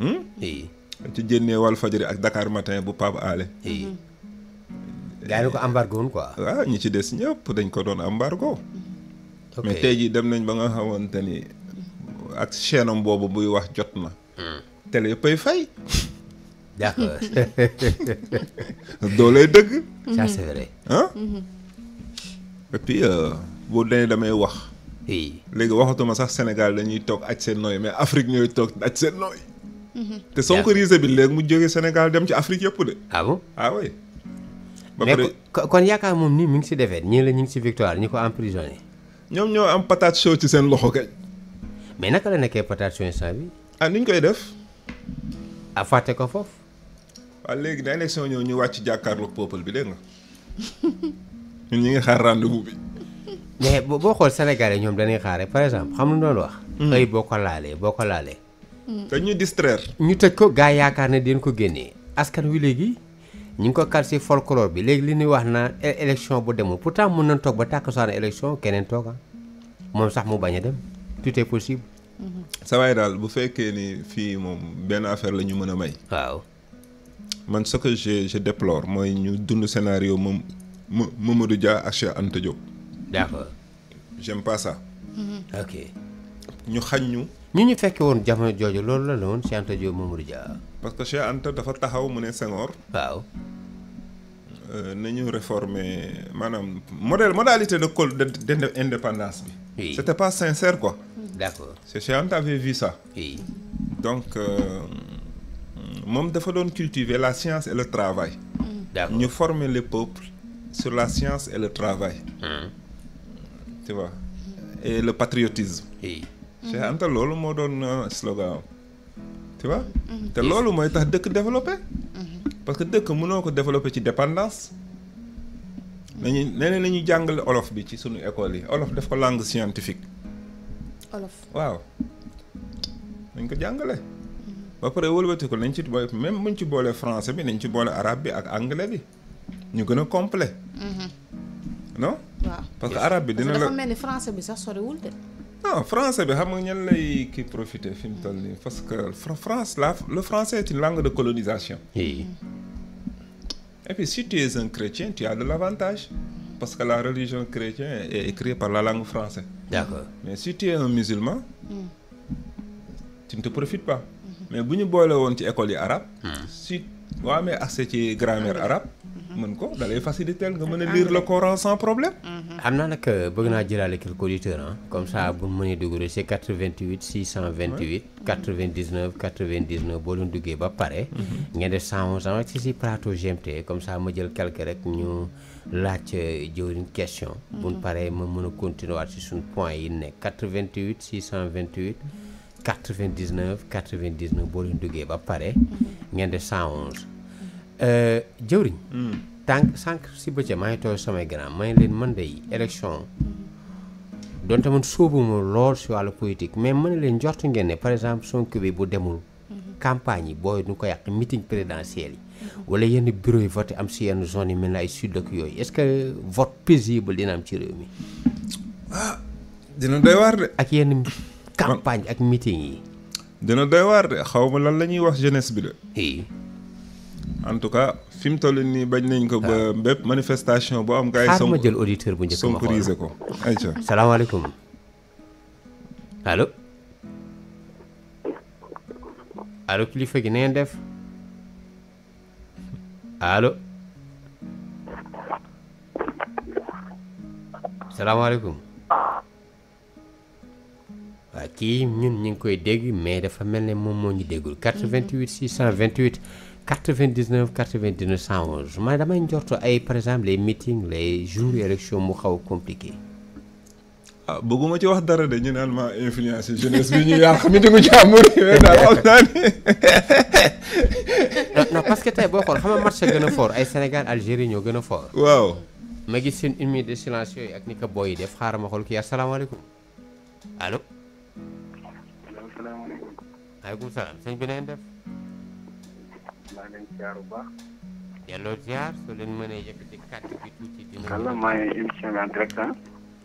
S4: Hmm?
S1: ci génnee Walfadjri ak Dakar Matin bu Pape Alé. Mhm. gaa yi ko embargo woon quoi. Ah, ñu ci des ñëpp dañ ko doon embargo. mais tey jii dem nañ ba nga xamante ni ak chaîne boobu buy wax jot na. Hmm. yëpp ay fay. d'accord. doo lay dëgg. ça c'est vrai. ah. boo dañu damay wax. léegi waxatuma sax Sénégal dañuy toog aj seen nooy mais Afrique ñooy toog aj
S2: seen nooy.
S4: Mm-hmm.
S1: te sonkorisé
S2: bi léegi mu jógee Sénégal dem ci Afrique yëpp de. ah aa ah ba pare kon yaakaar moom nii mu ngi si defee ñii la ñu ngi si victoire ñi ko emprisonné. ñoom ñoo am patate chaude ci seen loxo kay. mais naka la nekkee patate chaude instant bi ah ni
S1: ñu koy def. ah fàtte ko foofu. waaw ah, léegi na élection ñëw ñu wàcc
S2: jàkkaarloog peuple bi dégg nga ñun ñu ngi xaar rendez-vous bi. mais boo xool Sénégalais ñoom dañuy xaare par exemple xam nga loolu wax. ay hmm. boo ko laalee boo ko laalee. dañ ñu distraire. ñu tëj ko gaa yaakaar ne dinañ ko génnee askan wi léegi ñu ngi ko calcé folklore bi léegi li ñuy wax na e-, élection bu demul pourtant mën nañ toog ba tàkkusaan élection keneen toog ah. moom sax mu bañ a dem tout est possible. sa
S1: waay daal bu fekkee ni fii moom benn affaire la ñu mën a may. waaw. man ce que je je mooy ñu dund scénario moom mu mu ak Cheikh Anta Diop.
S2: d'accord. j'aime pas ça. ok. ñu xañ ñu ñi ñu fekke woon jamono jooju loolu la la woon Cheikh Anta Diop Mamadou Dia. parce que
S1: Cheikh Anta dafa taxaw mu ne Senghor. waaw. Euh, nañu réformer maanaam modèle modalité de col de indépendance bi. oui c'était pas sincère quoi. d'accord Cheikh Anta avait vu donc euh, moom dafa doon cultiver la science et le travail. d'accord ñu forme le peuple sur la science et le travail. tu vois et le patriotisme. Cheikh Anta loolu moo doon euh, slogan am tu vois
S4: mhm. te loolu mooy tax
S1: dëkk développé mhm. parce que dëkk mënoo ko développé ci dépendance nañu nee nañu jàngale olof bi ci suñu école yi olof def ko langue scientifique olof waaw nañ ko jàngale mhm. ba pare wëlbati ko nañ ci boole même buñ ci boolee français bi nañ ci boole arabe bi ak anglais bi ñu gën a complet non parce que arabe bi dina la dafa
S3: mel ni français bi sax sore de
S1: non français bi xam nga ñan lay ki profiter fi mu toll nii parce que France la le français est une langue de colonisation. Oui. et puis si tu es un chrétien tu as de l'avantage parce que la religion chrétienne est écrite par la langue française. d'accord mais si tu es un musulman. Mm. tu ne te profites pas. mais bu ñu boole woon ci école yi arabe. Mm. si boo amee accès ci grammaire arabe. mën ko da lay faciliter nga mën a lire le Coran sans problème. Mhm.
S2: am naa nag euh, bëgg naa jëlaale quelques auditeurs ah comme ça bu mu mënee dugg ci 88 628. 99 99 boo leen ba pare. Mhm. ngeen def 111 ans ci si plateau GMT comme ça ma jël quelque rek ñu laaj euh, jëwriñ question. Mhm. bu ñu paree ma mën a continuer waat si suñu point yi nekk 88 628. 99 99 boo leen duggee ba pare. ngeen def 111. Euh, jëwriñ. Hmm. tànk sànq si bëccëg maa ngi tooy samay grand maa ngi leen man de élection donte man sóobu lool si wàllu politique mais mën na leen jortu ngeen ne par exemple sonk bi bu demul. Mhm. campagne yi booy nu ko yàq meeting présidentiel yi. Mhm. wala yenn bureau yi vote am si yenn zone yi mel na ay sud ak yooyu est-ce que vote paisible dina am ci réew mi. Ah, dina doy waar de. ak yenn campagne ak meeting yi. dina doy
S1: waar de xaw ma lan la ñuy wax jeunesse bi de. en tout cas fi mu toll nii bañ nañ ko ba bépp manifestation bu am. gars yi som ma jël auditeur bu njëkk ma xool ko. ayca
S2: salaamaaleykum allo allo kilifa gi na ngeen def allo salaamaaleykum waa kii ñun ñu ngi koy dégg mais dafa mel ne moom moo ñu déggul 88 mm-hmm. 628. 99 99 111 man damay njorto ay par exemple les meetings les jours élection mu xaw compliqué
S1: ah, bëgguma ci wax dara de ñu naan ma influencé jeunesse bi ñu yàq mi di ko jàmbur daal xam naa ni
S2: non parce que tey boo xool xam match gën a ay Sénégal Algérie ñoo gën a waaw ma gis seen une minute de silence yooyu ak ni ko booy def xaaral ma xool kii asalaamaaleykum allo aleykum jaar bu baax. delloo ziar soo leen mënee yëkkati kàddu gi tuuti. dina la maa ngi émission bi ah.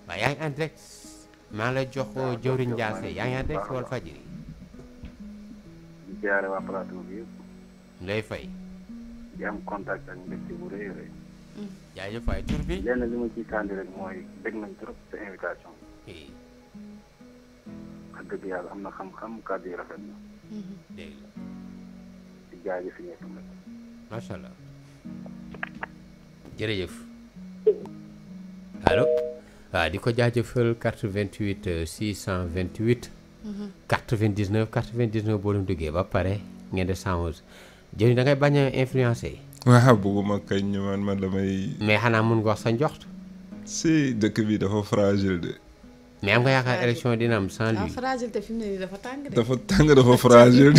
S2: maa ngi lay jox jëwriñ Ndiassé yaa ngi en direct si Walfadjri. di ziare waa plateau bi yëpp. lay fay. di am contact ak mbégte bu tur bi. lenn li ma ciy sànni rek mooy dégg nañ trop sa invitation. wax dëgg yàlla am na xam-xam kàddu yi rafet na. dégg macha allah jërëjëf allo ah, di ko jaajëfal 88 628. 99 99 boo leen duggee ba pare ngeen di 111 jëriñ da ngay bañ a influencé. waaw bëgguma kañ man man damay. mais xanaa mun nga sa njoxt. si dëkk bi dafa fragile de. mais am nga yaakaar élection dina am sans lui.
S3: dafa tàng dafa
S2: tàng dafa fragile.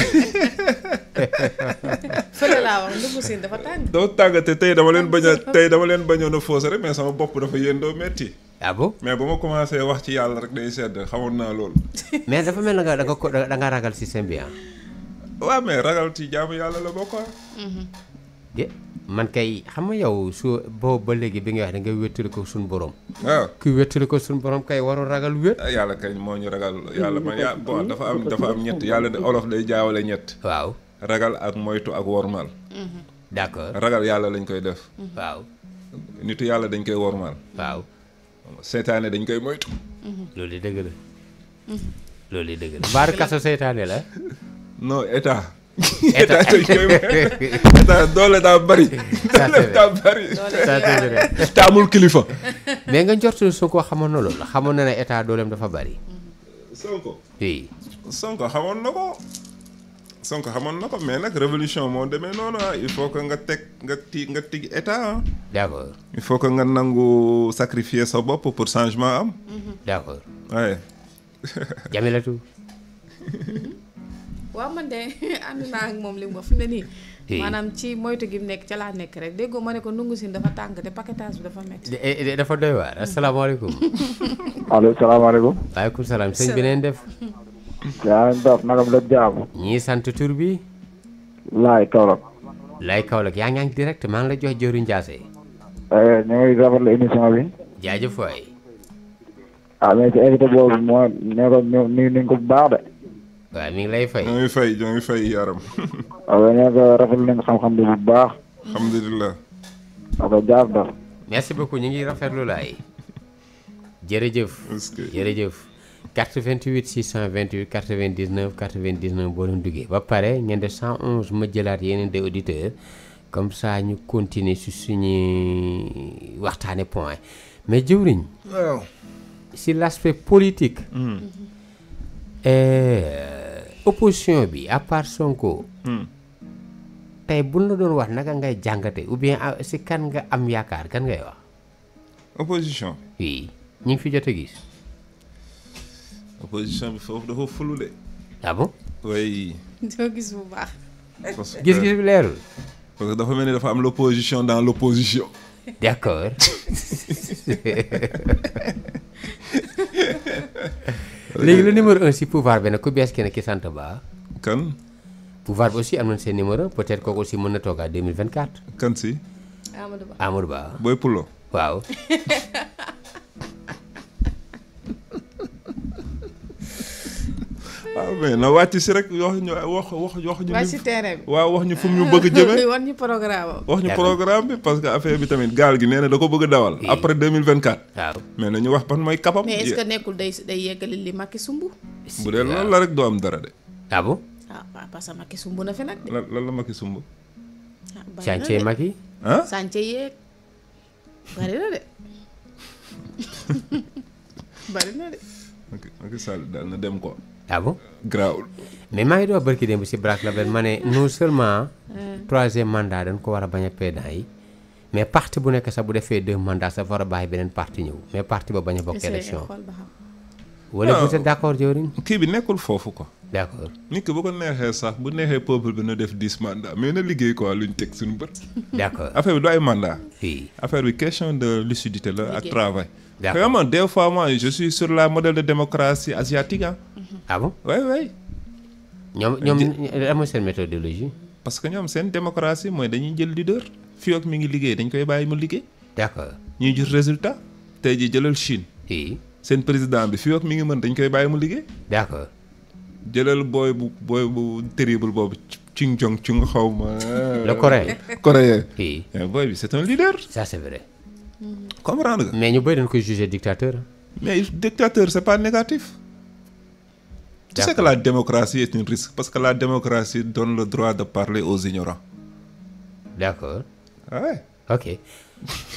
S3: fële laa wax Ndoumbou Sène dafa tàng.
S2: dafa tàng te tey dama
S1: leen bañ tey dama leen bañoon a foos rek mais sama bopp dafa yëndoo metti ah bon mais ba ma commencé wax ci yàlla rek day sedd xamoon naa loolu.
S2: mais dafa mel na da nga da nga ragal système bi ah.
S1: waaw mais ragal ci yàlla la bokk
S2: man kay xam nga yow su boobu ba léegi bi nga wax da nga wéttali ko suñu borom. waaw ku wéttali ko suñu boroom kay warul ragal wét. Ah,
S1: yàlla kay moo ñu ragal yàlla ma yàlla bon dafa am dafa am ñett yàlla olof day jaawale ñett. waaw ragal ak moytu ak wormaal. Mm-hmm. d'accord ragal yàlla lañ koy def. Mm-hmm. waaw. nitu yàlla dañ koy wormaal. waaw. seytaane dañ koy moytu. Mm-hmm.
S2: loolu dëgg la. loolu dëgg seytaane la. non état. état doole daa bëri. doole daa bëri. taamul kilifa. mais nga njortu Sonko xamoon na loolu xamoon na ne état dooleem dafa bëri. Sonko. oui.
S1: Sonko xamoon na ko. Sonko xamoon na ko mais nag révolution moo demee noonu ah, il faut que nga teg nga ti nga tig état ah. d'accord il faut que nga nangu sacrifier sa bopp pour changement am. d'accord. waaye. Jamilatu.
S3: waaw man de ànd naa ak moom li mu wax fi ne nii. maanaam ci moytu gi mu nekk ca laa nekk rek déggoo ma ne ko nungu sin dafa tànk te paquetage bi dafa métti.
S2: Eh, eh, dafa doy waar asalaamaaleykum. allo salaamaaleykum. waaleykum salaam sëñ bi def. yaa la jaam. ñii sant tur bi. Laay Kaolack. Laay Kaolack yaa ngi direct maa ngi la jox Dieuwrine Ndiassé. Eh, ñu ngi rafetlu émission bi. jaajëf waay. ah mais ci invité boobu moo ne ko ni ni ko bu baax de. waaw mi ngi lay fay ñoo ngi fay ñoo
S1: ngi fay yaram. waaw ñoo ngi rafetlu leen xam-xam bi bu baax. alhamdulilah. waaw jaar da
S2: merci beaucoup ñu ngi rafetlu laay. jërëjëf. jërëjëf. 88 628 99 99 boo leen duggee ba pare ngeen def 111 ma jëlaat yeneen des auditeurs comme ça ñu continuer su suñuy waxtaane point mais jëwriñ. waaw si l' aspect politique. Mm. Et... opposition bi à part Sonko. Hmm. tey buñ la doon wax naka ngay jàngate ou bien ah, si kan nga am yaakaar kan ngay wax. opposition. oui ñu ngi fi jot a gis.
S1: opposition bi foofu dafa fulu de.
S2: ah bon.
S3: gis bu baax. gis-gis
S1: bi leerul. parce que dafa mel ni dafa am l'opposition dans l'opposition.
S2: d'accord. léegi le numéro un si pouvoir bi nag ku bees ki ne ki sant ba kan. pouvoir bi aussi am nañ seen numéro peut-être kooku aussi mën na toogaat 2024. kan si. Amadou Ba Amadou Ba. booy Pulo waaw.
S1: waaw ah, mais na wàcc si rek wax ñu wax
S3: wax wax ñu. wàcc si terrain bi
S1: wax ñu fu mu ñu bëgg a jëmee.
S3: wax ñu programme
S1: bi parce que affaire bi tamit gaal gi nee na da ko bëgg a dawal. après deux mille vingt quatre. waaw mais nañu wax ban mooy kapam. mais est-ce que
S3: nekkul day day yeggali li Macky sumb. bu dee loolu la rek
S1: doo am dara de. ah bon. ah
S3: waaw sumb na fi nag. lan
S1: la Macky sumb. ah chantier Macky. ah
S3: chantier yeeg bari na de bari na de.
S2: ok ok Sall na dem ko ah bon garaawul mais maa ngi doon barki démb si Brak Label ma ne non seulement. troisième mandat dañ ko war a bañ a président yi. mais parti bu nekk sax bu defee deux mandats sax war a bàyyi beneen parti ñëw mais parti ba bañ a bokk élection. wala vous êtes d'accord jëwriñ kii bi nekkul foofu ko d'accord nit ki bu ko neexee sax
S1: bu neexee peuple bi na def dix mandats mais na liggéey quoi luñ teg suñu bët. d'accord affaire bi du ay mandat fii affaire bi question de lucidité la ak travail. vraiment des fois moi je suis sur la modèle de démocratie asiatique ah. ah bon oui ñoom ñoom amoo seen méthodologie. parce que ñoom seen démocratie mooy dañuy jël leader fii mi ngi liggéey dañ koy bàyyi mu liggéey. d'accord ñuy jur résultat. tey jii jëlal Chine. oui seen président bi fii ak mi ngi mën dañ koy bàyyi mu liggéey. d'accord jëlal booy bu booy bu terrible boobu. Ching Chong Chung xaw ma. le coréen. coréen. i eh, booy bi c'est un leader. ça c'est vrai. comprendre nga. mais ñu bëri dañ koy juger dictateur. mais dictateur c'est pas négatif. Tu sais que la démocratie est un risque parce que la démocratie donne le droit de parler aux ignorants.
S2: D'accord. Ah
S1: ouais. ok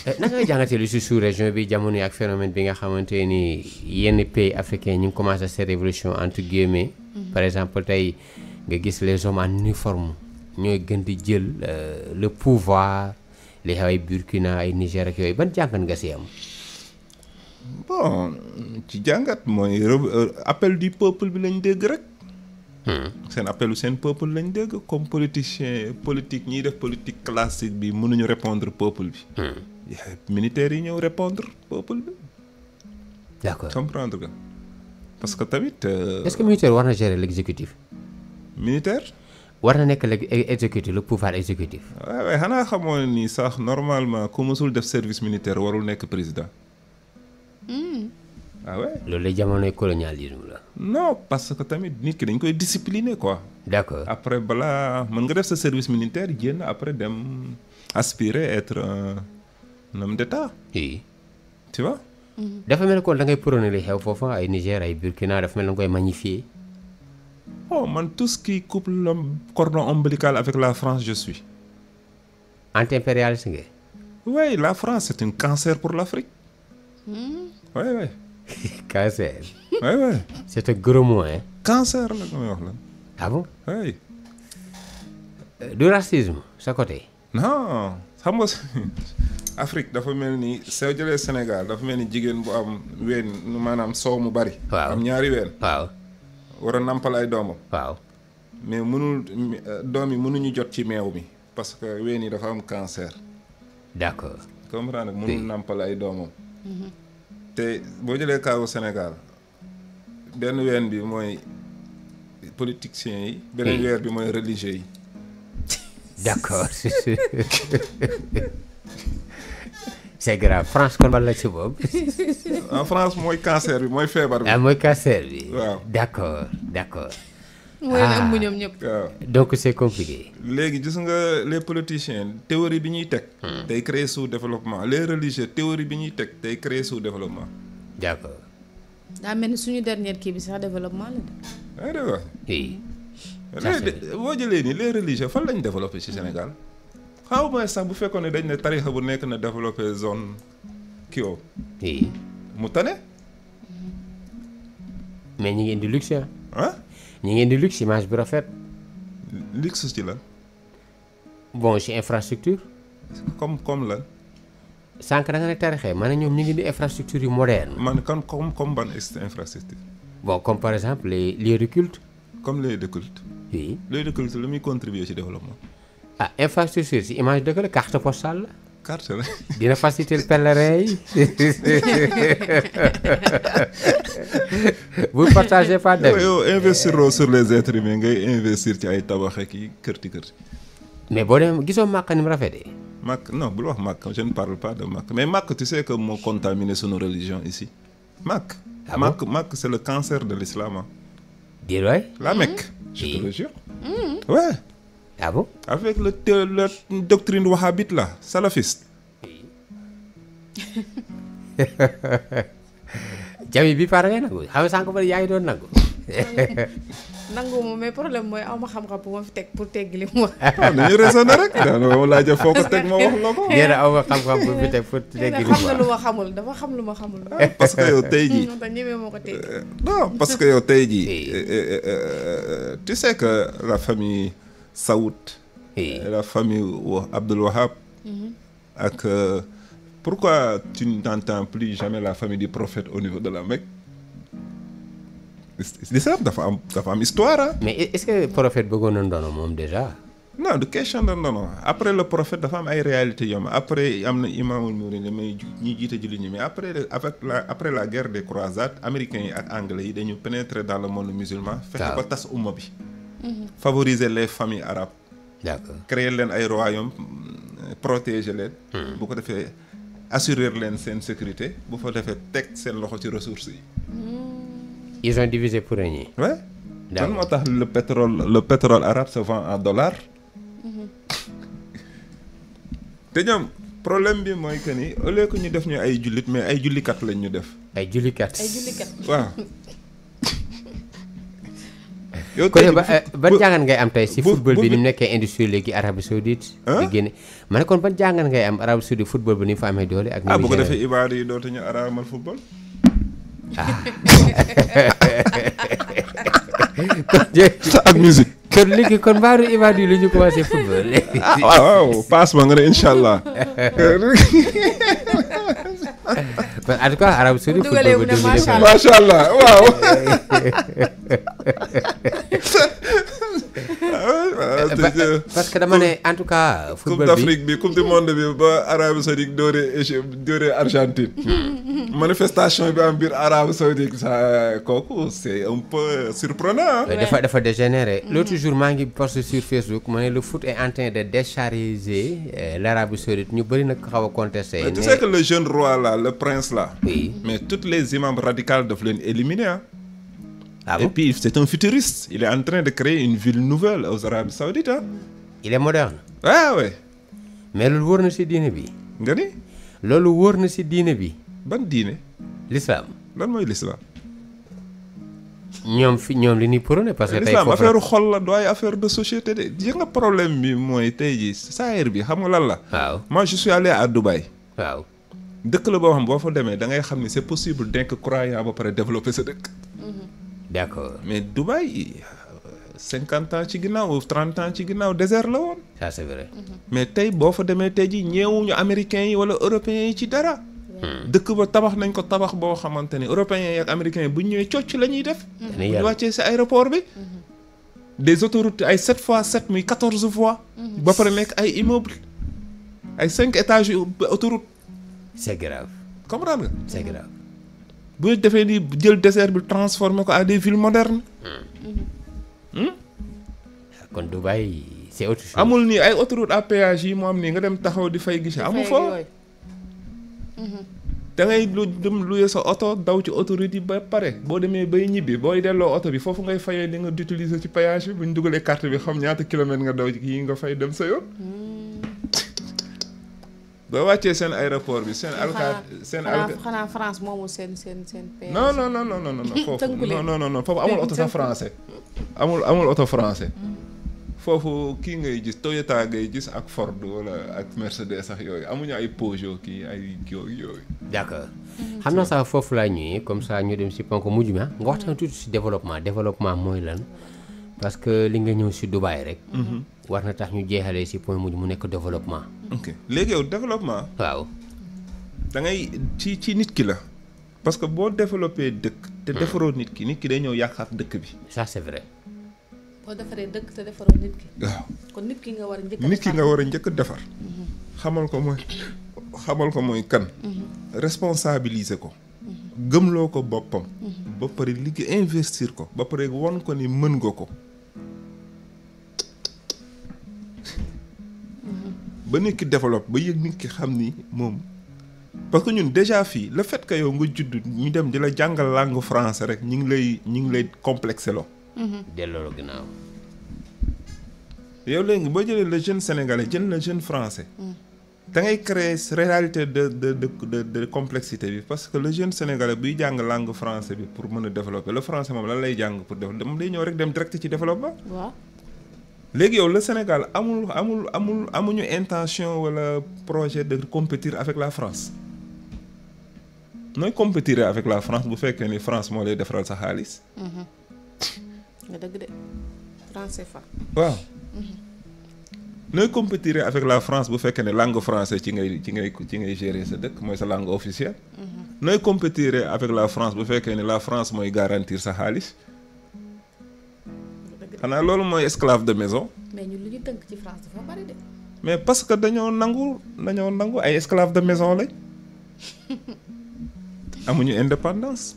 S2: euh, naka nga jàngatee lu si région bi jamono yi ak phénomène bi nga xamante ni yenn pays africain ñu ngi commencé seen révolution entre guillemets. Mhm. par exemple tey nga gis les hommes en uniforme ñooy gën di jël euh, le pouvoir li xew ay Burkina ay Niger ak yooyu ban jàngat nga si am. bon ci
S1: jàngat mooy appel du peuple bi lañ dégg rek. Hmm. seen appelu seen peuple lañ dégg comme politicien politique ñiy def politique classique bi mënuñu répondre peuple bi. Hmm. militaires yi ñëw répondre peuple bi. d'accord comprendre
S2: nga parce que tamit. Euh, est-ce que militaire war na gérer l'exécutif. militaire. war na nekk léegi exécutif le pouvoir exécutif.
S1: waaw waaye xanaa xamoon ni sax normalement ku mësul def service militaire warul nekk président. Hmm. ah loolu la jamonoy colonialisme la. non parce que tamit nit ki dañ koy discipliner ko d'accord après balaa man nga def sa service militaire génn après dem aspirer être
S2: un homme d'état. oui. tu vois. Hmm. dafa mel kon da xew foofu ay Niger ay Burkina dafa mel na koy magnifier.
S1: oh man tout ce qui coupe le
S2: cordon ombilical avec la France je suis. anti-impérialiste
S1: la France c'est un cancer pour l'Afrique. Mm. waay waay. cancer. waay
S2: waay. c'est un gros mot la
S1: ko
S2: may wax lan. ah euh, du racisme sa côté. non xam nga
S1: Afrique dafa mel ni soo jëlee Sénégal dafa mel ni jigéen bu am ween maanaam soow mu bari. waaw am ñaari ween. waaw. war a nampal ay doomam. waaw. mais mënul doom yi mënuñu jot ci meew mi parce que ween yi dafa am cancer. d'accord. comprendre mënul nàmpal ay doomam. Mhm. te boo jëlee kaawu Sénégal benn ween bi mooy politiciens yi. benn hmm. weer bi mooy religieux yi.
S4: d'accord
S2: c'est grave France kon ban ci boobu. en France mooy cancer bi mooy feebar bi. ah mooy cancer bi. waaw d'accord d'accord. mooy ëmb ah. ñoom ñëpp. waaw donc c'est compliqué.
S1: léegi gis nga les politiciens théorie bi ñuy teg. day hmm. créer sous développement les religieux théorie bi ñuy teg day créer sous développement. d'accord.
S3: daa mel ni suñu dernière kii bi sax développement la
S1: de. waaw ah, oui. boo jëlee nii les religieux fan lañ développé ci Sénégal xaw ma sax bu fekkoon ne dañ ne tarixa bu nekk na développé zone kii oo.
S2: mu tane. Mhm. mais ñu ngeen di luxe ah. ñi ngeen di luxe image bi rafet. luxe ci la. bon ci infrastructure. comme comme la. sànq da nga ne tarixee ma ne ñoom ñu ngi di infrastructure yu moderne. man kan comme comme ban infrastructure. bon comme par exemple les lieux de culte. comme lieux de culte. oui lieux de lu muy contribuer ci développement. ah infrastructure ci image dëgg la carte postale la. carte ¿eh? la. dina faciliter pèlerin yi vous partagez pas dem. yow investir
S1: loo sur les êtres humains ngay investir ci ay tabax ak yi kërti kërti mais boo dem gisoo màkk ni mu rafetee. màkk non bul wax màkk je ne parle pas de màkk mais màkk tu sais que moo contaminé sunu religion ici màkk. ah màkk c'est le cancer de l'islam. déedéet waay. la Mecque. je te le jure. ouais. Ah bon Avec le, la doctrine wahhabite là, salafiste.
S2: jawi bi pare nga nangu xam nga sànq ba yaa ngi doon nangu.
S3: nangu moom mais problème mooy aw ma xam-xam bu ma fi teg pour teggi li mu wax. waaw ah, nañu raisonné rek daanaka laajee foo ko teg ma wax la ko. nee na xam-xam bu fi teg pour teggi li mu wax. xam na lu ma dafa xam lu ma xamul. Ah, parce que yow tey jii. Eh, parce que yow
S1: tey jii. Eh, eh, tu sais que la famille. Saoud la famille Abdul Wahab mm-hmm. ak euh, pourquoi tu n'entends plus jamais la famille du prophète au niveau de la Mecque l'islam dafa am dafa am histoire ah mais est-ce que prophète bëggoon na ndono moom déjà non du question de ndono après le prophète dafa am ay réalités yom après am na imaamul mouride mais ñi jiite jullit ñi mais après avec la après la guerre des croisades américains yi ak anglais yi dañu pénétrer dans le monde musulman fexe ba tas umma bi favoriser les familles arabes. d'accord créer leen ay royaume mm, protéger leen. Hmm. bu ko defee assurer leen seen sécurité bu fa defee teg seen loxo ci ressources yi. Hmm. ils ont divisé pour régner. ouais lan moo tax le pétrole arab pétrole arabe se vend en hmm. te ñoom problème bi mooy que ni au lieu ñu def ñu ay jullit mais ay jullikat lañ ñu def. ay jullikat ay
S2: yow tey ba eh, ban jàngat ngay am tey si football bi ni nekkee industrie léegi Arabie Saoudite di génne ma kon ban jàngat ngay am Arabie Saoudite football bi ni fa amee doole ak ah yi dootuñu ah. kon léegi kon mbaaru ibaadu yi la ñu commencé football ah waaw passe nga ne incha en tout cas Arabie Saoudite football ba. macha allah macha allah waaw. Ah, parce que dama ne en tout cas. football bi coupe bi coupe du monde bi ba Arabie Saoudite doore doore Argentine.
S1: manifestation bi am biir Arabie Saoudite sa kooku c'est un peu surprenant. dafa dafa dégénéré. Mm. l'autre
S2: jour maa ngi poste sur Facebook ma ne le foot est en train de décharger euh, l'Arabie Saoudite ñu bëri nag xaw a contesté. mais tu sais que
S1: le jeune roi la le prince là. oui mais toutes les imams radicales daf leen éliminer Ah bon? Et puis c'est un futuriste. Il est en de créer une ville nouvelle aux Arabes
S2: Saoudites ah. il est moderne. ah oui. mais loolu wóor na si diine bi. nga ni. loolu wóor na si diine bi. ban diine. l'islam. lan mooy l'islam. ñoom fi ñoom li ñuy prôné parce que. tey foofu affaire
S1: xol la doy affaire de société de ji nga bi mooy tey jii Sahel bi xam nga lan la. waaw moi je suis allé à waaw. dëkk la boo xam boo fa demee da ngay xam ni c'est possible d'être croyant ba pare développer sa dëkk.
S4: Mm-hmm.
S1: d' accord mais Dubaï cinquante ans ci ginnaaw ou trente ans ci ginnaaw désert la woon. Mhm. mais tey boo fa demee tey ji ñeewuñu américain yi wala européens yi ci dara. Hmm. dëkk ba tabax nañ ko tabax boo xamante ni européens yi ak américains yi bu ñu ñëwee cocc la ñuy def. Hmm. dañuy wàccee si aéroport bi. Mhm. des autoroutes ay sept fois sept muy quatorze fois. Hmm. ba pare nekk ay immeuble ay cinq étages yu autoroute. c' est grave. nga. bu defee ni jël désert bi transformé ko à des villes modernes. Hmm? Hmm? kon Dubaï c'est autre chose. amul nii ay autoroute à yi moo am nii nga dem taxaw di fay guichet amu foo da ngay lu dem luye sa oto daw ci autorité yi ba pare boo demee bay ñibbi booy delloo oto bi foofu ngay fayee li nga utiliser ci péage bi bu ñu dugalee carte bi xam ñaata kilomètre nga daw yi nga fay dem sa yoon. Hmm. ba wàccee seen aéroport bi seen. alkaat seen alkaat
S3: xanaa France moomu seen seen seen. non non
S1: non non non foofu non non non foofu amul oto sax français. amul amul oto français. Mm. foofu kii ngay gis Toyota ngay gis ak Ford wala ak Mercedes sax yooyu amuñu ay Peugeot kii ay yooyu yooyu.
S2: d'accord mm-hmm. xam naa sax foofu laa ñëwee comme ça ñu dem si ponk mujj ma ah. nga waxtaan tuuti si développement développement mooy lan. parce que li nga ñëw si Dubaï rek. Mhm. war na tax ñu jeexalee si point mujj mu nekk développement. ok léegi yow développement. waaw. da ngay ci ci nit ki la. parce que boo développé dëkk. te
S1: hmm. defaroo nit ki nit ki day ñëw yàqaat dëkk bi. ça c'est vrai.
S3: boo dëkk te defaroo waaw kon nit ki nga war a njëkk nit ki
S1: nga war a njëkk defar. Mhm. xamal ko mooy xamal ko mooy kan. Mhm. responsabiliser ko. gëmloo ko boppam. ba pare liggéey investir ko. ba pare won ko ni mën nga ko. ba nit ki ba yëg nit ki xam ni moom. pare que ñun déjà fii le fait que yow nga judd ñu dem di la jàngal langue français rek ñu ngi lay ñu ngi lay complexé lo
S2: delloo ginnaaw.
S1: yow léegi boo jëlee le jeune sénégalais jël le jeune français. da ngay créer de de de de complexité bi parce que le jeune sénégalais buy jàng langue français bi pour mën a développer le français moom lan lay jàng pour développer moom day ñëw rek dem direct ci développement. léegi yow la Sénégal amul amul amul amuñu intention wala projet de compétir avec la France nooy compétir avec la France bu fekkee ni France moo lay defaral sa xaalis. Mm-hmm. waaw.
S3: Mm-hmm.
S1: nooy compétir avec la France bu fekkee ne langue française ci ngay ci ngay ci ngay gérer sa dëkk mooy sa langue officielle. Mhm. nooy compétir avec la France bu fekkee ne la France mooy garantir sa xaalis. xanaa loolu mooy esclave de maison.
S3: mais ñun ci France
S1: mais parce que dañoo nangu dañoo nangu ay esclave de maison lañ amuñu indépendance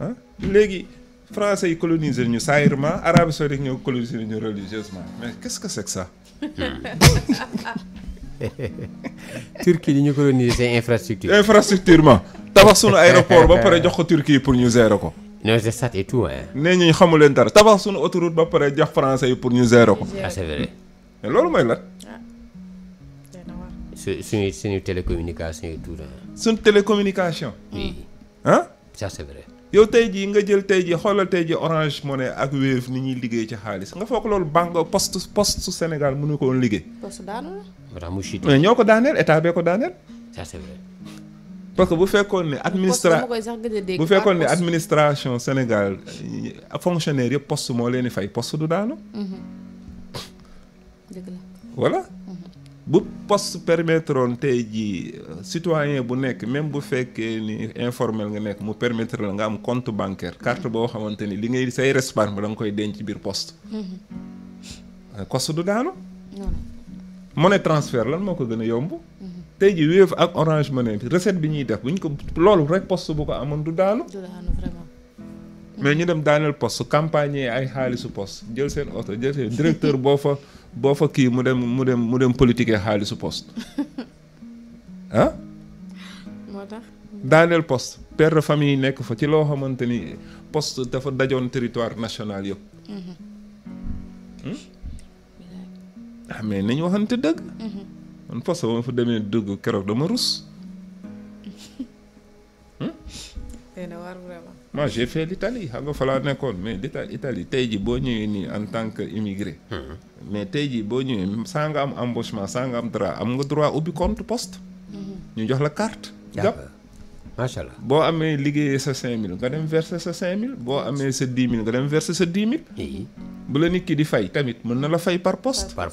S1: ah léegi. français yi coloniser ñu saayirement arabes saoudites ñoo coloniser ñu religieusement mais qu'est-ce que c'est que ça.
S2: Turquie li ñu coloniser c'est infrastructure. infrastructure ma tabax sunu aéroport ba pare jox ko
S1: Turquie pour ñu gérer ko.
S2: non c'est ça et tout hein.
S1: nee ñu xamu leen dara tabax sunu autoroute ba pare jox français yi pour ñu gérer
S2: ko. ah loolu mooy lan. Ah, su suñu suñu télécommunication et tout là.
S1: suñu ah. ça c'est vrai. yow tey jii nga jël tey jii xoolal tey jii Orange Money ak Wave ni ñuy liggéey ci xaalis nga foog loolu banque poste poste Sénégal mënu ko woon liggéey. poste daanul mais ñoo ko daaneel état bee ko daaneel. ça c'est parce que bu fekkoon ne administra bu fekkoon ne administration Sénégal euh, fonctionnaire yëpp post moo leen di fay post du daanu.
S4: Mhm. dëgg
S1: bu poste permettre woon tey jii euh, citoyen bu nekk même bu fekkee ni informel nga nekk mu permettre la nga am compte bancaire carte boo xamante ni li ngay say resparme ba da koy denc ci biir poste.
S4: Mm-hmm.
S1: Euh, cost du daanu. monnaie la lan moo ko gën a yomb. Mm-hmm. tey jii Wave ak Orange Money recette bi ñuy def bu ñu ko loolu rek poste bu ko amoon du daanu. mais ñu dem daaneel poste campagne ay xaalisu poste jël seen oto jël seen directeur boo fa. boo fa kii mu dem mu dem mu dem politique xaalisu poste ah. moo tax. daaneel poste père de famille yi nekk fa ci loo xamante ni post dafa dajoon territoire national yëpp. Mhm. Hmm? ah mais nañ waxante dëgg. Mhm. man poste ba ma fa demee dugg keroog dama rus. Hmm? moi j'ai fait l'Italie xam ah, nga fa laa nekkoon mais l'Italie Italie tey ji boo ñëwee nii en tant que immigré hmm. mais tey ji boo ñëwee saa nga am embauchement saa nga am droit am nga droit ubbi compte post hmm. ñu jox la carte jàpp macha boo amee liggéeyee sa 5000 nga dem verser sa 5000 boo amee sa 10 000 nga dem verser sa 10 000 bu la nit ki di
S2: fay tamit mën na la fay par post par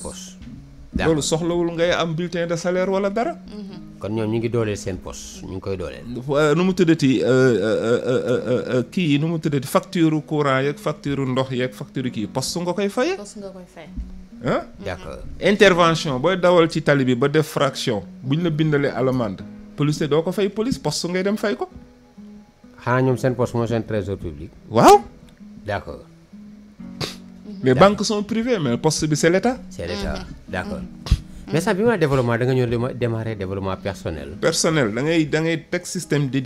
S2: loolu soxlawul ngay am bulletin de salaire wala dara. Mhm. kon ñoom ñu ngi dooleel seen poche ñu ngi koy dooleel.
S1: nu mu tëddati euh, euh, euh, kii yi nu mu tëddati facture courant yeeg facture ndox yeeg facture kii su nga koy
S4: fay. poste nga koy fay. ah.
S1: d'accord mhm. intervention booy dawal ci tali bi ba def fraction
S2: buñ la bindalee allemande police doo ko fay police su ngay dem fay ko. xanaa ñoom seen poste mooy seen trésor public. waaw. mais banque sont privées mais poste bi c' est l' état. c' est l' état mhm. d' mhm. mais sax bi ma développement da nga ñëw démarrer développement personnel. personnel da ngay teg système d'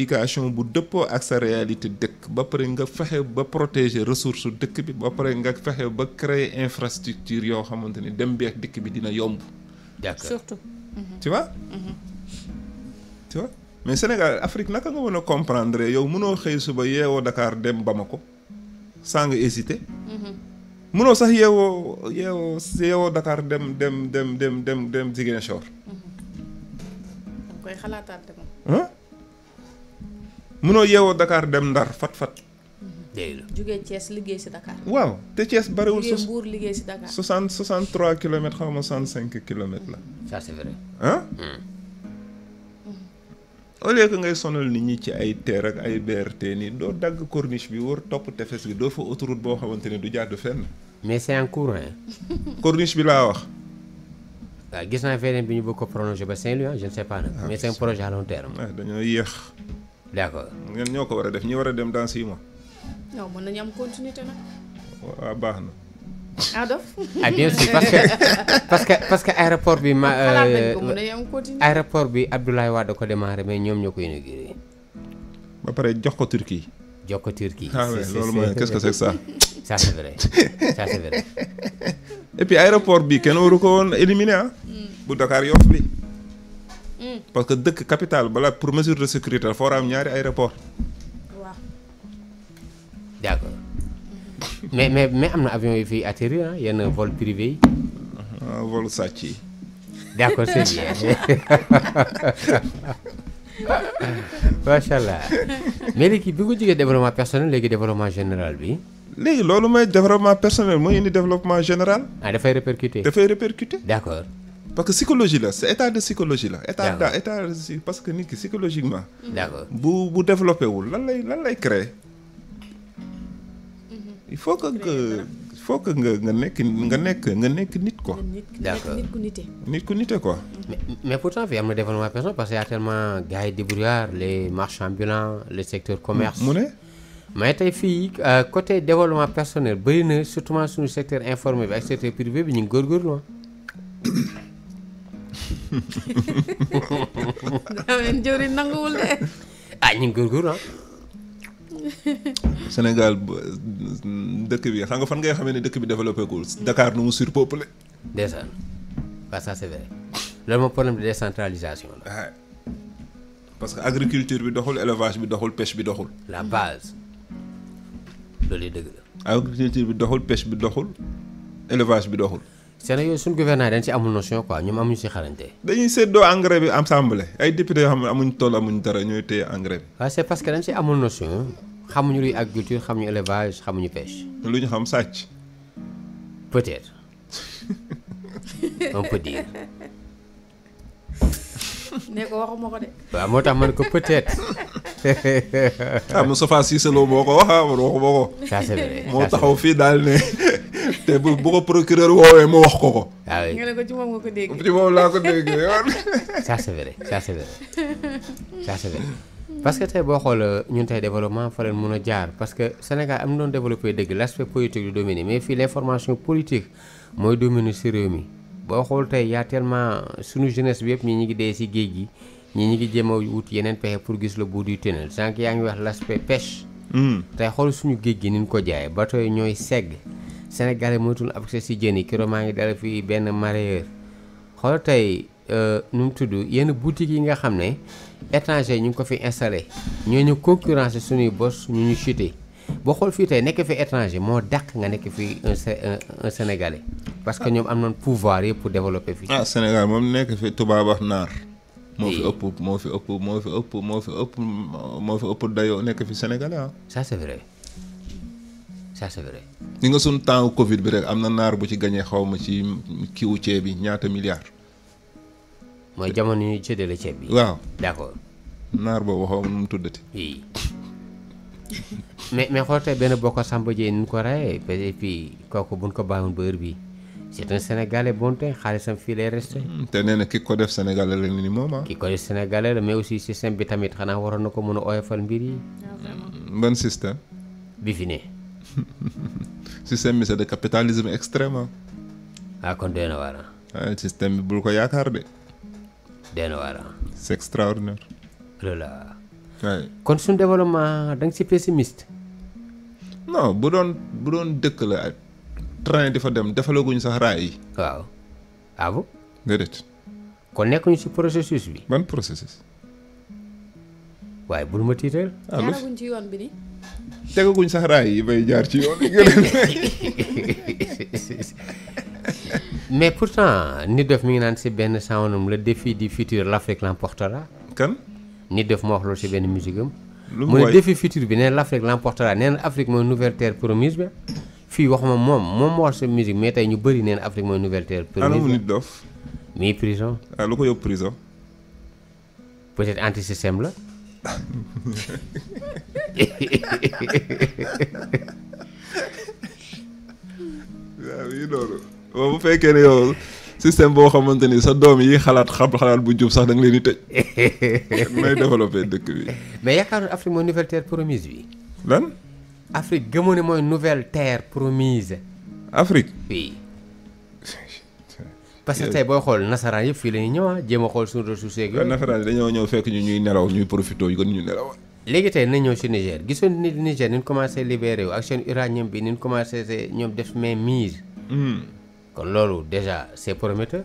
S2: bu dëppoo ak sa réalité
S1: dëkk ba pare nga fexe ba protéger ressource dëkk bi ba pare nga fexe ba créer infrastructure yoo xamante ni dem bi dikk bi dina yomb. d' accord
S4: surtout. Mhm. tu vois.
S1: tu vois mais Sénégal Afrique naka nga mën a comprendre yow mënoo xëy suba yeewoo Dakar dem ba ma nga mënoo sax yeewoo yeewoo yeewoo Dakar dem dem dem dem dem dem Ziguinchor.
S3: koy de
S1: moom. mënoo yeewoo dakaar dem Ndar fat fat. dégg
S3: nga si Dakar. waaw te Thiès bariwul. jugee Mbour liggéey si Dakar.
S1: soixante soixante trois kilomètres xaw ma soixante cinq kilomètres la.
S2: ça
S1: au lieu ngay sonal nit ñi ci ay TER ak ay BRT nii doo dagg corniche bi war topp tefes gi doo fa autoroute boo xamante ne du jàdd fenn.
S2: mais c'est en cours hein. corniche bi laa wax. waaw ah, gis naa feneen bi ñu bëgg ko prolongé ba Saint-Louis je ne sais pas nag. Ah, mais c'est un projet à long terme. dañoo yéex.
S1: d'accord ngeen ñoo ko war a def ñi war a dem dans six mois.
S3: non mën nañu am continuité nag. waaw baax na. ah dof ah eh, bien sûr parce que parce que parce que aéroport bi ma. Euh,
S2: aéroport bi Abdoulaye Wade ko démarré mais ñoom ñoo ko inauguré. ba pare jox ko Turquie. jox ko Turquie. ah oui loolu mooy qu'est-ce que c'est ça. ça c'est vrai ça c'est vrai.
S1: et puis aéroport bi kenn waru ko woon éliminer ah. Mm. bu Dakar Yoff bi. Mm. parce que dëkk capitale balaa pour mesure de sécurité dafa war a am ñaari aéroport. waaw
S2: d'accord. mais mais mais am na avion yu fiy atterrir ah yenn vol privé yi. Ah, vol sàcc yi. d' accord c' est bien macha allah mais léegi bi nga jógee développement personnel léegi développement général bi.
S1: léegi loolu mooy développement personnel mooy indi développement général.
S2: ah dafay répercuter. dafay répercuter. d' accord. parce que psychologie la c' est état de psychologie la.
S1: état d' état parce que nit ki psychologiquement. d' accord bu bu développé wul lan lay lan lay créer. il faut que nga il faut que nga nga nekk nga nekk nga nekk nit quoi. d'accord nit ku nite. nit ku nite quoi.
S2: mais mais pourtant fii am na développement personnel parce que y a tellement gars yi débrouillards les marchands ambulants le secteur commerce. mu ne. mais tey fii euh, côté développement personnel bëri na surtout suñu secteur informel bi ak secteur privé bi ñu ngi góorgóorlu ah. daa mel
S3: ni jëwriñ nanguwul de.
S2: ah ñu ngi góorgóorlu ah.
S1: Sénégal dëkk bi xam nga fan ngay xamee ne dëkk bi développé ku Dakar nu mu surpeuplé.
S2: ndeysaan waaw ça c'est vrai loolu mooy problème la. Ah, parce que agriculture bi doxul élevage bi doxul pêche bi doxul. la base loolu dëgg la. agriculture bi doxul pêche bi doxul élevage bi doxul. seen yooyu suñu gouvernement dañ si amul notion quoi ñoom dañuy séddoo engrais bi
S1: assemblée ay député yoo xam ne amuñ tool amuñ dara ñooy téye engrais bi. waaw c'est parce que dañ si amul notion
S2: xamuñu luy agriculture xamuñu élevage xamuñu pêche. lu ñu xam sàcc. peut-être
S3: on peut ne ko waxuma ko de. waaw moo tax man ko peut-être.
S1: ah Moustapha Cissé Lo moo ko wax ah waxuma ko. ça c'est vrai moo taxaw fii daal ne te bu bu wax
S2: ko ko. waaw ah
S3: nga ne ko ci moom nga ko dégg. ci
S2: boo xool euh, ñun tey développement fa leen mën a jaar parce que Sénégal am na doon développé dëgg l'aspect politique du dominer mais fii l'information politique mooy dominer si réew mi. boo xool tey yaa tellement sunu jeunesse bi yëpp ñi ñu ngi dee si géej gi ñi ñu ngi jéem wut yeneen pexe pour gis le bout du tunnel sànq yaa ngi wax l'aspect pêche hmm. tey xool suñu géej gi ni ko jaayee ba tooy ñooy segg Sénégal yi moytul accès si jën yi kiro maa ngi dara fii benn mareyeur xool tey euh, nu mu tudd yenn boutiques yi nga xam ne étranger ñu ngi ko fi installé ñoo ñu concurrence suñuy bos ñu ñu chuté boo xool fii tey nekk fi étranger moo dàq nga nekk fi un un parce que ñoom am na pouvoir yëpp pour développer fii.
S1: ah moom nekk fi tubaab ak naar. moo fi ëpp moo fi ëpp moo fi ëpp moo fi ëpp moo fi ëpp dayoo nekk fi sénégalais ah.
S2: ça c'est vrai ça
S1: nga suñ temps Covid bi rek am na naar bu ci gagné xaw ma ci kiwu ceeb bi ñaata milliards.
S2: mooy jamono yi ñu séddale ceeb bi. waaw d'accord. naar boobu xaw ma nu mu mais mais xool tey benn ko Samba Dieye ni ñu ko rayee ba fii kooku buñ ko bàyyiwoon ba heure bi c'est un bon tey xaalisam fii lay resté. Hmm, te nee na ki ko def sénégalais la ni moom ah. ki ko def sénégalais la mais aussi système bi tamit xanaa waroon na ko mën a oyofal mbir yi. Ah, hmm, ban système. bi fi ne. système bi c'est de capitalisme extrême ah. ah kon doy na waar ah. système bi bul ko yaakaar de. doy na waar ah. extraordinaire. Oh kon suñ développement da nga si pessimiste.
S1: bu doon bu doon dëkk la ak train di fa dem defalaguñ
S2: sax raay yi. waaw ah bon. déedéet. kon nekkuñu si processus bi. man processus. waaye bul ma tiiteel. ah jaaraguñ ci yoon bi ni tegaguñ sax raay yi bay jaar ci yoon bi mais pourtant ni def mi ngi naan si benn sawanam le défi du futur l'Afrique l'emportera kan. nit def ma wax loolu si benn musique am. mu ne défi futur bi nee na l' Afrique l' emportera nee Afrique mooy nouvelle terre promise bi fii ma moom moom moo wax sa musique mais tey ñu bëri nee na Afrique mooy nouvelle terre promise. anamu nit dof. muy prison. Ah, lu ko yóbbu prison. être anti la.
S1: waaw yii fekkee ne yow. système boo xamante ni sa doom yi xalaat xam xalaat bu jub sax da nga leen di
S2: tëj may développé dëkk bi. mais yaakaarul Afrique mooy nouvelle terre promise bi. lan. Afrique gëmoo ne mooy nouvelle terre promise. Afrique. oui. parce que tey booy xool nasaraan yëpp fii la ñuy ñëwaat ah, jéem a xool suñu ressource yeeg yooyu. nasaraan yi
S1: dañoo ñëw fekk ñu ñuy nelaw ñuy profité yu gën ñu nelaw.
S2: léegi tey na ñëw si Niger gisoon ni Niger ni ñu commencé libéré wu ak seen uranium bi ni commencé ñoom def main mise. Hmm. kon loolu déjà c'est prometteur.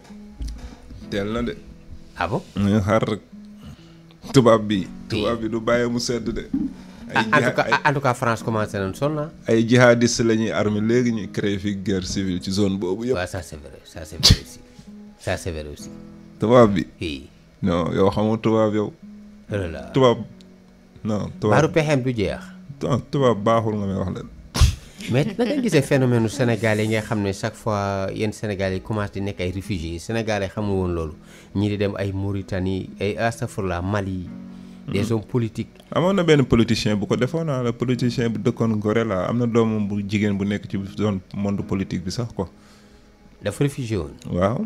S2: teel na de. ah bon.
S1: xaar tubaab bi.
S2: tubaab bi du bàyyi mu sedd de. ay ah, en tout cas en France commencé nañ sonn
S1: ay jihadiste la ñuy armé léegi ñuy créé fi guerre civile ci zone boobu
S2: yëpp. waaw ça c'est vrai ça c'est vrai
S1: tubaab bi. oui. non
S2: yow xamoo tubaab yow. Oh tubaab. non tubaab baaru pexeem du jeex. tubaab baaxul nga may wax leen. mais da nga gisee phénomène Sénégal yi nga xam ne chaque fois yenn Sénégal yi commencé di nekk ay réfugiés Sénégal yi xamul woon loolu ñi di dem ay Mauritanie ay astafurla Mali. des hommes
S1: politiques. amoon na benn politicien bu ko defoon a ah, la politicien bu dëkkoon Gorée la am na doomam bu jigéen bu nekk ci zone monde politique bi sax ko
S2: dafa réfugié woon. waaw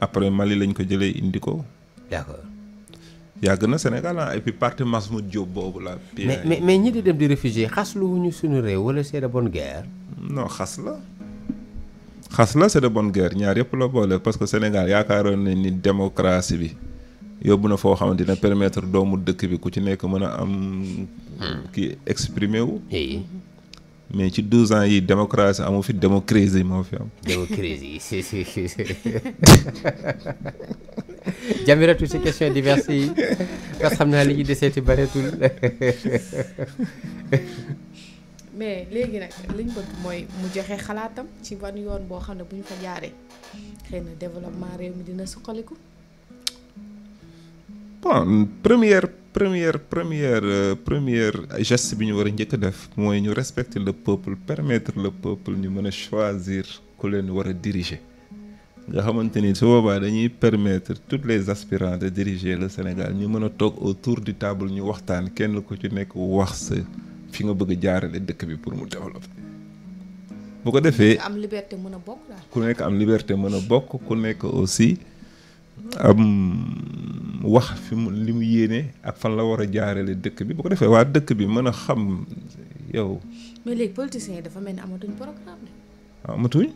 S1: après Mali lañ ko jëlee indi ko. d'accord. yàgg na Sénégal ah et puis parti Masmoud Diop boobu la. mais mais mais ñi di dem di réfugié
S2: xas lu ñu suñu réew wala c'est de bonne guerre. non xas la
S1: xas la c'est de bonne guerre ñaar yëpp la boole parce que Sénégal yaakaaroon nañ ni démocratie bi yóbbu na foo xam dina permettre doomu dëkk bi ku ci nekk mën a am. kii exprimer wu. mais ci 12 ans yi démocratie amu fi démocratie moo fi am.
S2: démocratie si si si. Jamiratu si question diverses yi parce xam naa li ñu deseeti bareetul
S3: mais léegi nag liñ bëgg mooy mu joxe xalaatam ci ban yoon boo xam ne bu ñu ko jaaree xëy na développement réew mi dina suqaliku
S1: bon première première première euh, première geste bi ñu war a njëkk a def mooy ñu respecter le peuple permettre le peuple ñu mën a choisir ku leen war a diriger nga xamante ni su boobaa dañuy permettre toutes les aspirants de diriger le Sénégal ñu mën a toog autour du table ñu waxtaan kenn ko ci nekk wax sa fi nga bëgg a jaarale dëkk bi pour mu développer. bu ko defee am
S3: liberté mën a bokk ku
S1: nekk am liberté mën a bokk ku nekk aussi am wax fi mu li mu yéene ak fan la war a jaarale dëkk bi bu ko defee waa dëkk bi mën a xam yow.
S3: mais léegi politiciens yi dafa mel ni amatuñ programme de. Ah, amatuñ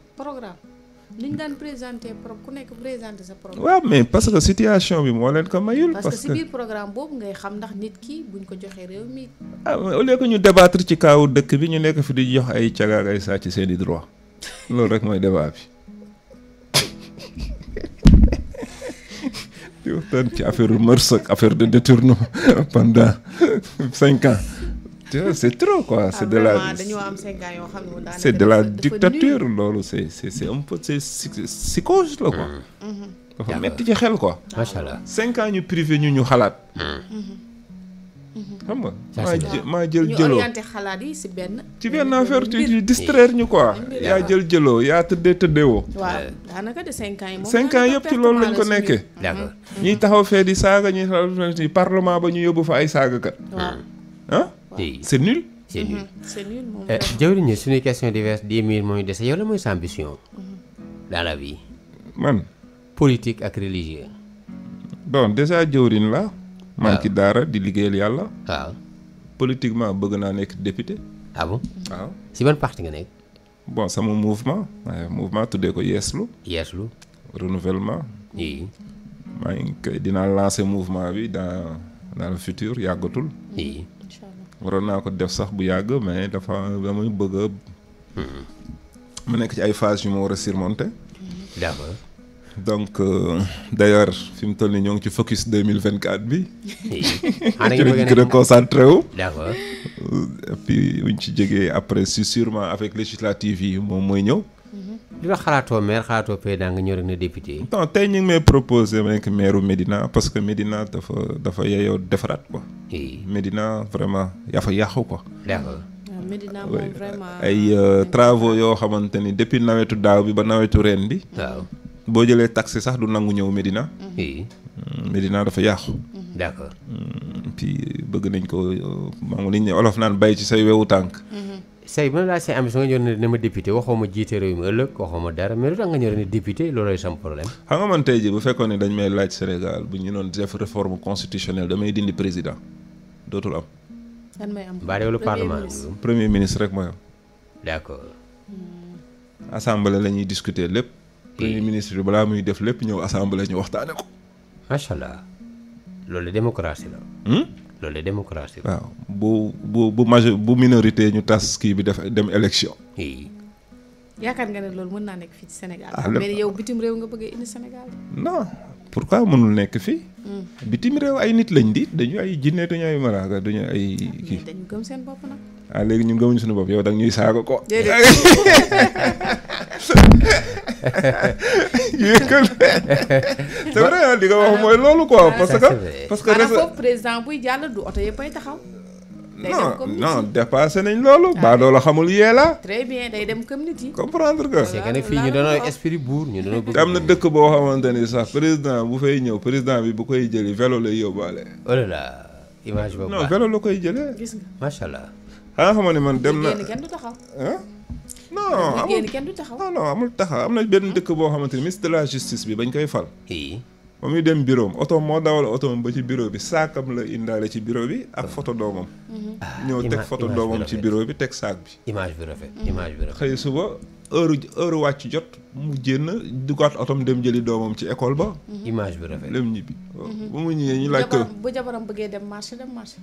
S3: li ñu daan présenté pro ku nekk présenté sa programme. waaw mais parce que
S1: situation bi moo leen ko mayul. parce que si biir
S3: programme boobu ngay xam ndax nit ki buñ ko joxee réew mi.
S1: ah au lieu ñu débatre ci kaawu dëkk bi ñu nekk fi di jox ay cagaag ay ci seen i droit loolu rek mooy débat bi. di waxtaan ci affaire mœurs ak affaire de détournement pendant cinq ans. c'est trop quoi ah, c'est de la
S3: c'est de la dictature
S1: loolu c'est c'est c'est un peu c'est psychose la quoi mm-hmm. metti ci xel quoi ah. macha allah cinq ans ñu privé ñu ñu xalaat mm.
S3: mm-hmm. xam nga maa jël jëloo ñu xalaat yi si benn
S1: ci benn affaire ci distraire ñu quoi yaa jël jëloo yaa tëdde tëddeewoo
S3: waaw daanaka de cinq ans yëpp ci loolu lañ ko nekkee d'accord mm-hmm.
S1: ñuy taxaw fee di saaga
S2: ñuy parlement ba ñu yóbbu fa ay saagakat
S4: ah
S2: c'est nul. Mm-hmm. c'est nul
S3: c'est nul moom.
S2: jawriñ mille mooy dese yow la mooy sa ambition. Mm-hmm. dans la vie. man. politique ak religieux. bon déjà jawriñ
S1: la maa ngi ci daara di liggéeyal yàlla. waaw. politiquement bëgg naa nekk député. ah waaw. si ban parti nga nekk. bon sama mouvement. mouvement tuddee ko yeeslu. yeeslu. renouvellement. yii. maa ngi dinaa lancer mouvement bi dans dans le futur yàggatul. waroon naa ko def sax bu yàgg mais dafa damay bëgg a. mu nekk ci ay phase yu ma war a surmonter. d'accord donc euh, d'ailleurs fi mu toll ni ñoo ngi ci focus deux mille vingt quatre bi.
S2: xanaa ñu bëgg gën
S1: et puis buñ ci jegee après si sûrement avec législative yi moom mooy ñëw.
S2: li la xalaatoo maire xalaatoo président nga ñëw rek ne député.
S1: tey ñu ngi may proposé ma nekk Médina parce que Médina dafa dafa yeyoo defaraat quoi. Médina vraiment dafa fa yàqu quoi.
S2: d'accord.
S4: Euh, Médina moom
S1: ay euh, euh, travaux yoo xamante ni depuis nawetu daaw bi ba nawetu reen bi. waaw boo jëlee taxi sax du nangu ñëw Médina. Mm-hmm. Mm, Médina dafa yàqu. Mm-hmm. d'accord. Mm, puis bëgg nañ ko maanaam li olof naan bay ci say wewu tànk.
S2: Mm-hmm. say bu la say ambition nga ñëw ne ma député waxoo ma jiite réew mi ëllëg waxoo ma dara mais lu tax nga ñëw ne député loolooy sam problème. xam nga man tey jii bu fekkoon ne dañ may laaj Sénégal bu
S1: ñu doon def réforme constitutionnelle damay dindi président dootul am.
S3: lan may am baareelu parlement
S1: premier ministre rek mooy am. d'accord. Hmm. assemblée la ñuy discuter lépp. premier ministre bi balaa muy def lépp ñëw assemblée ñu waxtaane ko. macha allah
S2: loolu démocratie la. Hmm? loolu démocratie waaw
S1: bu bu bu major bu minorité ñu tas kii bi def dem élection.
S3: yaakaar nga ne loolu mën naa nekk fii ci Sénégal. Ah, mais yow bitim réew nga bëgg indi Sénégal.
S1: pour pourquoi mënul nekk fii. Hmm. bitim réew ay nit lañ di dañu ay jinne dañu ay maraaka dañu ay. kii
S3: dañu seen bopp
S1: ah léegi ñu gëmuñ suñu bopp yow da ñuy saaga ko. c'est vrai li nga wax mooy loolu quoi. Ah, parce que parce que. foofu
S3: président buy jàll du oto yëppay taxaw. day non non
S1: dépassé nañ loolu. baa doo la xamul yee la.
S3: très bien day dem comme comprendre que.
S1: c'est fii ñu doon am na dëkk boo xamante ni sax président bu fay ñëw président bi bu koy jëli vélo lay yóbbaale. oh là là image boobu. non vélo la koy jëlee. macha allah. Ah, xanaa ne man dem na kenn du taxaw. non amul
S3: kenn du taxaw. non ah, non amul
S1: taxaw am na benn dëkk boo xamante ni de la justice bi bañ koy fal. ba muy dem bureau am oto moo dawal oto ba ci bureau bi saakam la indaale ci bureau bi ak ah. photo doomam.
S4: Mhm.
S2: ñëw teg photo doomam ci bureau bi teg saak bi. image bi rafet mhm. image
S1: xëy suba heure heure wàcc jot mu génn dugaat otom dem jëli doomam ci école ba. Mhm. image bi rafet dem ñibbi. ba mu ñëwee ñu laaj ko
S3: bu jabaram bëggee dem marché dem marché.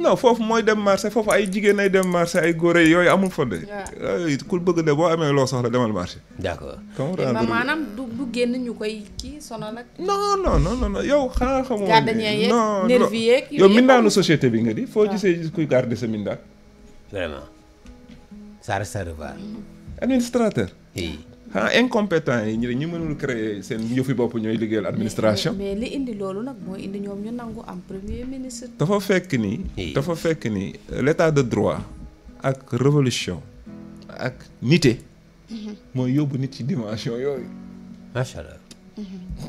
S1: non foofu mooy dem marché foofu ay jigéen ay dem marché ay góor yooyu amul fa de. ku bëgg de boo amee loo soxla demal marché. d'accord eh, maanaam
S3: du du génn ñu koy kii sonal ak. non non non non yow xanaa xamoo. gardien non yow mindaanu
S1: société bi nga di. foo gisee kuy garder sa mindaan. vraiment. Mm-hmm. administrateur. ah incompétent yi ñu mënul créer seen yëfi bopp ñooy liggéeyal administration.
S3: indi loolu nag mooy indi
S1: dafa fekk ni. dafa fekk ni euh, l'état de droit ak révolution ak nité. Mhm. mooy yóbbu nit ci dimension yooyu. macha allah.
S4: Mhm.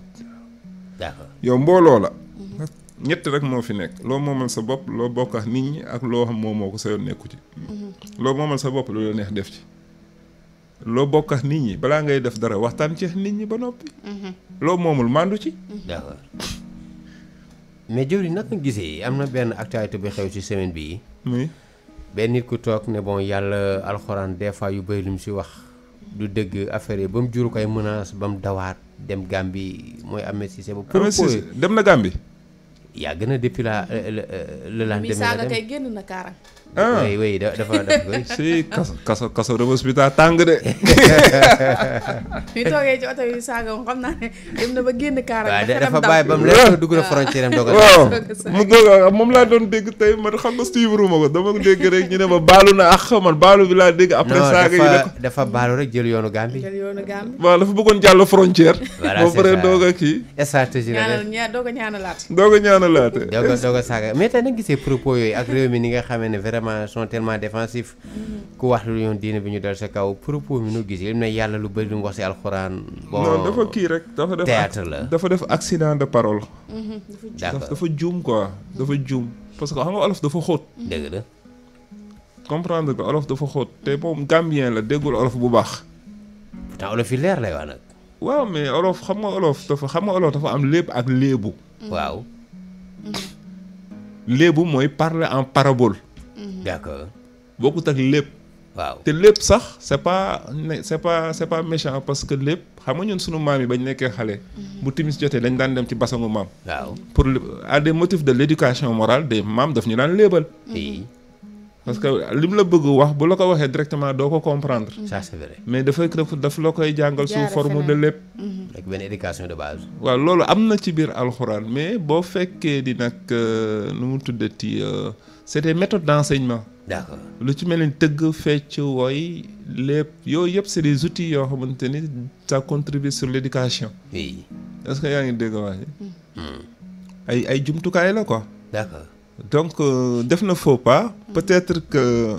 S4: d'accord
S1: yow mbooloo la. Mhm. ñett rek moo fi nekk loo moomal sa bopp loo bokk ak nit ñi ak loo xam moom moo ko sa yoon nekku ci. loo moomal sa bopp lu la neex def ci. loo bokk ak nit ñi balaa ngay def dara waxtaan
S2: ci nit ñi ba noppi. loo moomul màndu ci. d'accord mais jëwriñ nag nga gisee am na benn actualité bi xew ci semaine bii. oui benn nit ku toog ne bon yàlla alxuraan des fois yu bëri lu mu si wax. du dëgg affaire yi ba mu juru koy menace ba mu dawaat dem Gambie mooy Ahmed Cissé ba. proposé dem na Gambie. yaa gën a depuis la euh, le euh, le lendemain la kay
S3: génn na Kaarang.
S2: ah oui dafa dafa. si bi de. ñu toogee
S3: ci oto yi saaga xam naa ne dem na ba génn kaar ba a.
S2: waaw
S1: mu doog moom laa doon dégg tey man xam ko dama dégg ma baalu na ak man bi laa dégg. après saaga yi dafa
S2: dafa baalu rek jël yoonu Gambie. jël
S1: waaw dafa bëggoon jàll frontière. boo paree doog a kii. stratégie
S3: la de
S2: ñaanalaate. doog a saaga mais nag gisee propos yooyu ak réew mi ni nga xamee ne vraiment vraiment sont tellement ku wax lu yoon diine bi ñu dal sa kaw propos mi nu gis yëpp ne yàlla lu bëri lu mu wax si alxuraan.
S1: bon non dafa kii rek
S2: dafa def théâtre la dafa def accident de parole. d'accord dafa
S1: juum quoi dafa juum parce que xam nga olof dafa xóot. dëgg la. comprendre te moom gambien la déggul olof bu baax. pourtant olof yi leer lay wax nag. waaw mais olof xam nga olof dafa xam nga olof dafa am léeb ak léebu. waaw. léebu mooy parler en parabole. Mhm. d'accord bokkut ak lépp. te lépp sax c'est pas ne c'est pas c'est pas parce que lépp xam nga ñun sunu maam yi bañ nekkee xale. Mhm. bu timis jotee dañ daan dem ci basangu maam. pour à des motifs de l'éducation morale des maam daf ñu daan léebal. Mhm. parce que li mu la bëgg wax bu la ko waxee directement doo ko comprendre. ça c'est vrai mais dafay daf la koy jàngal. sous forme de lépp.
S2: ak benn de base.
S1: waaw loolu am na ci biir alxuraan mais boo fekkee di nag euh, nu mu tuddati. Euh, c'est des méthodes d'enseignement. d'accord lu ci mel ni tëgg fecc woy lépp yooyu yëpp c'est des outils yoo xamante ni ça contribue sur l'éducation. oui. est-ce que yaa ngi dégg wax hmm. ay jumtukaay la ko donc euh, def na faux hmm. peut-être que. Euh,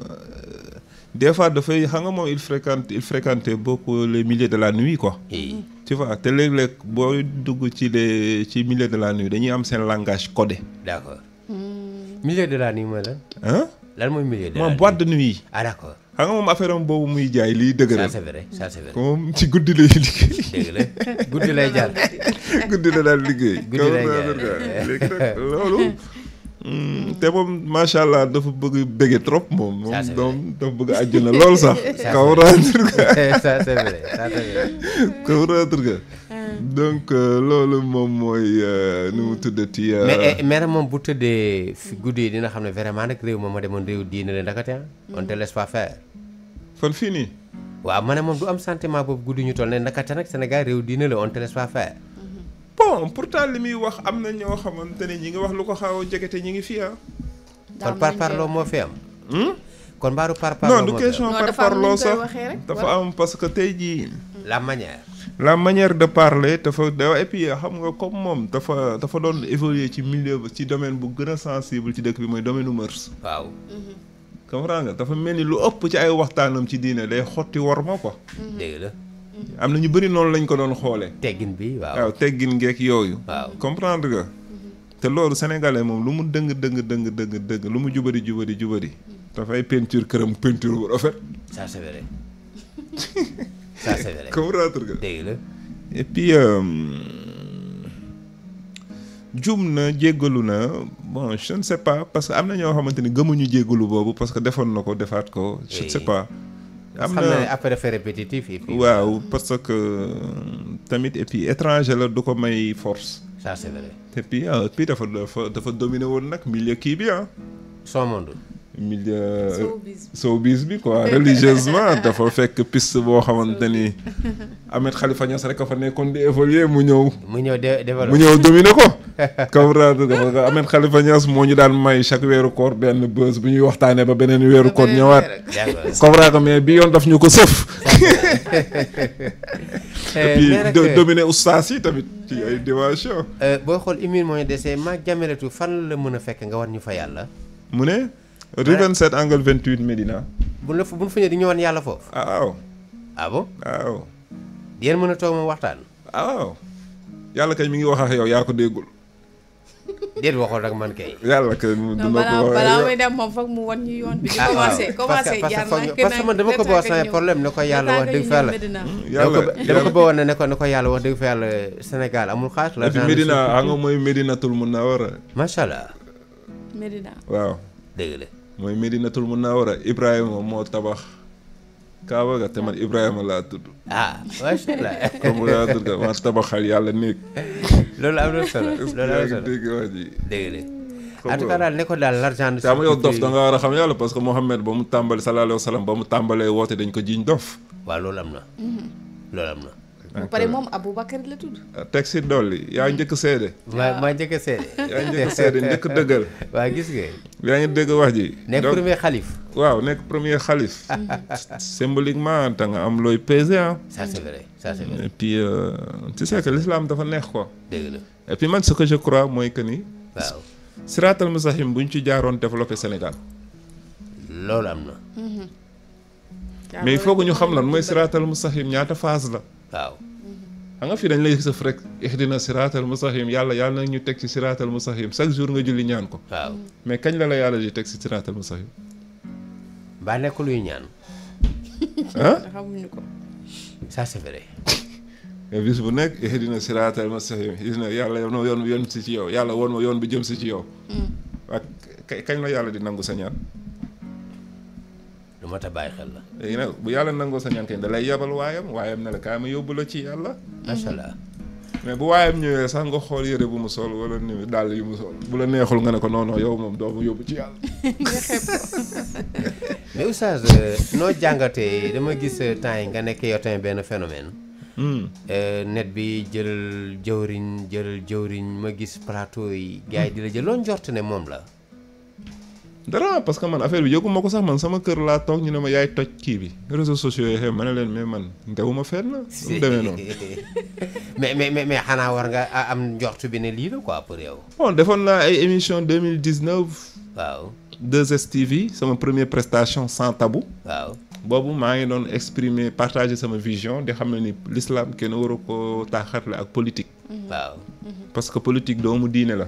S1: des fois dafay xam nga moom il fréquente il fréquentait beaucoup les milieux de la nuit quoi. tu vois te léeg-léeg booy dugg ci le ci milieu de la nuit dañuy am seen langage codé.
S2: d'accord. Hmm. milieu de la nuit mooy lan. ah lan mooy milieu de la nuit moom boîte de nuit. ah xam nga moom affaire boobu muy jaay lii dëgëral. ça c'est
S1: ci guddi lay liggéey. guddi lay jaar. guddi la daal liggéey. loolu. Hmm, te moom macha allah dafa bëgg bëgge trop moom. moom dafa bëgg àjjana lool sax. ça c'est vrai donc euh, loolu moom mooy euh, nu mu tuddati. Euh, mais eh,
S2: maire moom bu tëddee fi guddi yi dina xam ne vraiment nag réew moom ma demoon réew diine la ndakate mm. on te laisse pas faire. kon fii nii. waaw ma ne moom du am sentiment boobu guddi ñu toll ne ndakate nag Sénégal réew diine la on te laisse mm-hmm.
S1: bon pourtant li muy wax am na ñoo xamante ne ñi ngi wax lu ko xaw a jege te ñi ngi fi ah. kon par parloo
S2: moo fi am. Hmm? kon mbaaru par par non du question par dafa am parce que tey jii. la manière.
S1: la manière de parler dafa da et euh, xam nga comme moom dafa dafa doon évoluer ci milieu ci domaine bu gën a sensible ci dëkk bi mooy domaine u mœurs.
S4: waaw. Mm-hmm.
S1: comprends dafa mel ni lu ëpp ci ay waxtaanam ci diine day xotti war ma quoi.
S2: Mm-hmm.
S1: am na ñu bëri noonu lañ ko doon xoolee. teggin bi waaw waaw teggin geek yooyu. waaw comprendre nga. Mm-hmm. te loolu sénégalais moom lu mu dëng dëng dëng dëng dëng lu mu jubari jubari jubari. dafay peinture këram peinture bu rafet. ça c'est vrai ça c'est dégg la. Euh, jum na jéggalu na bon je ne sais pas parce que am na ñoo xamante ni gëmuñu jéggalu boobu parce que defoon na ko defaat ko. je ne sais pas. am na xam na
S2: après répétitif
S1: waaw parce que euh, tamit et puis étranger la du ko may force. ça c'est vrai. et puis euh, dafa dafa woon nag milieu kii bi ah. son monde. milieu euh, showbiz bi quoi religieusement dafa fekk pist boo xamante ni Ahmed Khalifa rek a fa nekkoon di évoluer mu ñëw. mu ñëw développé mu ñëw dominer ko. comprendre nga Ahmed Khalifa Niass moo ñu daan may chaque weeru koor benn buzz bu ñuy waxtaanee ba beneen weeru koor ñëwaat. comprendre mais bi yoon daf ñu ko sëf. et euh, puis euh, dominer
S2: ustaas yi tamit ci ay dimension. boo xool Emile moo ñu dese maa jàmmiretu fan la mën a fekk nga war ñu fa yàlla.
S1: mu ne. rue 27 angle 28 Médina.
S2: bu la fa bu ñu fa ñëwee di ñëwoon yàlla foofu. waaw. ah bon waaw. mën a toog moom waxtaan. waaw. yàlla kay mi ngi wax ak yow yaa ko déggul. déet waxoon rek man kay. yàlla kay mu balaa muy
S3: dem moom foog mu wan ñu yoon bi. di ah, commencé commencé jaar na
S2: parce que man dama ko boole yàlla wax dëgg fa yàlla. yàlla dama ko ne ne ko yàlla wax dëgg fa yàlla Sénégal amul xaas. la daan Medina xam ah, nga mooy Medinatul Munawara. macha allah. Medina waaw
S1: mooy Medinatul Munawara Ibrahima moo tabax Kaaba ga te man Ibrahima laa tudd. ah macha allah. comme laa tudd yàlla néeg. loolu am na solo loolu am na solo dégg ko daal l'argent. te war a xam yàlla parce que Mouhamed ba mu tàmbali sallallahu alayhi wa sallam ba mu tàmbalee woote dañ ko jiiñ dof. waaw loolu am na. Mhm. loolu am na. bu pare moom
S3: Aboubacar la tudd.
S1: Ah, teg si dolli yaa njëkk seede. waaw maa njëkk seede. yaa njëkk seede njëkk dëggal. waa gis nga. yaa ngi dëgg wax ji. nekk premier xalif. waaw nekk premier xalif. Mhm. symboliquement da nga am looy pesé ah.
S2: ça et
S1: puis euh, tu sais que dafa neex ko dëgg la et puis man ce que je crois mooy que ni. waaw. siraatal mustaqim bu ñu ci jaaroon développé Sénégal. loolu am na.
S4: Mhm. mais il faut ñu xam lan
S1: mooy siraatal mustaqim ñaata phase la. waaw xam nga fii dañ lay sëf rek ihdina siraatal mustaqim yàlla yàlla na ñu teg ci siraatal mustaqim chaque jour
S2: nga julli ñaan ko waaw mais kañ la la yàlla di teg ci siraatal mustaqim ba nekk luy ñaan
S3: ah xamuñu ko
S2: ça c'est vrai
S1: bis bu nekk ihdina siraatal mustaqim yàlla yoon ma yoon bi jëm si ci yow yàlla woon ma yoon bi jëm si ci yow mm. ak kañ la yàlla di nangu sa ñaan
S2: lu ma bàyyi xel la.
S1: léegi nag bu yàlla nangoo sa ñànk da lay yabal waaye waayam ne la kaay ma yóbbu la ci yàlla. macha allah. mais bu waayam ñëwee sax nga xool yére bu mu sol wala ni dàll yu mu sol bu la neexul
S2: nga ne ko non yow moom doo ma ci yàlla. mais jàngatee dama gis euh, temps yi nga nekk yow tamit benn phénomène. Hmm. Euh, net bi jëlal jëwriñ jëlal jëwriñ ma gis plateau yi. gars yi di la jël loolu njort ne moom la.
S1: dara parce que man affaire bi yëgu ma ko sax man sama kër laa toog ñu ne ma yaay toj kii bi réseaux sociaux yi ma leen mais man ndewuma fenn. mu demee noonu.
S2: mais mais mais xanaa war nga am njort bi ne lii la quoi defoon naa ay
S1: émission 2019. waaw 2STV sama première prestation sans boobu maa ngi doon exprimer partage sama vision di xam ne ni l'islam kenn waru ko taaxatle ak politique. waaw parce que politique mu diine la.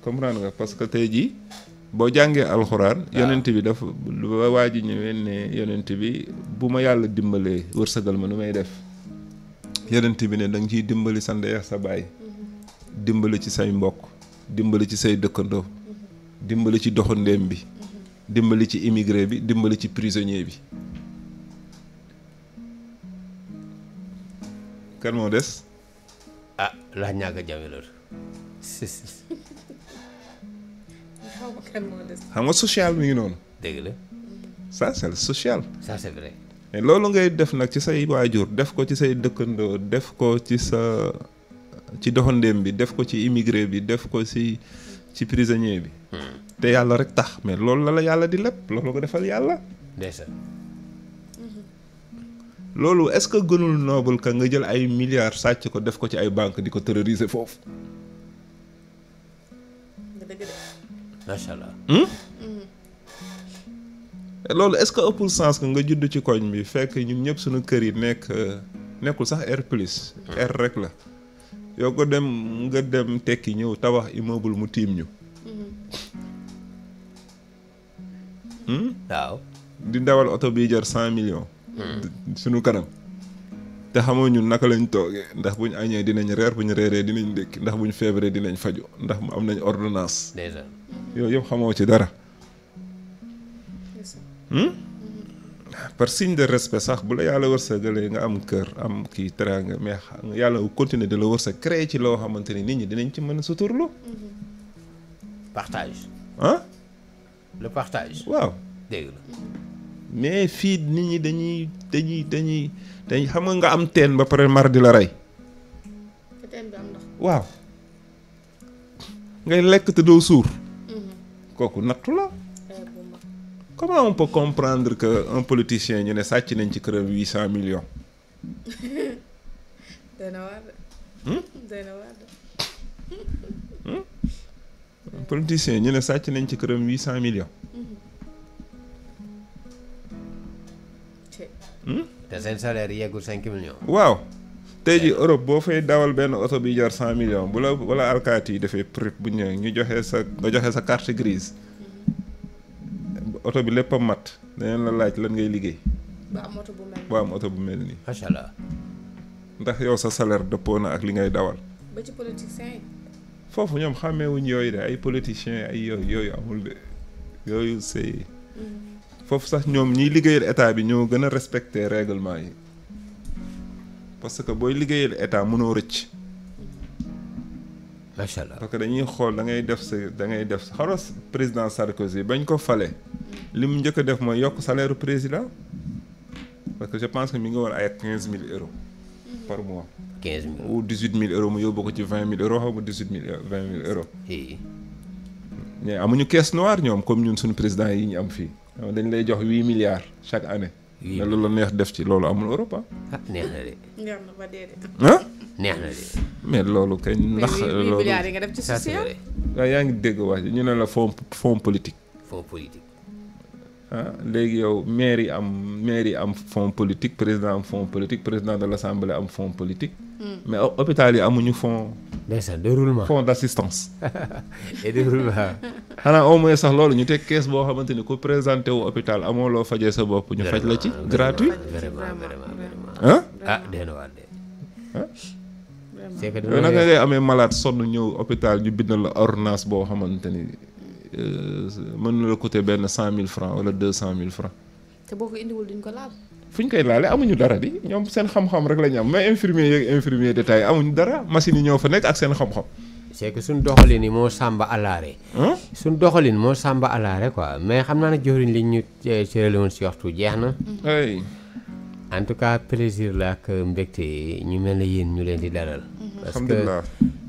S1: comprendre nga parce que tey jii. boo jàngee alxuraan. yonent bi dafa ba waa ji ñëwee ne yonent bi bu ma yàlla dimbalee wërsëgal ma nu may def yonent bi ne da ciy dimbali sa ndey sa baay mm-hmm. dimbali ci say mbokk dimbali ci say dëkkandoo mm-hmm. dimbali ci doxandéem bi mm-hmm. dimbali ci immigré bi dimbali ci prisonnier bi. kan moo des. ah xam nga social mi noonu. dëgg la. social. ça c'est vrai. mais loolu ngay def nag ci say waajur def ko ci say dëkkandoo def ko ci sa ci doxandéem bi def ko ci immigré bi def ko ci ci prisonnier bi. Hmm. te yàlla rek tax mais loolu la la yàlla di lépp loolu ko defal yàlla.
S2: ndeysaan. Hmm.
S1: loolu est-ce que gënul noble ka nga jël ay milliards sàcc ko def ko ci ay banque di ko terroriser foofu. macha allah. Hmm? Hmm. loolu est-ce que ëppul sens que nga judd ci koñ bi fekk ñu ñëpp sunu kër yi nekk euh, nekkul sax R plus. air hmm. rek la yoo ko dem nga dem tekki ñëw tabax immeuble mu tiim ñu.
S2: waaw. di
S1: dawal oto bi jar cent millions. sunu kanam. te xamoo ñun naka lañu toogee ndax bu ñu añee dinañ reer buñ reeree dinañ dékki ndax ñu feebaree dinañ faju ndax mu am nañu ordonnance. déjà yooyu yëpp xamoo ci dara. Hmm? par signe de respect sax bu la yàlla wërsëgalee nga am kër am kii teraanga mais yàlla continuer de la wërsëg créer ci loo xamante ni nit ñi dinañ ci mën a suturlu.
S4: Mm-hmm.
S2: partage. ah. le partage.
S1: mais fii nit ñi dañuy dañuy dañuy. dañ xam nga am teen ba pare mar di la rey. teen bi waaw ngay lekk te doo suur.
S3: Mhm.
S1: kooku nattu la. comment on comprendre que un politicien ñu ne sàcc nañ ci këram huit cent million
S3: dana waar.
S1: Hmm? Hmm? ñu ne sàcc nañ ci këram huit cent millions.
S2: te seen salaire yeggul cinq millions.
S1: waaw tey ji Europe boo fay dawal benn oto bi jor cent millions bu la wala alkaat yi dafay prix bu ñëwee ñu joxe sa nga joxe sa carte grise oto bi lépp a mat dañu la laaj lan ngay liggéey.
S3: ba am
S1: oto bu mel nii ba ndax yow sa salaire dëppoo na ak li ngay dawal. foofu ñoom xàmmeewuñ yooyu de ay politiciens ay yooyu yooyu amul de yooyu c'est. Mm. foofu sax ñoom ñiy liggéeyal état bi ñoo gën a respecter règlement yi parce que booy liggéeyal état mënoo rëcc. macha allah parce que dañuy xool da ngay def sa da ngay def xaros président Sarkozy bañ ko fale li mu njëkk def mooy yokk salaire président parce que je pense que mi ngi woon ay quinze mille euros par mois. quinze mille ou dix huit mille euros mu yóbbu ko ci vingt mille euros xaw ma dix huit mille vingt mille euros. mais amuñu caisse noire ñoom comme ñun suñu président yi ñu am fii. dañ lay jox huit milliards chaque année. ne loolu la neex def ci loolu amul Europe ah. ah mais loolu kañ ndax. loolu milliards yi nga def ci social. waaw yaa ngi dégg wax ñu ne la fond fond politique. fond politique. Ah, léegi yow maire yi am maire yi am fond politique président am fond politique président de l' assemblée am fond politique. mais hôpital yi amuñu fonds. ndeysaan de roulement fonds d' assistance. et xanaa au moins sax loolu ñu te kees boo xamante ni ku présenté wu hôpital amoo loo fajee sa bopp ñu faj la ci. gratuit vraiment vraiment
S2: ah dee na waat de. c' est que dina naka ngay
S1: amee malade sonn ñëw hôpital ñu bindal la ordonnance boo xamante ni euh, mën na la coûter benn cent mille franc wala deux cent mille franc.
S3: te boo ko indiwul duñ ko laal.
S1: fu ñu koy laale amuñu dara di ñoom seen xam-xam rek lañu am mais infirmier yeeg
S2: infirmier détail amuñu dara machine yi ñoo fa nekk ak seen xam-xam. c'est que suñ doxalin yi moo sàmba alaare suñu doxalin moo sàmba alaare quoi mais xam naa ne jëwriñ li ñu eh, cërale woon si waxtu jeex na en tout cas plaisir la ak mbégte ñu mel ne yéen ñu leen di dalal mhm. parce que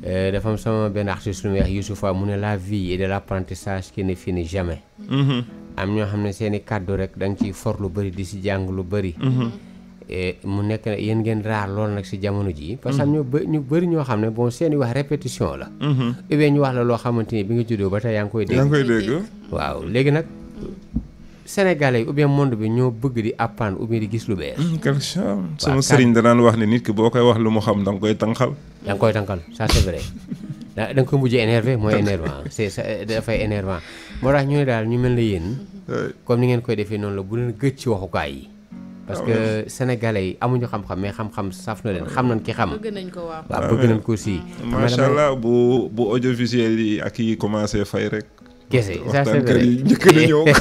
S2: eh, dafa am sama benn artiste lu muy wax Youssoufa mu ne la vie est de l'apprentissage qui ne finit jamais mhm. am ñoo xam ne seen i kàddu rek da nga ciy for lu bëri di si jàng lu bëri. Mm-hmm. E, mu nekk ne yéen ngeen raar lool nag si jamono jii. Mm-hmm. parce que am ñu bë ñu bëri ñoo xam ne boo seeni wax répétition la. ou mm-hmm. eh bien ñu wax la loo xamante ni bi nga juddoo ba tey yaa ngi koy dégg. waaw léegi nag Sénégalais yi ou bien monde bi ñoo bëgg di apprendre ou di gis lu bees. Mm, sama sëriñ
S1: danaan wax ne nit ki boo koy wax lu mu xam
S2: da nga koy tànqal. da koy tànqal sa c'est da nga ko mujj énervé mooy énervant c'est ça dafay énervant moo tax ñu ne daal ñu mel na yéen comme ni ngeen koy defee noonu la bu leen gëj ci waxukaay yi parce que ah sénégalais yi amuñu xam-xam mais xam-xam saf na leen xam nañ ki xam bëgg nañ ko waaw bëgg nañ ko aussi ah macha allah
S1: bu bu audiovisuel yi ak yi commencé fay rek kese ça c'est vrai njëkk na ñëw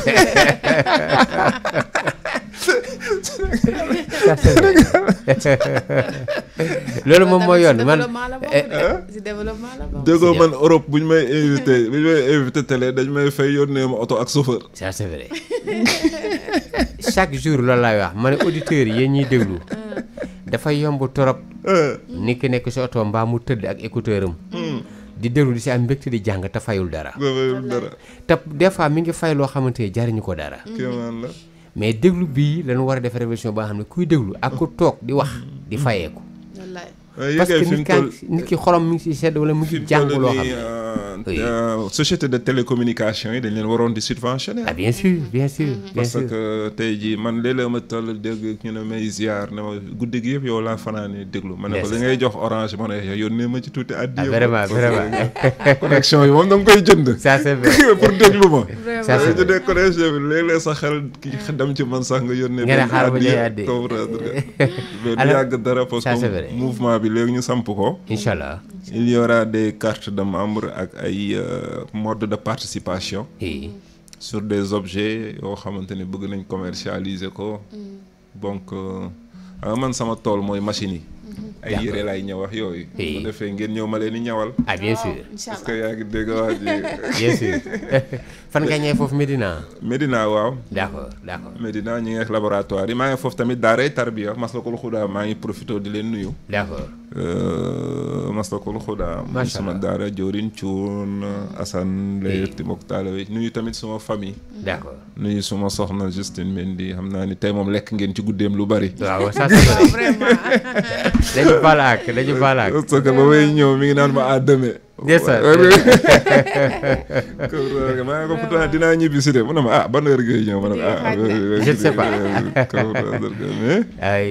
S1: loolu moom mooy yoon man eh, eh. si développement la bokk déggoo man Europe bu ñu may invité bu ñu
S2: may invité télé dañ may fay yónnee ma oto ak chauffeur. chaque jour loolu laay wax ma ne auditeurs yi ñuy déglu dafay yomb torop eh. ni ki nekk si oto mbaa mu tëdd ak écouteur am. Hmm. di déglu di si am mbégte di jàng te fayul dara. te des fois mi ngi fay loo xamante ne jariñu ko dara. mais déglu bii lañu war a def révolution ba nga kuy déglu ak ku toog di wax di fayeeku Euh, parce que nit ki xorom mi ngi si sedd wala mu ngi jàng loo xam euh, euh,
S1: société de télécommunication yi dañ leen waroon di subventionner ah bien sûr bien sûr parce que tey jii man léeg-léeg ma toll dégg ñu ne may ziar ne ma guddi gi yëpp yow laa fanaanee déglu ma ne ko li ngay jox orange ma ma ci tuuti addi ah, vraiment
S2: yi moom da nga koy jënd ça c'est vrai pour déglu ma ça c'est
S1: vrai bi léeg-léeg sa xel dem ci man sax nga yónnee benn addi comprendre mais du yàgg dara parce que bi léegi ñu samp ko. incha allah il y aura des cartes de membre ak ay euh, mode de participation. sur des objets yoo xamante ni bëgg nañ commercialisé ko. Mm. donc euh, ah, man sama tool mooy machine yi.
S4: Mm-hmm. ay yére
S1: lay ñëw wax yooyu. bu defee ngeen ñëw ma leen di ñawal. ah bien sûr parce oh, que yaa ngi dégg waa ji. bien sûr fan nga ñëwee foofu Medina. Medina waaw. d' accord Medina ñu ngi ak laboratoire yi maa ngi foofu tamit daaray tarbiya maslakul xudaa maa ngi profité di leen nuyu. d' Eh, mastakul xudaa mu sama daara jëwriñ cuun asan la yëg ti mbokk taalawe nuyu tamit suma famille mm. d'accord nuyu suma soxna Justine Mendy xam naa ni tey moom lekk ngeen ci guddeem lu bari waaw ça c'est vrai
S2: dañu balaak
S1: dañu balaak parce que ba may ñëw mi ngi naan ma à demain ndeysaan euh, maa ngi ko ah, dinaa ñibbi si de ah ban heure ngay ñëw ma ah, ah je ne sais pas euh,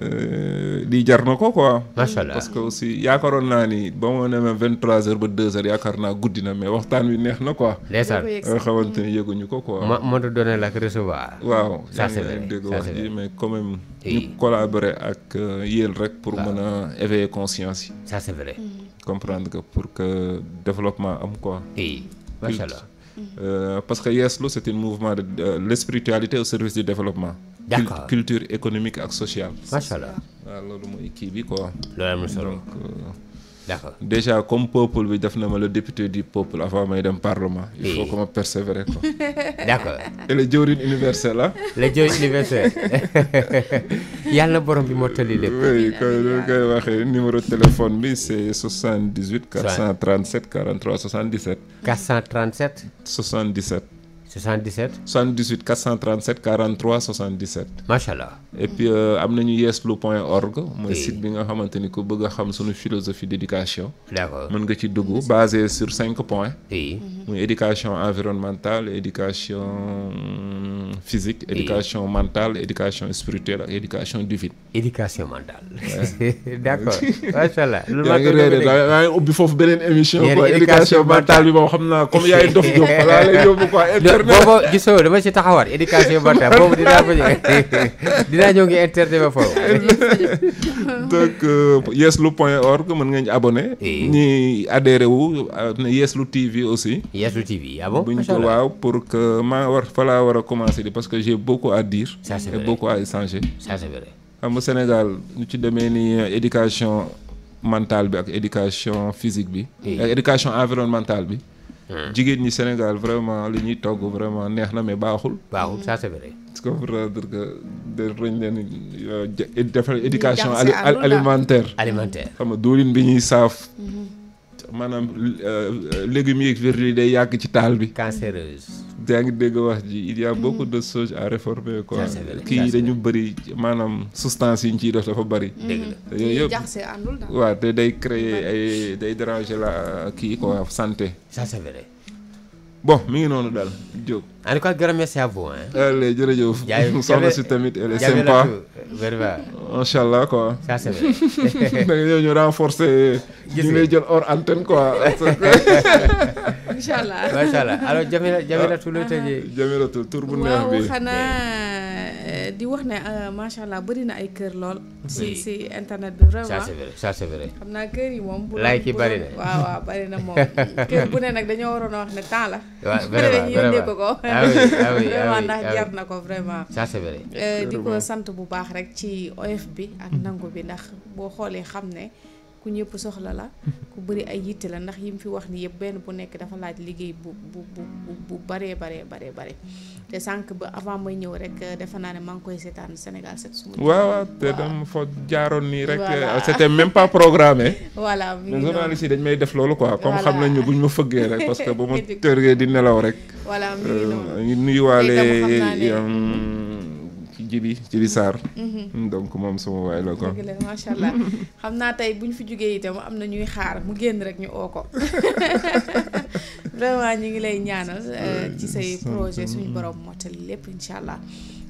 S1: Euh, lii jar na ko quoi. macha allah parce que aussi yaakaaroon naa ni ba ma demee vingt trois heures ba deux heures yaakaar naa guddi na mais waxtaan wi neex na quoi. ndeysaan nga
S2: xamante ni yëguñu ko ko ma moo donné la ak recevoir. waaw ça c'est vrai dégg wax ji
S1: mais quand même. ñu collaborer ak euh, yéen rek. pour mën a éveiller conscience yi. ça c'est mm. comprendre que pour que développement am quoi. macha allah Euh, parce que Yeslu, c'est mouvement de euh, la spiritualité au service du développement. D'accord. Cul culture économique et sociale. Macha Allah. waaw loolu mooy kii bi quoi. loolu d'accord déjà comme peuple bi def na ma la député du peuple avant may dem parlement. il faut que ma persévérer ko.
S4: d'accord
S1: et le jëwriñ universel ah. le jëwriñ universel yàlla borom bi moo tali lépp. oui comme ni koy waxee numéro téléphone bi c'est 78. 437 43 77. 437. 77. 77. 78 437 43 77. macha allah. et puis euh, am nañu yeeslu point org. mooy site bi nga xamante ni ku bëgg xam suñu philosophie d' éducation. d' accord nga ci dugg basé sur cinq points. oui muy éducation environnementale éducation euh, physique. éducation mentale éducation spirituelle ak éducation divine. éducation mentale.
S2: d' accord
S1: macha allah. loolu maa ngi réeré
S2: maa ngi ubbi foofu beneen émission. quoi éducation mentale bi moom xam naa comme yaay dof dof. voilà lay yóbbu quoi booba gisoo dama ci taxawaat éducation banta boobu dinaa ko dinaa ñëw ngi foofu. donc euh, yeeslu
S1: point org mën ngeen abonné. ñi adhéré wu euh, yeeslu TV aussi. yeeslu TV ah buñ ko waaw pour que maa war fa laa war a commencer di parce que j'ai beaucoup à diir ça c'est vrai et beaucoup à échanger. xam nga Sénégal ñu ci demee ni éducation mentale bi ak éducation physique bi. ak éducation environnementale bi. Hmm. jigéen ñi Sénégal vraiment li ñuy togg vraiment neex na mais baaxul. baaxul ça c'est vrai. est-ce que dañ leen defal euh, éducation alimentaire. alimentaire xam nga diwlin bi ñuy saaf. Mhm. maanaam euh, légumes yi vertu yi day yàgg ci taal bi. cancéreuse. yaa ngi dégg wax ji il y a beaucoup de choses à réformer quoi. kii dañu bëri maanaam substance yi ñu ciy def dafa bëri. Mm-hmm. dëgg la yooyu
S3: yëpp
S1: waaw te day créer ay day déranger la kii ko santé.
S2: ça c'est mi ngi noonu daal Diop. en tout cas gërëm merci à vous hein. allez jërëjëf. jaay soxna si tamit elle est sympa. macha allah quoi. ça c'est
S4: vrai.
S1: ñu renforcer. ñu ngi lay jël hors antenne quoi.
S3: macha allah macha allah alors Jamila
S1: Jamilatu looy tëjee. Jamilatu tur bu neex bi xanaa
S3: eh, di wax ne euh, macha bari na ay kër lool. si internet bi vraiment. xam naa kër yi moom. laay ki bëri na waaw waaw bëri na moom. kër bu ne nag dañoo waroon a wax ne temps waaw vraiment vraiment ko ah oui vraiment ndax jar na ko vraiment. ça euh, di ko sant bu baax rek ci oyof bi ak mm. nangu bi ndax boo xoolee xam ne. ku ñëpp soxla la ku bëri ay yitte la ndax yi mu fi wax ni yëpp benn bu nekk dafa laaj liggéey bu bu bu bu baree baree baree bare te sànq ba avant may ñëw rek eh, defe naa ne maa ngi koy seetaan Sénégal set suma waaw waaw
S1: te dama fa jaaroon nii rek eh, c'était même pas programme voilà ñun journaliste yi dañ may def loolu quoi comme xam nañu buñ ma fëggee rek parce que bu ma tërgee di nelaw rek voilà ñu euh, nuyuwaale Jibi Jibi Sarr. Mm-hmm. Mm, donc moom sama waay la quoi. dëgg
S3: la macha allah xam naa tey bu ñu fi jugee itam am na ñuy xaar mu génn rek ñu oo ko vraiment ñu ngi lay ñaanal. Euh, ci say projet suñu borom mottali lépp incha allah.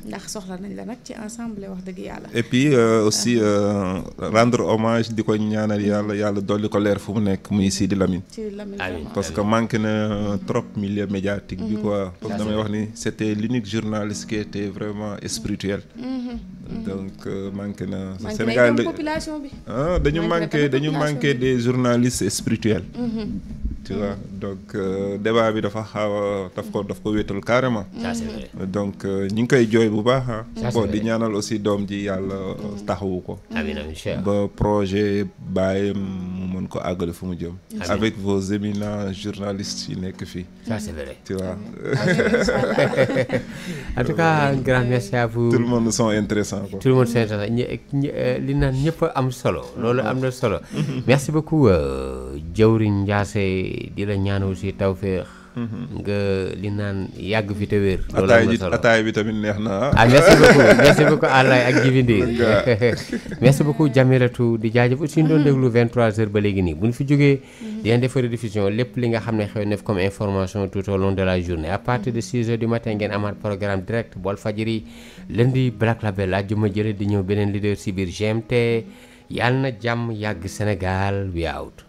S3: ndax soxla nañ la nag ci ensemble wax dëgg yàlla.
S1: et puis euh, aussi euh, rendre hommage di ko ñaanal yàlla yàlla dolli ko leer fu mu nekk muy Sidi Lamine. parce que manqué na trop milieu médiatique bi mhm. quoi. parce que damay wax ni c' était l' unique journaliste qui était vraiment spirituel.
S3: Mhm.
S1: Mm-hmm. donc euh, manqué na. Sénégal population ah, dañu manqué dañu manqué des journalistes spirituels. Mm-hmm. tu vois donc euh, débat bi dafa xaw a daf ko daf ko wéetal carrément.
S4: Mm-hmm.
S1: donc euh, ñu ngi koy jooy bu baax ah. bon di ñaanal aussi doom ji yàlla taxawu ko. ba projet bàyyi mu mën ko àggale fu mu jëm. avec vos éminents journalistes yi nekk fii.
S2: ça tout le monde sont intéressants. tout le monde seen sens euh, li naan ñëpp am solo loolu am na solo mm-hmm. merci beaucoup jawriñ euh, Ndiasse di la ñaan aussi tawféex nga li naan yàgg fi te wér. loolu solo ataay bi tamit neex na ah. merci beaucoup merci beaucoup Alaay ak Djiby Ndir. merci beaucoup Jamiratu di jaajëf aussi ñu doon déglu 23h ba léegi nii bu ñu fi jógee. Mm-hmm. dinañ def rediffusion lépp li nga xam ne xew neef comme information tout au long de la journée à partir de 6h du matin ngeen amaat programme direct bu Walfadjri di Black Label àjjuma jële di ñëw beneen leader si biir te yàlla na jàmm yàgg Sénégal we out.